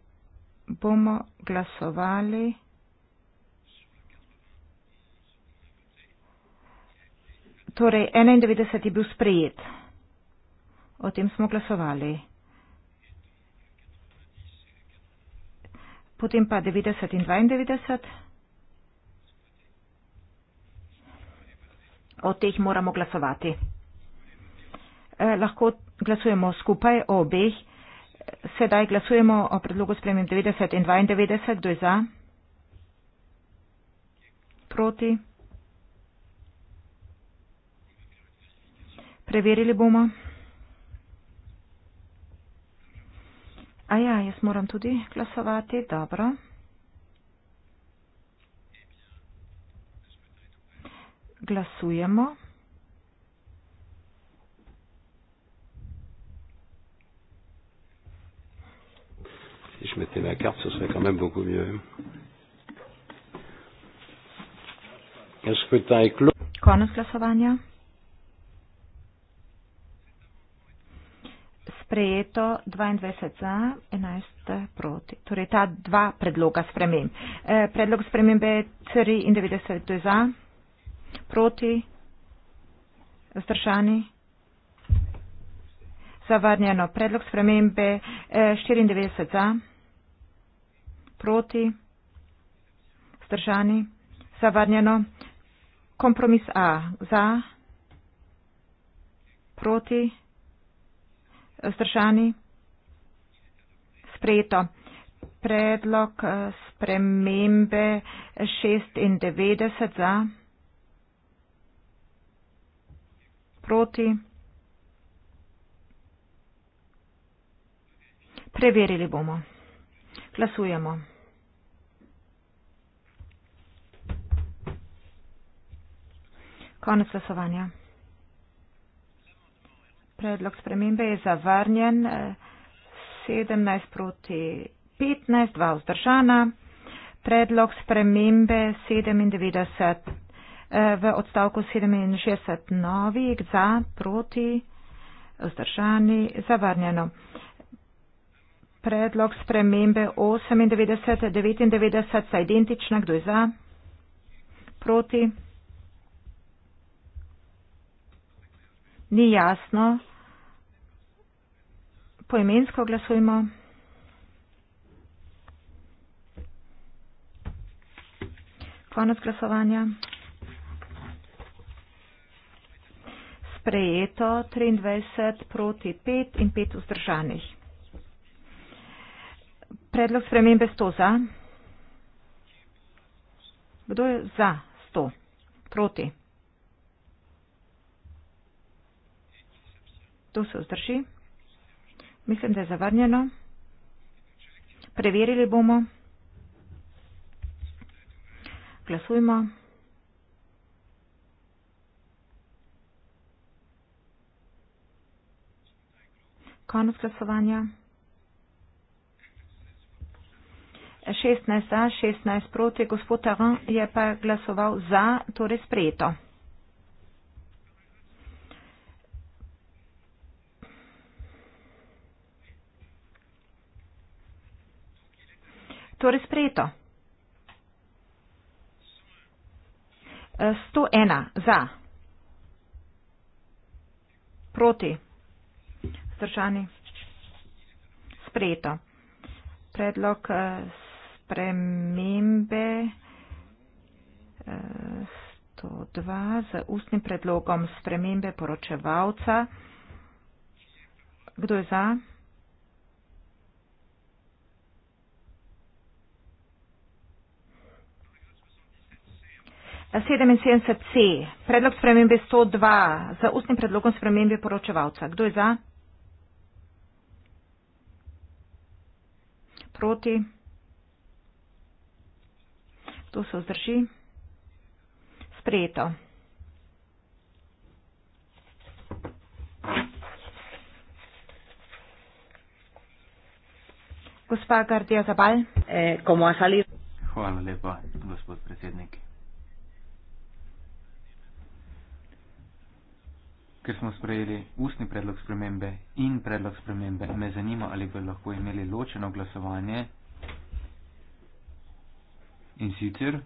bomo glasovali Torej, 91 je bil sprejet. O tem smo glasovali. Potem pa 90 in 92. O teh moramo glasovati. Eh, lahko glasujemo skupaj o obeh Sedaj glasujemo o predlogu sprememb 90 in 92. Kdo je za? Proti? Preverili bomo. A ja, jaz moram tudi glasovati. Dobro. Glasujemo. Si je mettais la carte, ce serait quand même beaucoup mieux. Le scrutin est clos. Konec glasovanja. Sprejeto 22 za, 11 proti. Torej ta dva predloga sprememb. E, predlog spremembe 93 za, proti, zdržani zavrnjeno. Predlog spremembe 94 eh, za, proti, zdržani, zavrnjeno. Kompromis A za, proti, zdržani, sprejeto. Predlog eh, spremembe 96 za, proti, Preverili bomo. Glasujemo. Konec glasovanja. Predlog spremembe je zavrnjen 17 eh, proti 15, 2 vzdržana. Predlog spremembe 97 eh, v odstavku 67 novih za proti vzdržani zavrnjeno predlog spremembe 98, 99, sta identična, kdo je za, proti? Ni jasno. Poimensko glasujmo. Konec glasovanja. Sprejeto 23 proti 5 in 5 vzdržanih predlog spremembe 100 za? Kdo je za 100? Proti? Kdo se vzdrži? Mislim, da je zavrnjeno. Preverili bomo. Glasujmo. Konec glasovanja. 16 za, 16 proti, gospod Aron je pa glasoval za, torej sprejeto. Torej sprejeto. 101 za. Proti. Zdržani. Sprejeto. Predlog. Uh, spremembe 102 eh, z ustnim predlogom spremembe poročevalca. Kdo je za? Na 77c. Predlog spremembe 102 za ustnim predlogom spremembe poročevalca. Kdo je za? Proti? To se vzdrži. Sprejeto. Gospa Gardija Zabal. Eh, Hvala lepa, gospod predsednik. Ker smo sprejeli ustni predlog spremembe in predlog spremembe, me zanima, ali bi lahko imeli ločeno glasovanje in sicer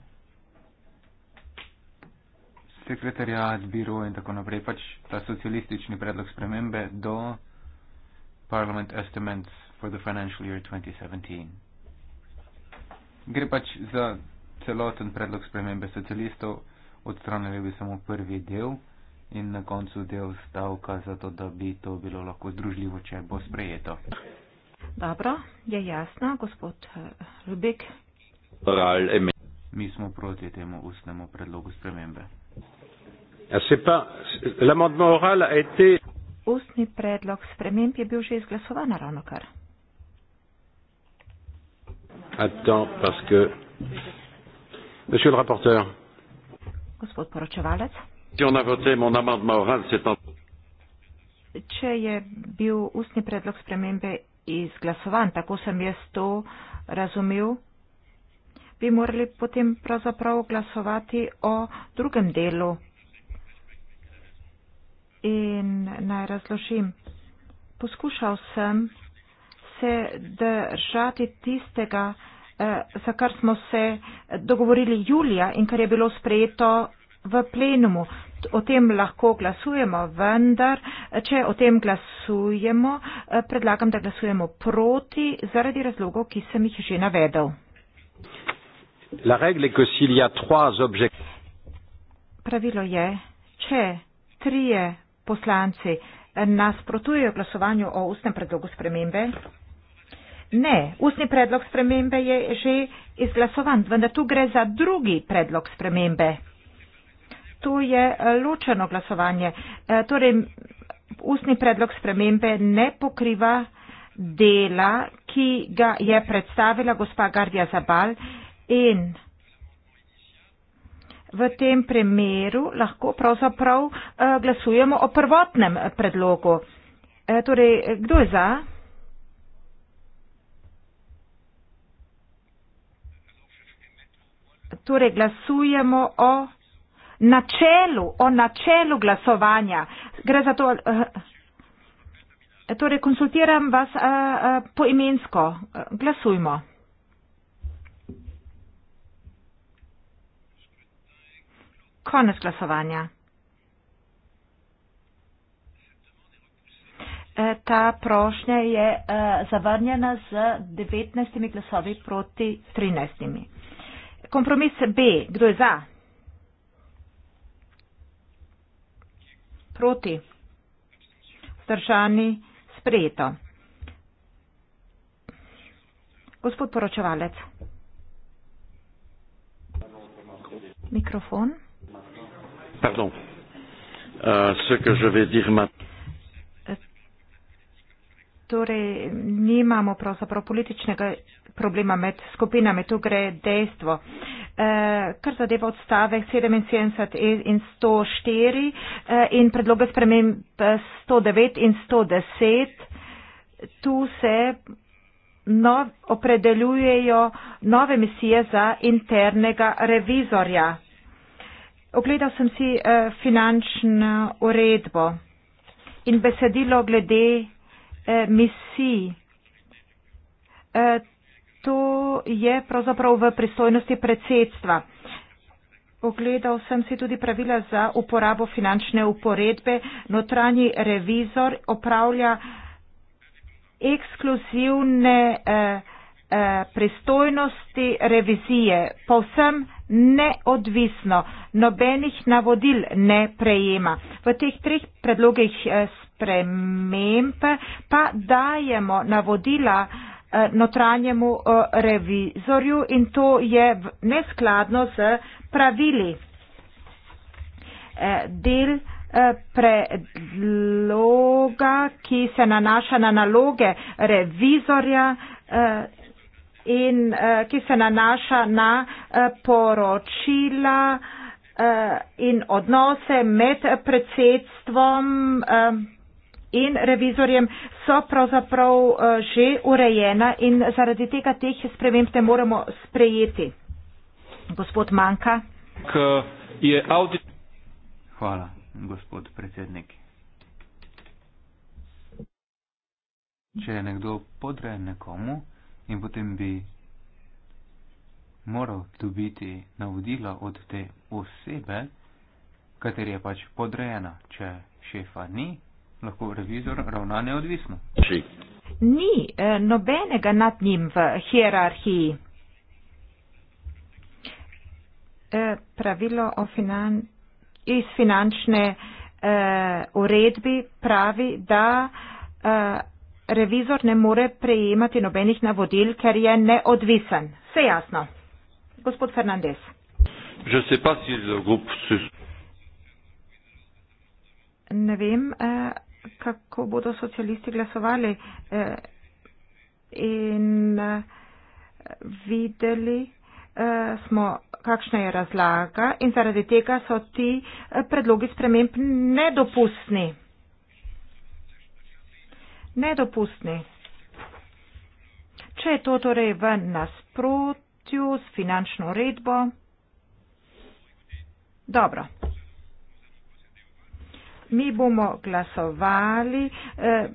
sekretarjat, biro in tako naprej, pač ta socialistični predlog spremembe do Parliament Estimates for the Financial Year 2017. Gre pač za celoten predlog spremembe socialistov, odstranili bi samo prvi del in na koncu del stavka za to, da bi to bilo lahko združljivo, če bo sprejeto. Dobro, je jasno, gospod Rubik, eh, oral emen. Mi smo proti temu ustnemu predlogu spremembe. Ustni predlog sprememb je bil že izglasovan ravno kar. Gospod poročevalec. Če je bil ustni predlog spremembe izglasovan, tako sem jaz to razumel bi morali potem pravzaprav glasovati o drugem delu. In naj razložim. Poskušal sem se držati tistega, eh, za kar smo se dogovorili julija in kar je bilo sprejeto v plenumu. O tem lahko glasujemo, vendar, če o tem glasujemo, eh, predlagam, da glasujemo proti zaradi razlogov, ki sem jih že navedel. La règle est que s'il y a trois objectifs. Pravilo je, če trije poslanci nasprotujejo glasovanju o ustnem predlogu spremembe. Ne, ustni predlog spremembe je že izglasovan, vendar tu gre za drugi predlog spremembe. Tu je ločeno glasovanje. E, torej, ustni predlog spremembe ne pokriva dela, ki ga je predstavila gospa Gardija Zabal, In v tem primeru lahko pravzaprav eh, glasujemo o prvotnem eh, predlogu. Eh, torej, kdo je za? Torej, glasujemo o načelu, o načelu glasovanja. Gre za to. Torej, konsultiram vas poimensko. Glasujmo. Konec glasovanja. E, ta prošnja je e, zavrnjena z 19 glasovi proti 13. Kompromis B. Kdo je za? Proti. Zdržani. Sprejeto. Gospod poročevalec. Mikrofon pardon, euh, ce que je vais dire maintenant. Torej, nimamo pravzaprav političnega problema med skupinami, tu gre dejstvo. E, kar zadeva odstavek 77 e in 104 e, eh, in predloge sprememb 109 eh, in 110, tu se nov, opredeljujejo nove misije za internega revizorja. Ogledal sem si uh, finančno uredbo in besedilo glede uh, misij. Uh, to je pravzaprav v pristojnosti predsedstva. Ogledal sem si tudi pravila za uporabo finančne uporedbe. Notranji revizor opravlja ekskluzivne uh, uh, pristojnosti revizije. Povsem neodvisno, nobenih navodil ne prejema. V teh treh predlogih eh, sprememb pa dajemo navodila eh, notranjemu eh, revizorju in to je neskladno z pravili. Del predloga, ki se nanaša na naloge revizorja, in uh, ki se nanaša na uh, poročila uh, in odnose med predsedstvom uh, in revizorjem, so pravzaprav uh, že urejena in zaradi tega teh sprememb te moramo sprejeti. Gospod Manka. Hvala, gospod predsednik. Če je nekdo podrejen nekomu, in potem bi moral dobiti navodila od te osebe, kateri je pač podrejena. Če šefa ni, lahko revizor ravna neodvisno. Či. Ni eh, nobenega nad njim v hierarhiji. Eh, pravilo finan iz finančne eh, uredbi pravi, da eh, revizor ne more prejemati nobenih navodil, ker je neodvisen. Vse jasno. Gospod Fernandez. Ne vem, eh, kako bodo socialisti glasovali eh, in eh, videli smo, kakšna je razlaga in zaradi tega so ti predlogi sprememb nedopustni nedopustni. Če je to torej v nasprotju s finančno redbo, dobro. Mi bomo glasovali, eh,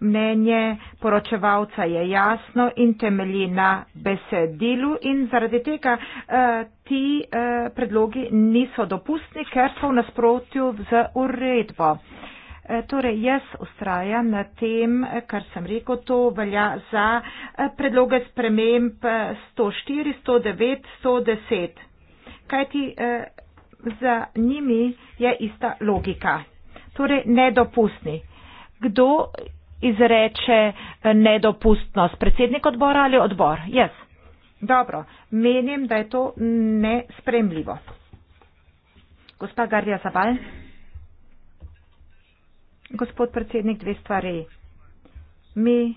mnenje poročevalca je jasno in temelji na besedilu in zaradi tega eh, ti eh, predlogi niso dopustni, ker so v nasprotju z uredbo. E, torej, jaz ustrajam na tem, kar sem rekel, to velja za e, predloge sprememb 104, 109, 110. Kajti e, za njimi je ista logika. Torej, nedopustni. Kdo izreče nedopustnost? Predsednik odbora ali odbor? Jaz. Dobro, menim, da je to nespremljivo. Gospa Garja Zabal. Gospod predsednik, dve stvari. Mi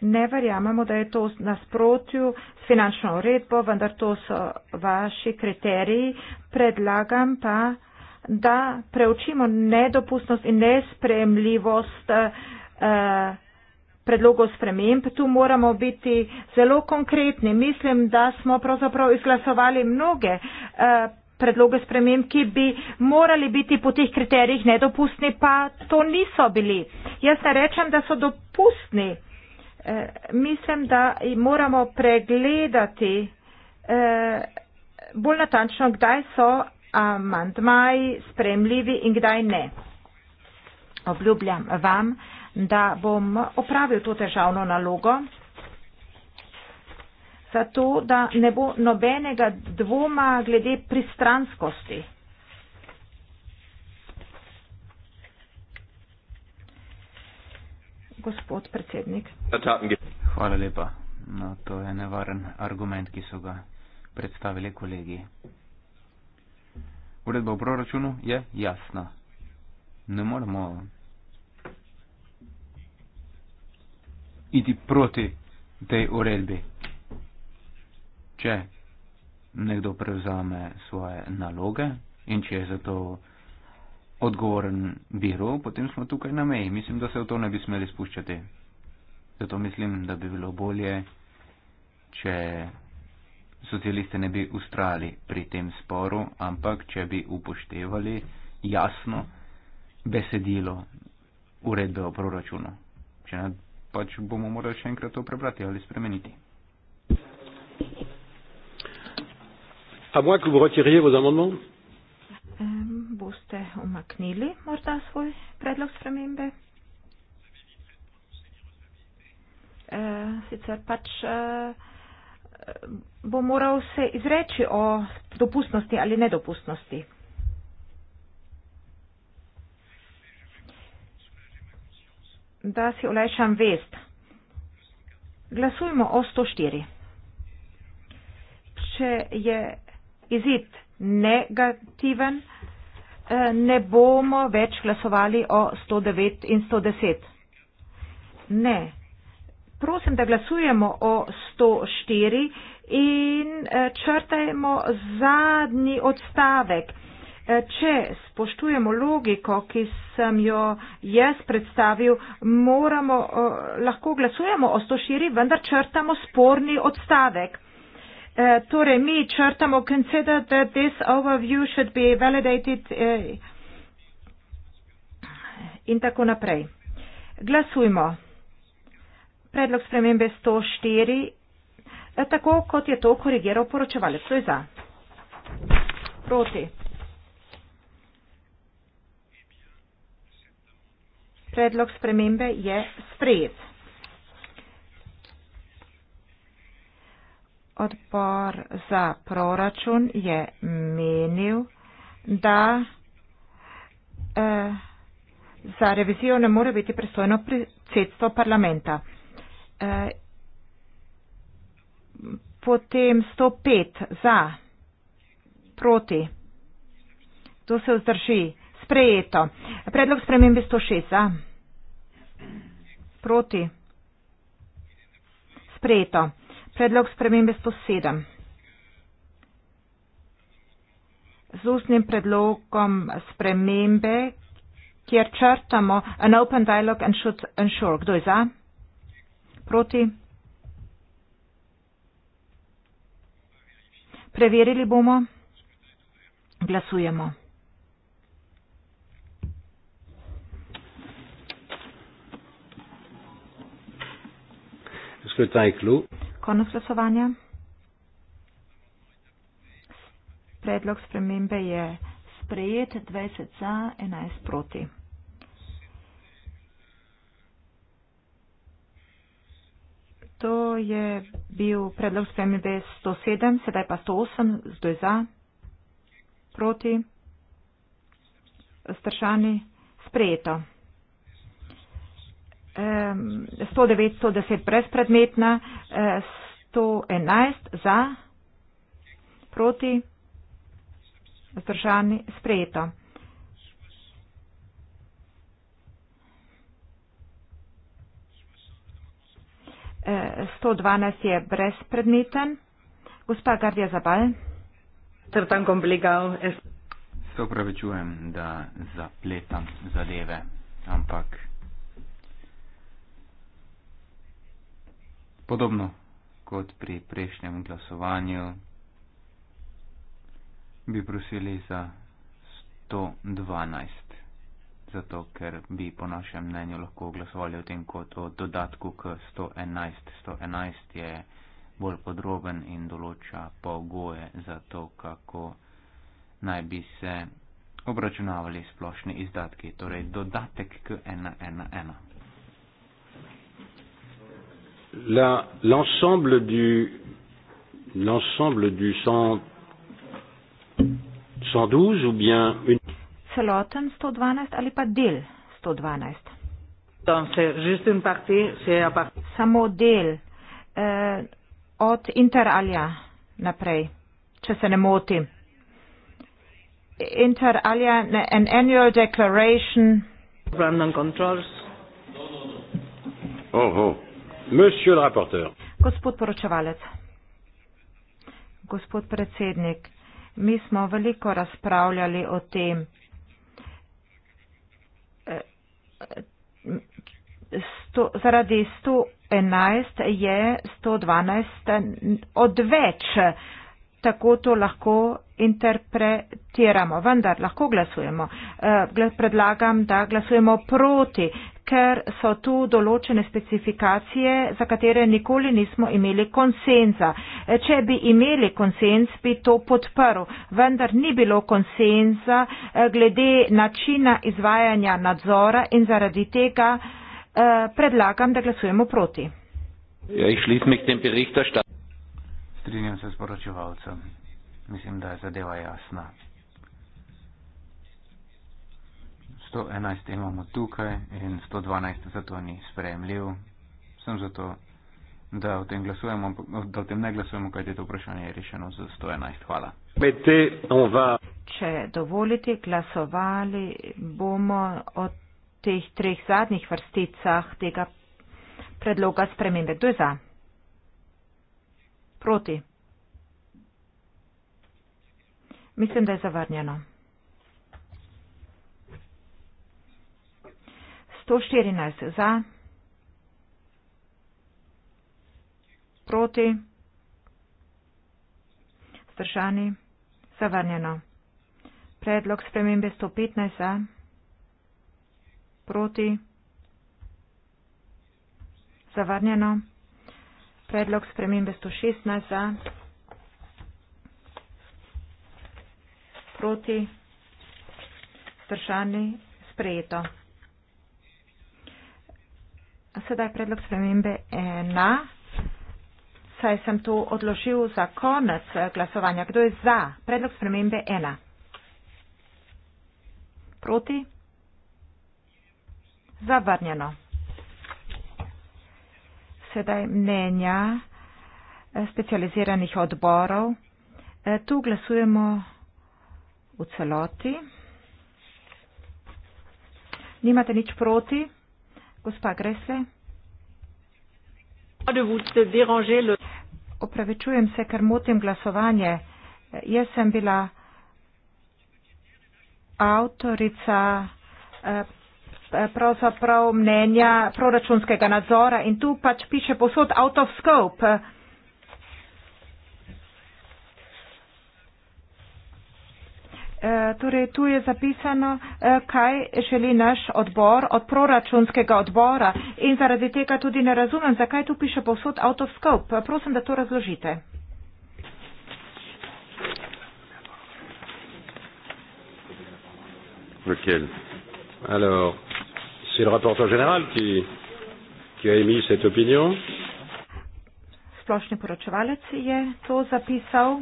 ne verjamemo, da je to nasprotju s finančno uredbo, vendar to so vaši kriteriji. Predlagam pa, da preučimo nedopustnost in nespremljivost eh, predlogov sprememb. Tu moramo biti zelo konkretni. Mislim, da smo pravzaprav izglasovali mnoge eh, predloge sprememb, ki bi morali biti po tih kriterijih nedopustni, pa to niso bili. Jaz ne rečem, da so dopustni. E, mislim, da moramo pregledati e, bolj natančno, kdaj so amandmaji spremljivi in kdaj ne. Obljubljam vam, da bom opravil to težavno nalogo zato, da ne bo nobenega dvoma glede pristranskosti. Gospod predsednik. Hvala lepa. No, to je nevaren argument, ki so ga predstavili kolegi. Uredba v proračunu je jasna. Ne moramo iti proti tej uredbi če nekdo prevzame svoje naloge in če je za to odgovoren biro, potem smo tukaj na meji. Mislim, da se v to ne bi smeli spuščati. Zato mislim, da bi bilo bolje, če socialiste ne bi ustrali pri tem sporu, ampak če bi upoštevali jasno besedilo uredbe o proračunu. Če ne, pač bomo morali še enkrat to prebrati ali spremeniti. À moins que vous retiriez vos amendements e, Sicer pač uh, bo moral se izreči o dopustnosti ali nedopustnosti. Da si olajšam vest. Glasujmo o 104. Če je izid negativen, eh, ne bomo več glasovali o 109 in 110. Ne. Prosim, da glasujemo o 104 in eh, črtajmo zadnji odstavek. Eh, če spoštujemo logiko, ki sem jo jaz predstavil, moramo, lahko glasujemo o 104, vendar črtamo sporni odstavek. Eh, torej mi črtamo consider that this overview should be validated uh, in tako naprej. Glasujmo. Predlog spremembe 104, eh, tako kot je to korigiral poročevalec. To je za. Proti. Predlog spremembe je sprejet. odbor za proračun je menil, da eh, za revizijo ne more biti pristojno predsedstvo parlamenta. Eh, potem 105 za, proti. To se vzdrži. Sprejeto. Predlog spremembe 106 za, proti. Sprejeto. Predlog spremembe 107. Z ustnim predlogom spremembe, kjer črtamo an open dialogue and should ensure. Kdo je za? Proti? Preverili bomo. Glasujemo. Monsieur Tainclou. Konec glasovanja. Predlog spremembe je sprejet 20 za 11 proti. To je bil predlog spremembe 107, sedaj pa 108, zdaj za, proti, stršani, sprejeto. 109, 110 brezpredmetna, 111 eh, za, proti, zdržani, sprejeto. E, eh, 112 je brezpredmeten. Gospa Gardija Zabal. Trtan komplikal. Se opravičujem, da zapletam zadeve, ampak. podobno kot pri prejšnjem glasovanju, bi prosili za 112, zato ker bi po našem mnenju lahko glasovali o tem kot o dodatku k 111. 111 je bolj podroben in določa pogoje za to, kako naj bi se obračunavali splošni izdatki, torej dodatek k 111 l'ensemble du l'ensemble du 112 ou bien une celoten 112 ali pa del 112 donc c'est juste une partie c'est à part samo del euh, od interalia naprej če se ne motim Inter alia, an annual declaration. Random controls. No, no, no. Oh, oh. Monsieur le rapporteur. Gospod poročevalec, gospod predsednik, mi smo veliko razpravljali o tem, eh, sto, zaradi 111 je 112 odveč, tako to lahko interpretiramo, vendar lahko glasujemo. Eh, predlagam, da glasujemo proti, ker so tu določene specifikacije, za katere nikoli nismo imeli konsenza. E, če bi imeli konsens, bi to podprl, vendar ni bilo konsenza e, glede načina izvajanja nadzora in zaradi tega e, predlagam, da glasujemo proti. Ja, Strinjam se s poročevalcem. Mislim, da je zadeva jasna. 111 imamo tukaj in 112 zato ni sprejemljiv. Sem zato, da o tem, glasujemo, da o tem ne glasujemo, kajti to vprašanje je rešeno z 111. Hvala. Če dovolite, glasovali bomo o teh treh zadnjih vrsticah tega predloga spremembe. Kdo je za? Proti. Mislim, da je zavrnjeno. 114 za, proti, vzdržani, zavrnjeno. Predlog spremembe 115 za, proti, zavrnjeno. Predlog spremembe 116 za, proti, vzdržani, sprejeto. Sedaj predlog spremembe ena. Saj sem to odložil za konec eh, glasovanja. Kdo je za predlog spremembe ena? Proti? Zavrnjeno. Sedaj mnenja eh, specializiranih odborov. Eh, tu glasujemo v celoti. Nimate nič proti? Gospa Grese. Opravičujem se, ker motim glasovanje. Jaz sem bila avtorica eh, eh, pravzaprav mnenja proračunskega nadzora in tu pač piše posod out of scope. Eh, torej tu je zapisano, eh, kaj želi naš odbor od proračunskega odbora in zaradi tega tudi ne razumem, zakaj tu piše povsod out of scope. Prosim, da to razložite. Ok. Alors, c'est le rapporteur général qui, qui a émis cette opinion. Splošni poročevalec je to zapisal.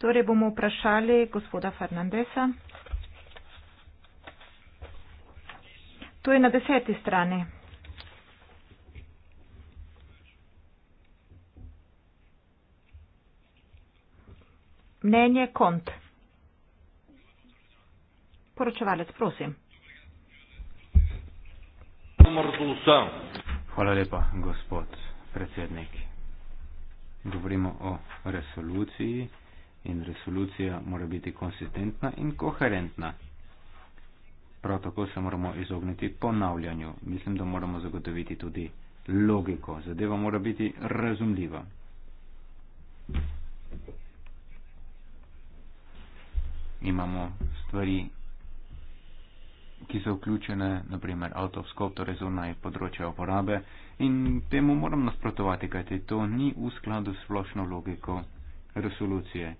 Torej bomo vprašali gospoda Fernandesa. To je na deseti strani. Mnenje kont. Poročevalec, prosim. Hvala lepa, gospod predsednik. Govorimo o resoluciji in resolucija mora biti konsistentna in koherentna. Prav tako se moramo izogniti ponavljanju. Mislim, da moramo zagotoviti tudi logiko. Zadeva mora biti razumljiva. Imamo stvari, ki so vključene, naprimer out of scope, torej zunaj področja uporabe in temu moram nasprotovati, kajti to ni v skladu s splošno logiko resolucije.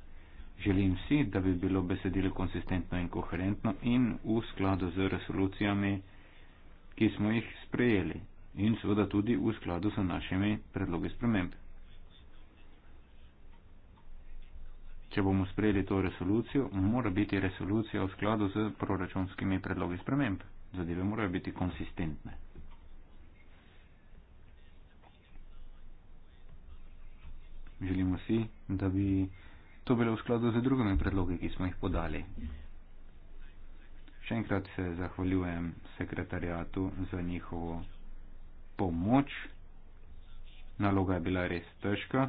Želim si, da bi bilo besedilo konsistentno in koherentno in v skladu z resolucijami, ki smo jih sprejeli in seveda tudi v skladu s našimi predlogi sprememb. Če bomo sprejeli to resolucijo, mora biti resolucija v skladu z proračunskimi predlogi sprememb. Zadeve morajo biti konsistentne. Želimo si, da bi to bilo v skladu z drugimi predlogi, ki smo jih podali. Še enkrat se zahvaljujem sekretarjatu za njihovo pomoč. Naloga je bila res težka.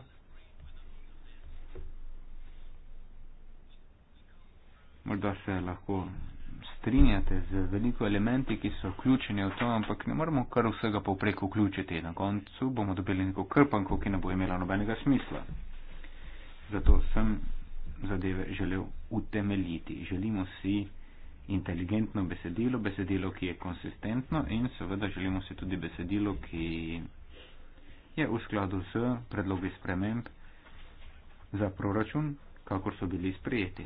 Morda se lahko strinjate z veliko elementi, ki so vključeni v to, ampak ne moremo kar vsega poprek vključiti. Na koncu bomo dobili neko krpanko, ki ne bo imela nobenega smisla. Zato sem zadeve želel utemeljiti. Želimo si inteligentno besedilo, besedilo, ki je konsistentno in seveda želimo si tudi besedilo, ki je v skladu s predlogi sprememb za proračun, kakor so bili sprejeti.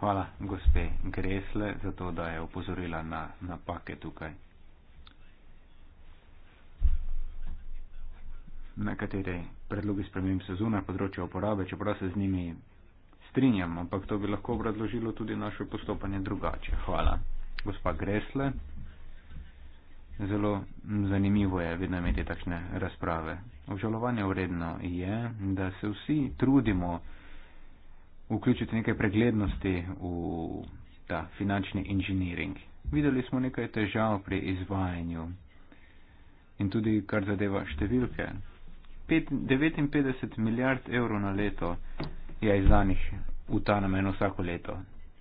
Hvala gospe Gresle za to, da je opozorila na napake tukaj. nekatere predlogi sprememb se zunaj področja uporabe, čeprav se z njimi strinjam, ampak to bi lahko obrazložilo tudi naše postopanje drugače. Hvala. Gospa Gresle, zelo zanimivo je vedno imeti takšne razprave. Obžalovanje vredno je, da se vsi trudimo vključiti nekaj preglednosti v ta finančni inženiring. Videli smo nekaj težav pri izvajanju in tudi kar zadeva številke, pet, 59 milijard evrov na leto je izdanih v ta namen vsako leto.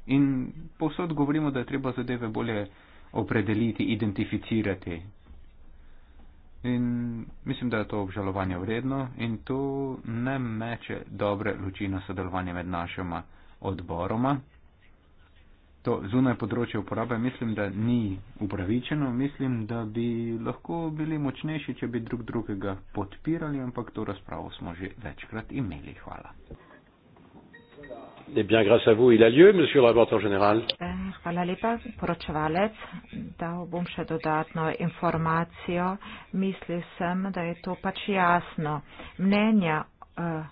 In posod govorimo, da je treba zadeve bolje opredeliti, identificirati. In mislim, da je to obžalovanje vredno in to ne meče dobre luči na sodelovanje med našima odboroma to zunaj področje uporabe, mislim, da ni upravičeno. Mislim, da bi lahko bili močnejši, če bi drug drugega podpirali, ampak to razpravo smo že večkrat imeli. Hvala. Eh bien, grâce à vous, il a lieu, monsieur le rapporteur général. Eh, hvala lepa, poročevalec. Dal bom še dodatno informacijo. Mislil sem, da je to pač jasno. Mnenja eh,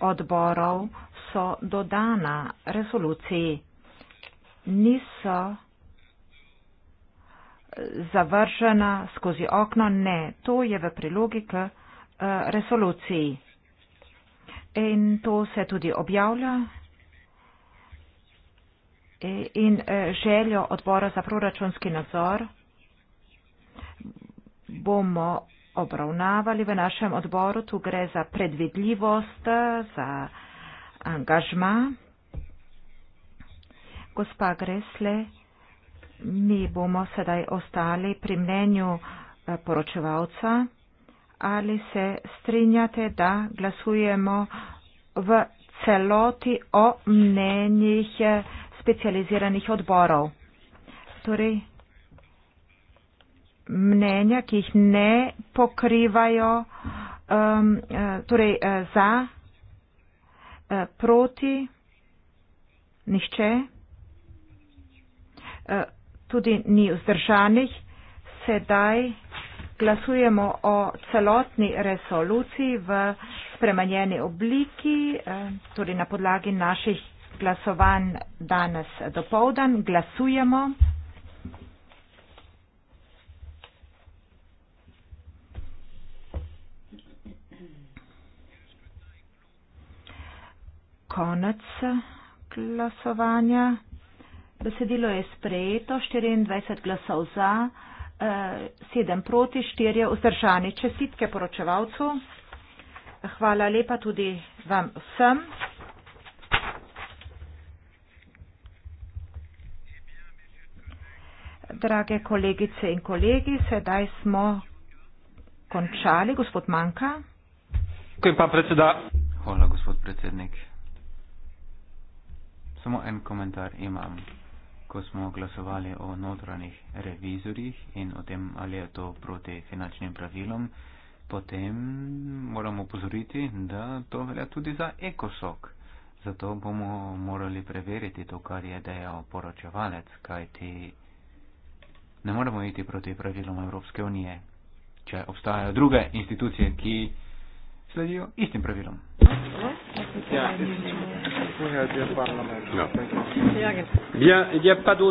odborov so dodana resoluciji niso eh, zavržena skozi okno, ne, to je v prilogi k eh, resoluciji. In to se tudi objavlja in eh, željo odbora za proračunski nadzor bomo obravnavali v našem odboru, tu gre za predvidljivost, za angažma. Gospa Gresle, mi bomo sedaj ostali pri mnenju eh, poročevalca. Ali se strinjate, da glasujemo v celoti o mnenjih eh, specializiranih odborov? Torej, mnenja, ki jih ne pokrivajo, um, torej za, proti, nihče. Eh, tudi ni vzdržanih. Sedaj glasujemo o celotni resoluciji v spremenjeni obliki, eh, tudi na podlagi naših glasovanj danes do povdan. Glasujemo. Konec glasovanja. Besedilo je sprejeto, 24 glasov za, 7 eh, proti, 4 vzdržani. Čestitke poročevalcu. Hvala lepa tudi vam vsem. Drage kolegice in kolegi, sedaj smo končali. Gospod Manka. Hvala, gospod predsednik. Samo en komentar imam ko smo glasovali o notranjih revizorjih in o tem, ali je to proti finančnim pravilom, potem moramo upozoriti, da to velja tudi za ekosok. Zato bomo morali preveriti to, kar je dejal poročevalec, kajti ne moramo iti proti pravilom Evropske unije, če obstajajo druge institucije, ki sledijo istim pravilom. Ja, ja. Ja,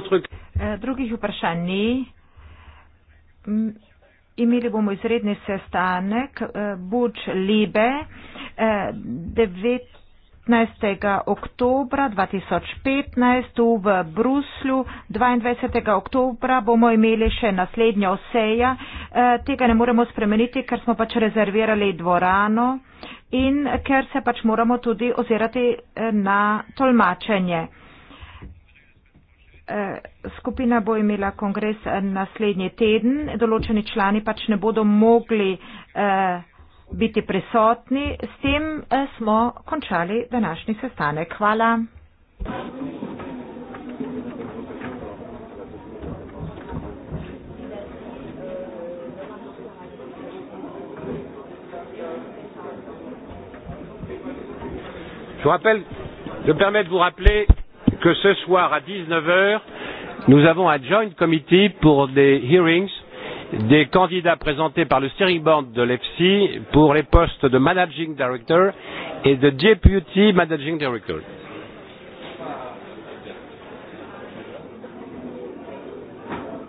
e, drugih vprašanj ni. Imeli bomo izredni sestanek e, Buč Libe 9. E, 15. oktobra 2015 tu v Bruslju. 22. oktobra bomo imeli še naslednjo sejo. E, tega ne moremo spremeniti, ker smo pač rezervirali dvorano in ker se pač moramo tudi ozirati eh, na tolmačenje. Eh, skupina bo imela kongres naslednji teden, določeni člani pač ne bodo mogli eh, biti prisotni. S tem eh, smo končali današnji sestanek. Hvala. Je vous rappelle, je me permets de vous rappeler que ce soir à 19h, nous avons un joint committee pour des hearings des candidats présentés par le steering board de l'EFSI pour les postes de managing director et de deputy managing director.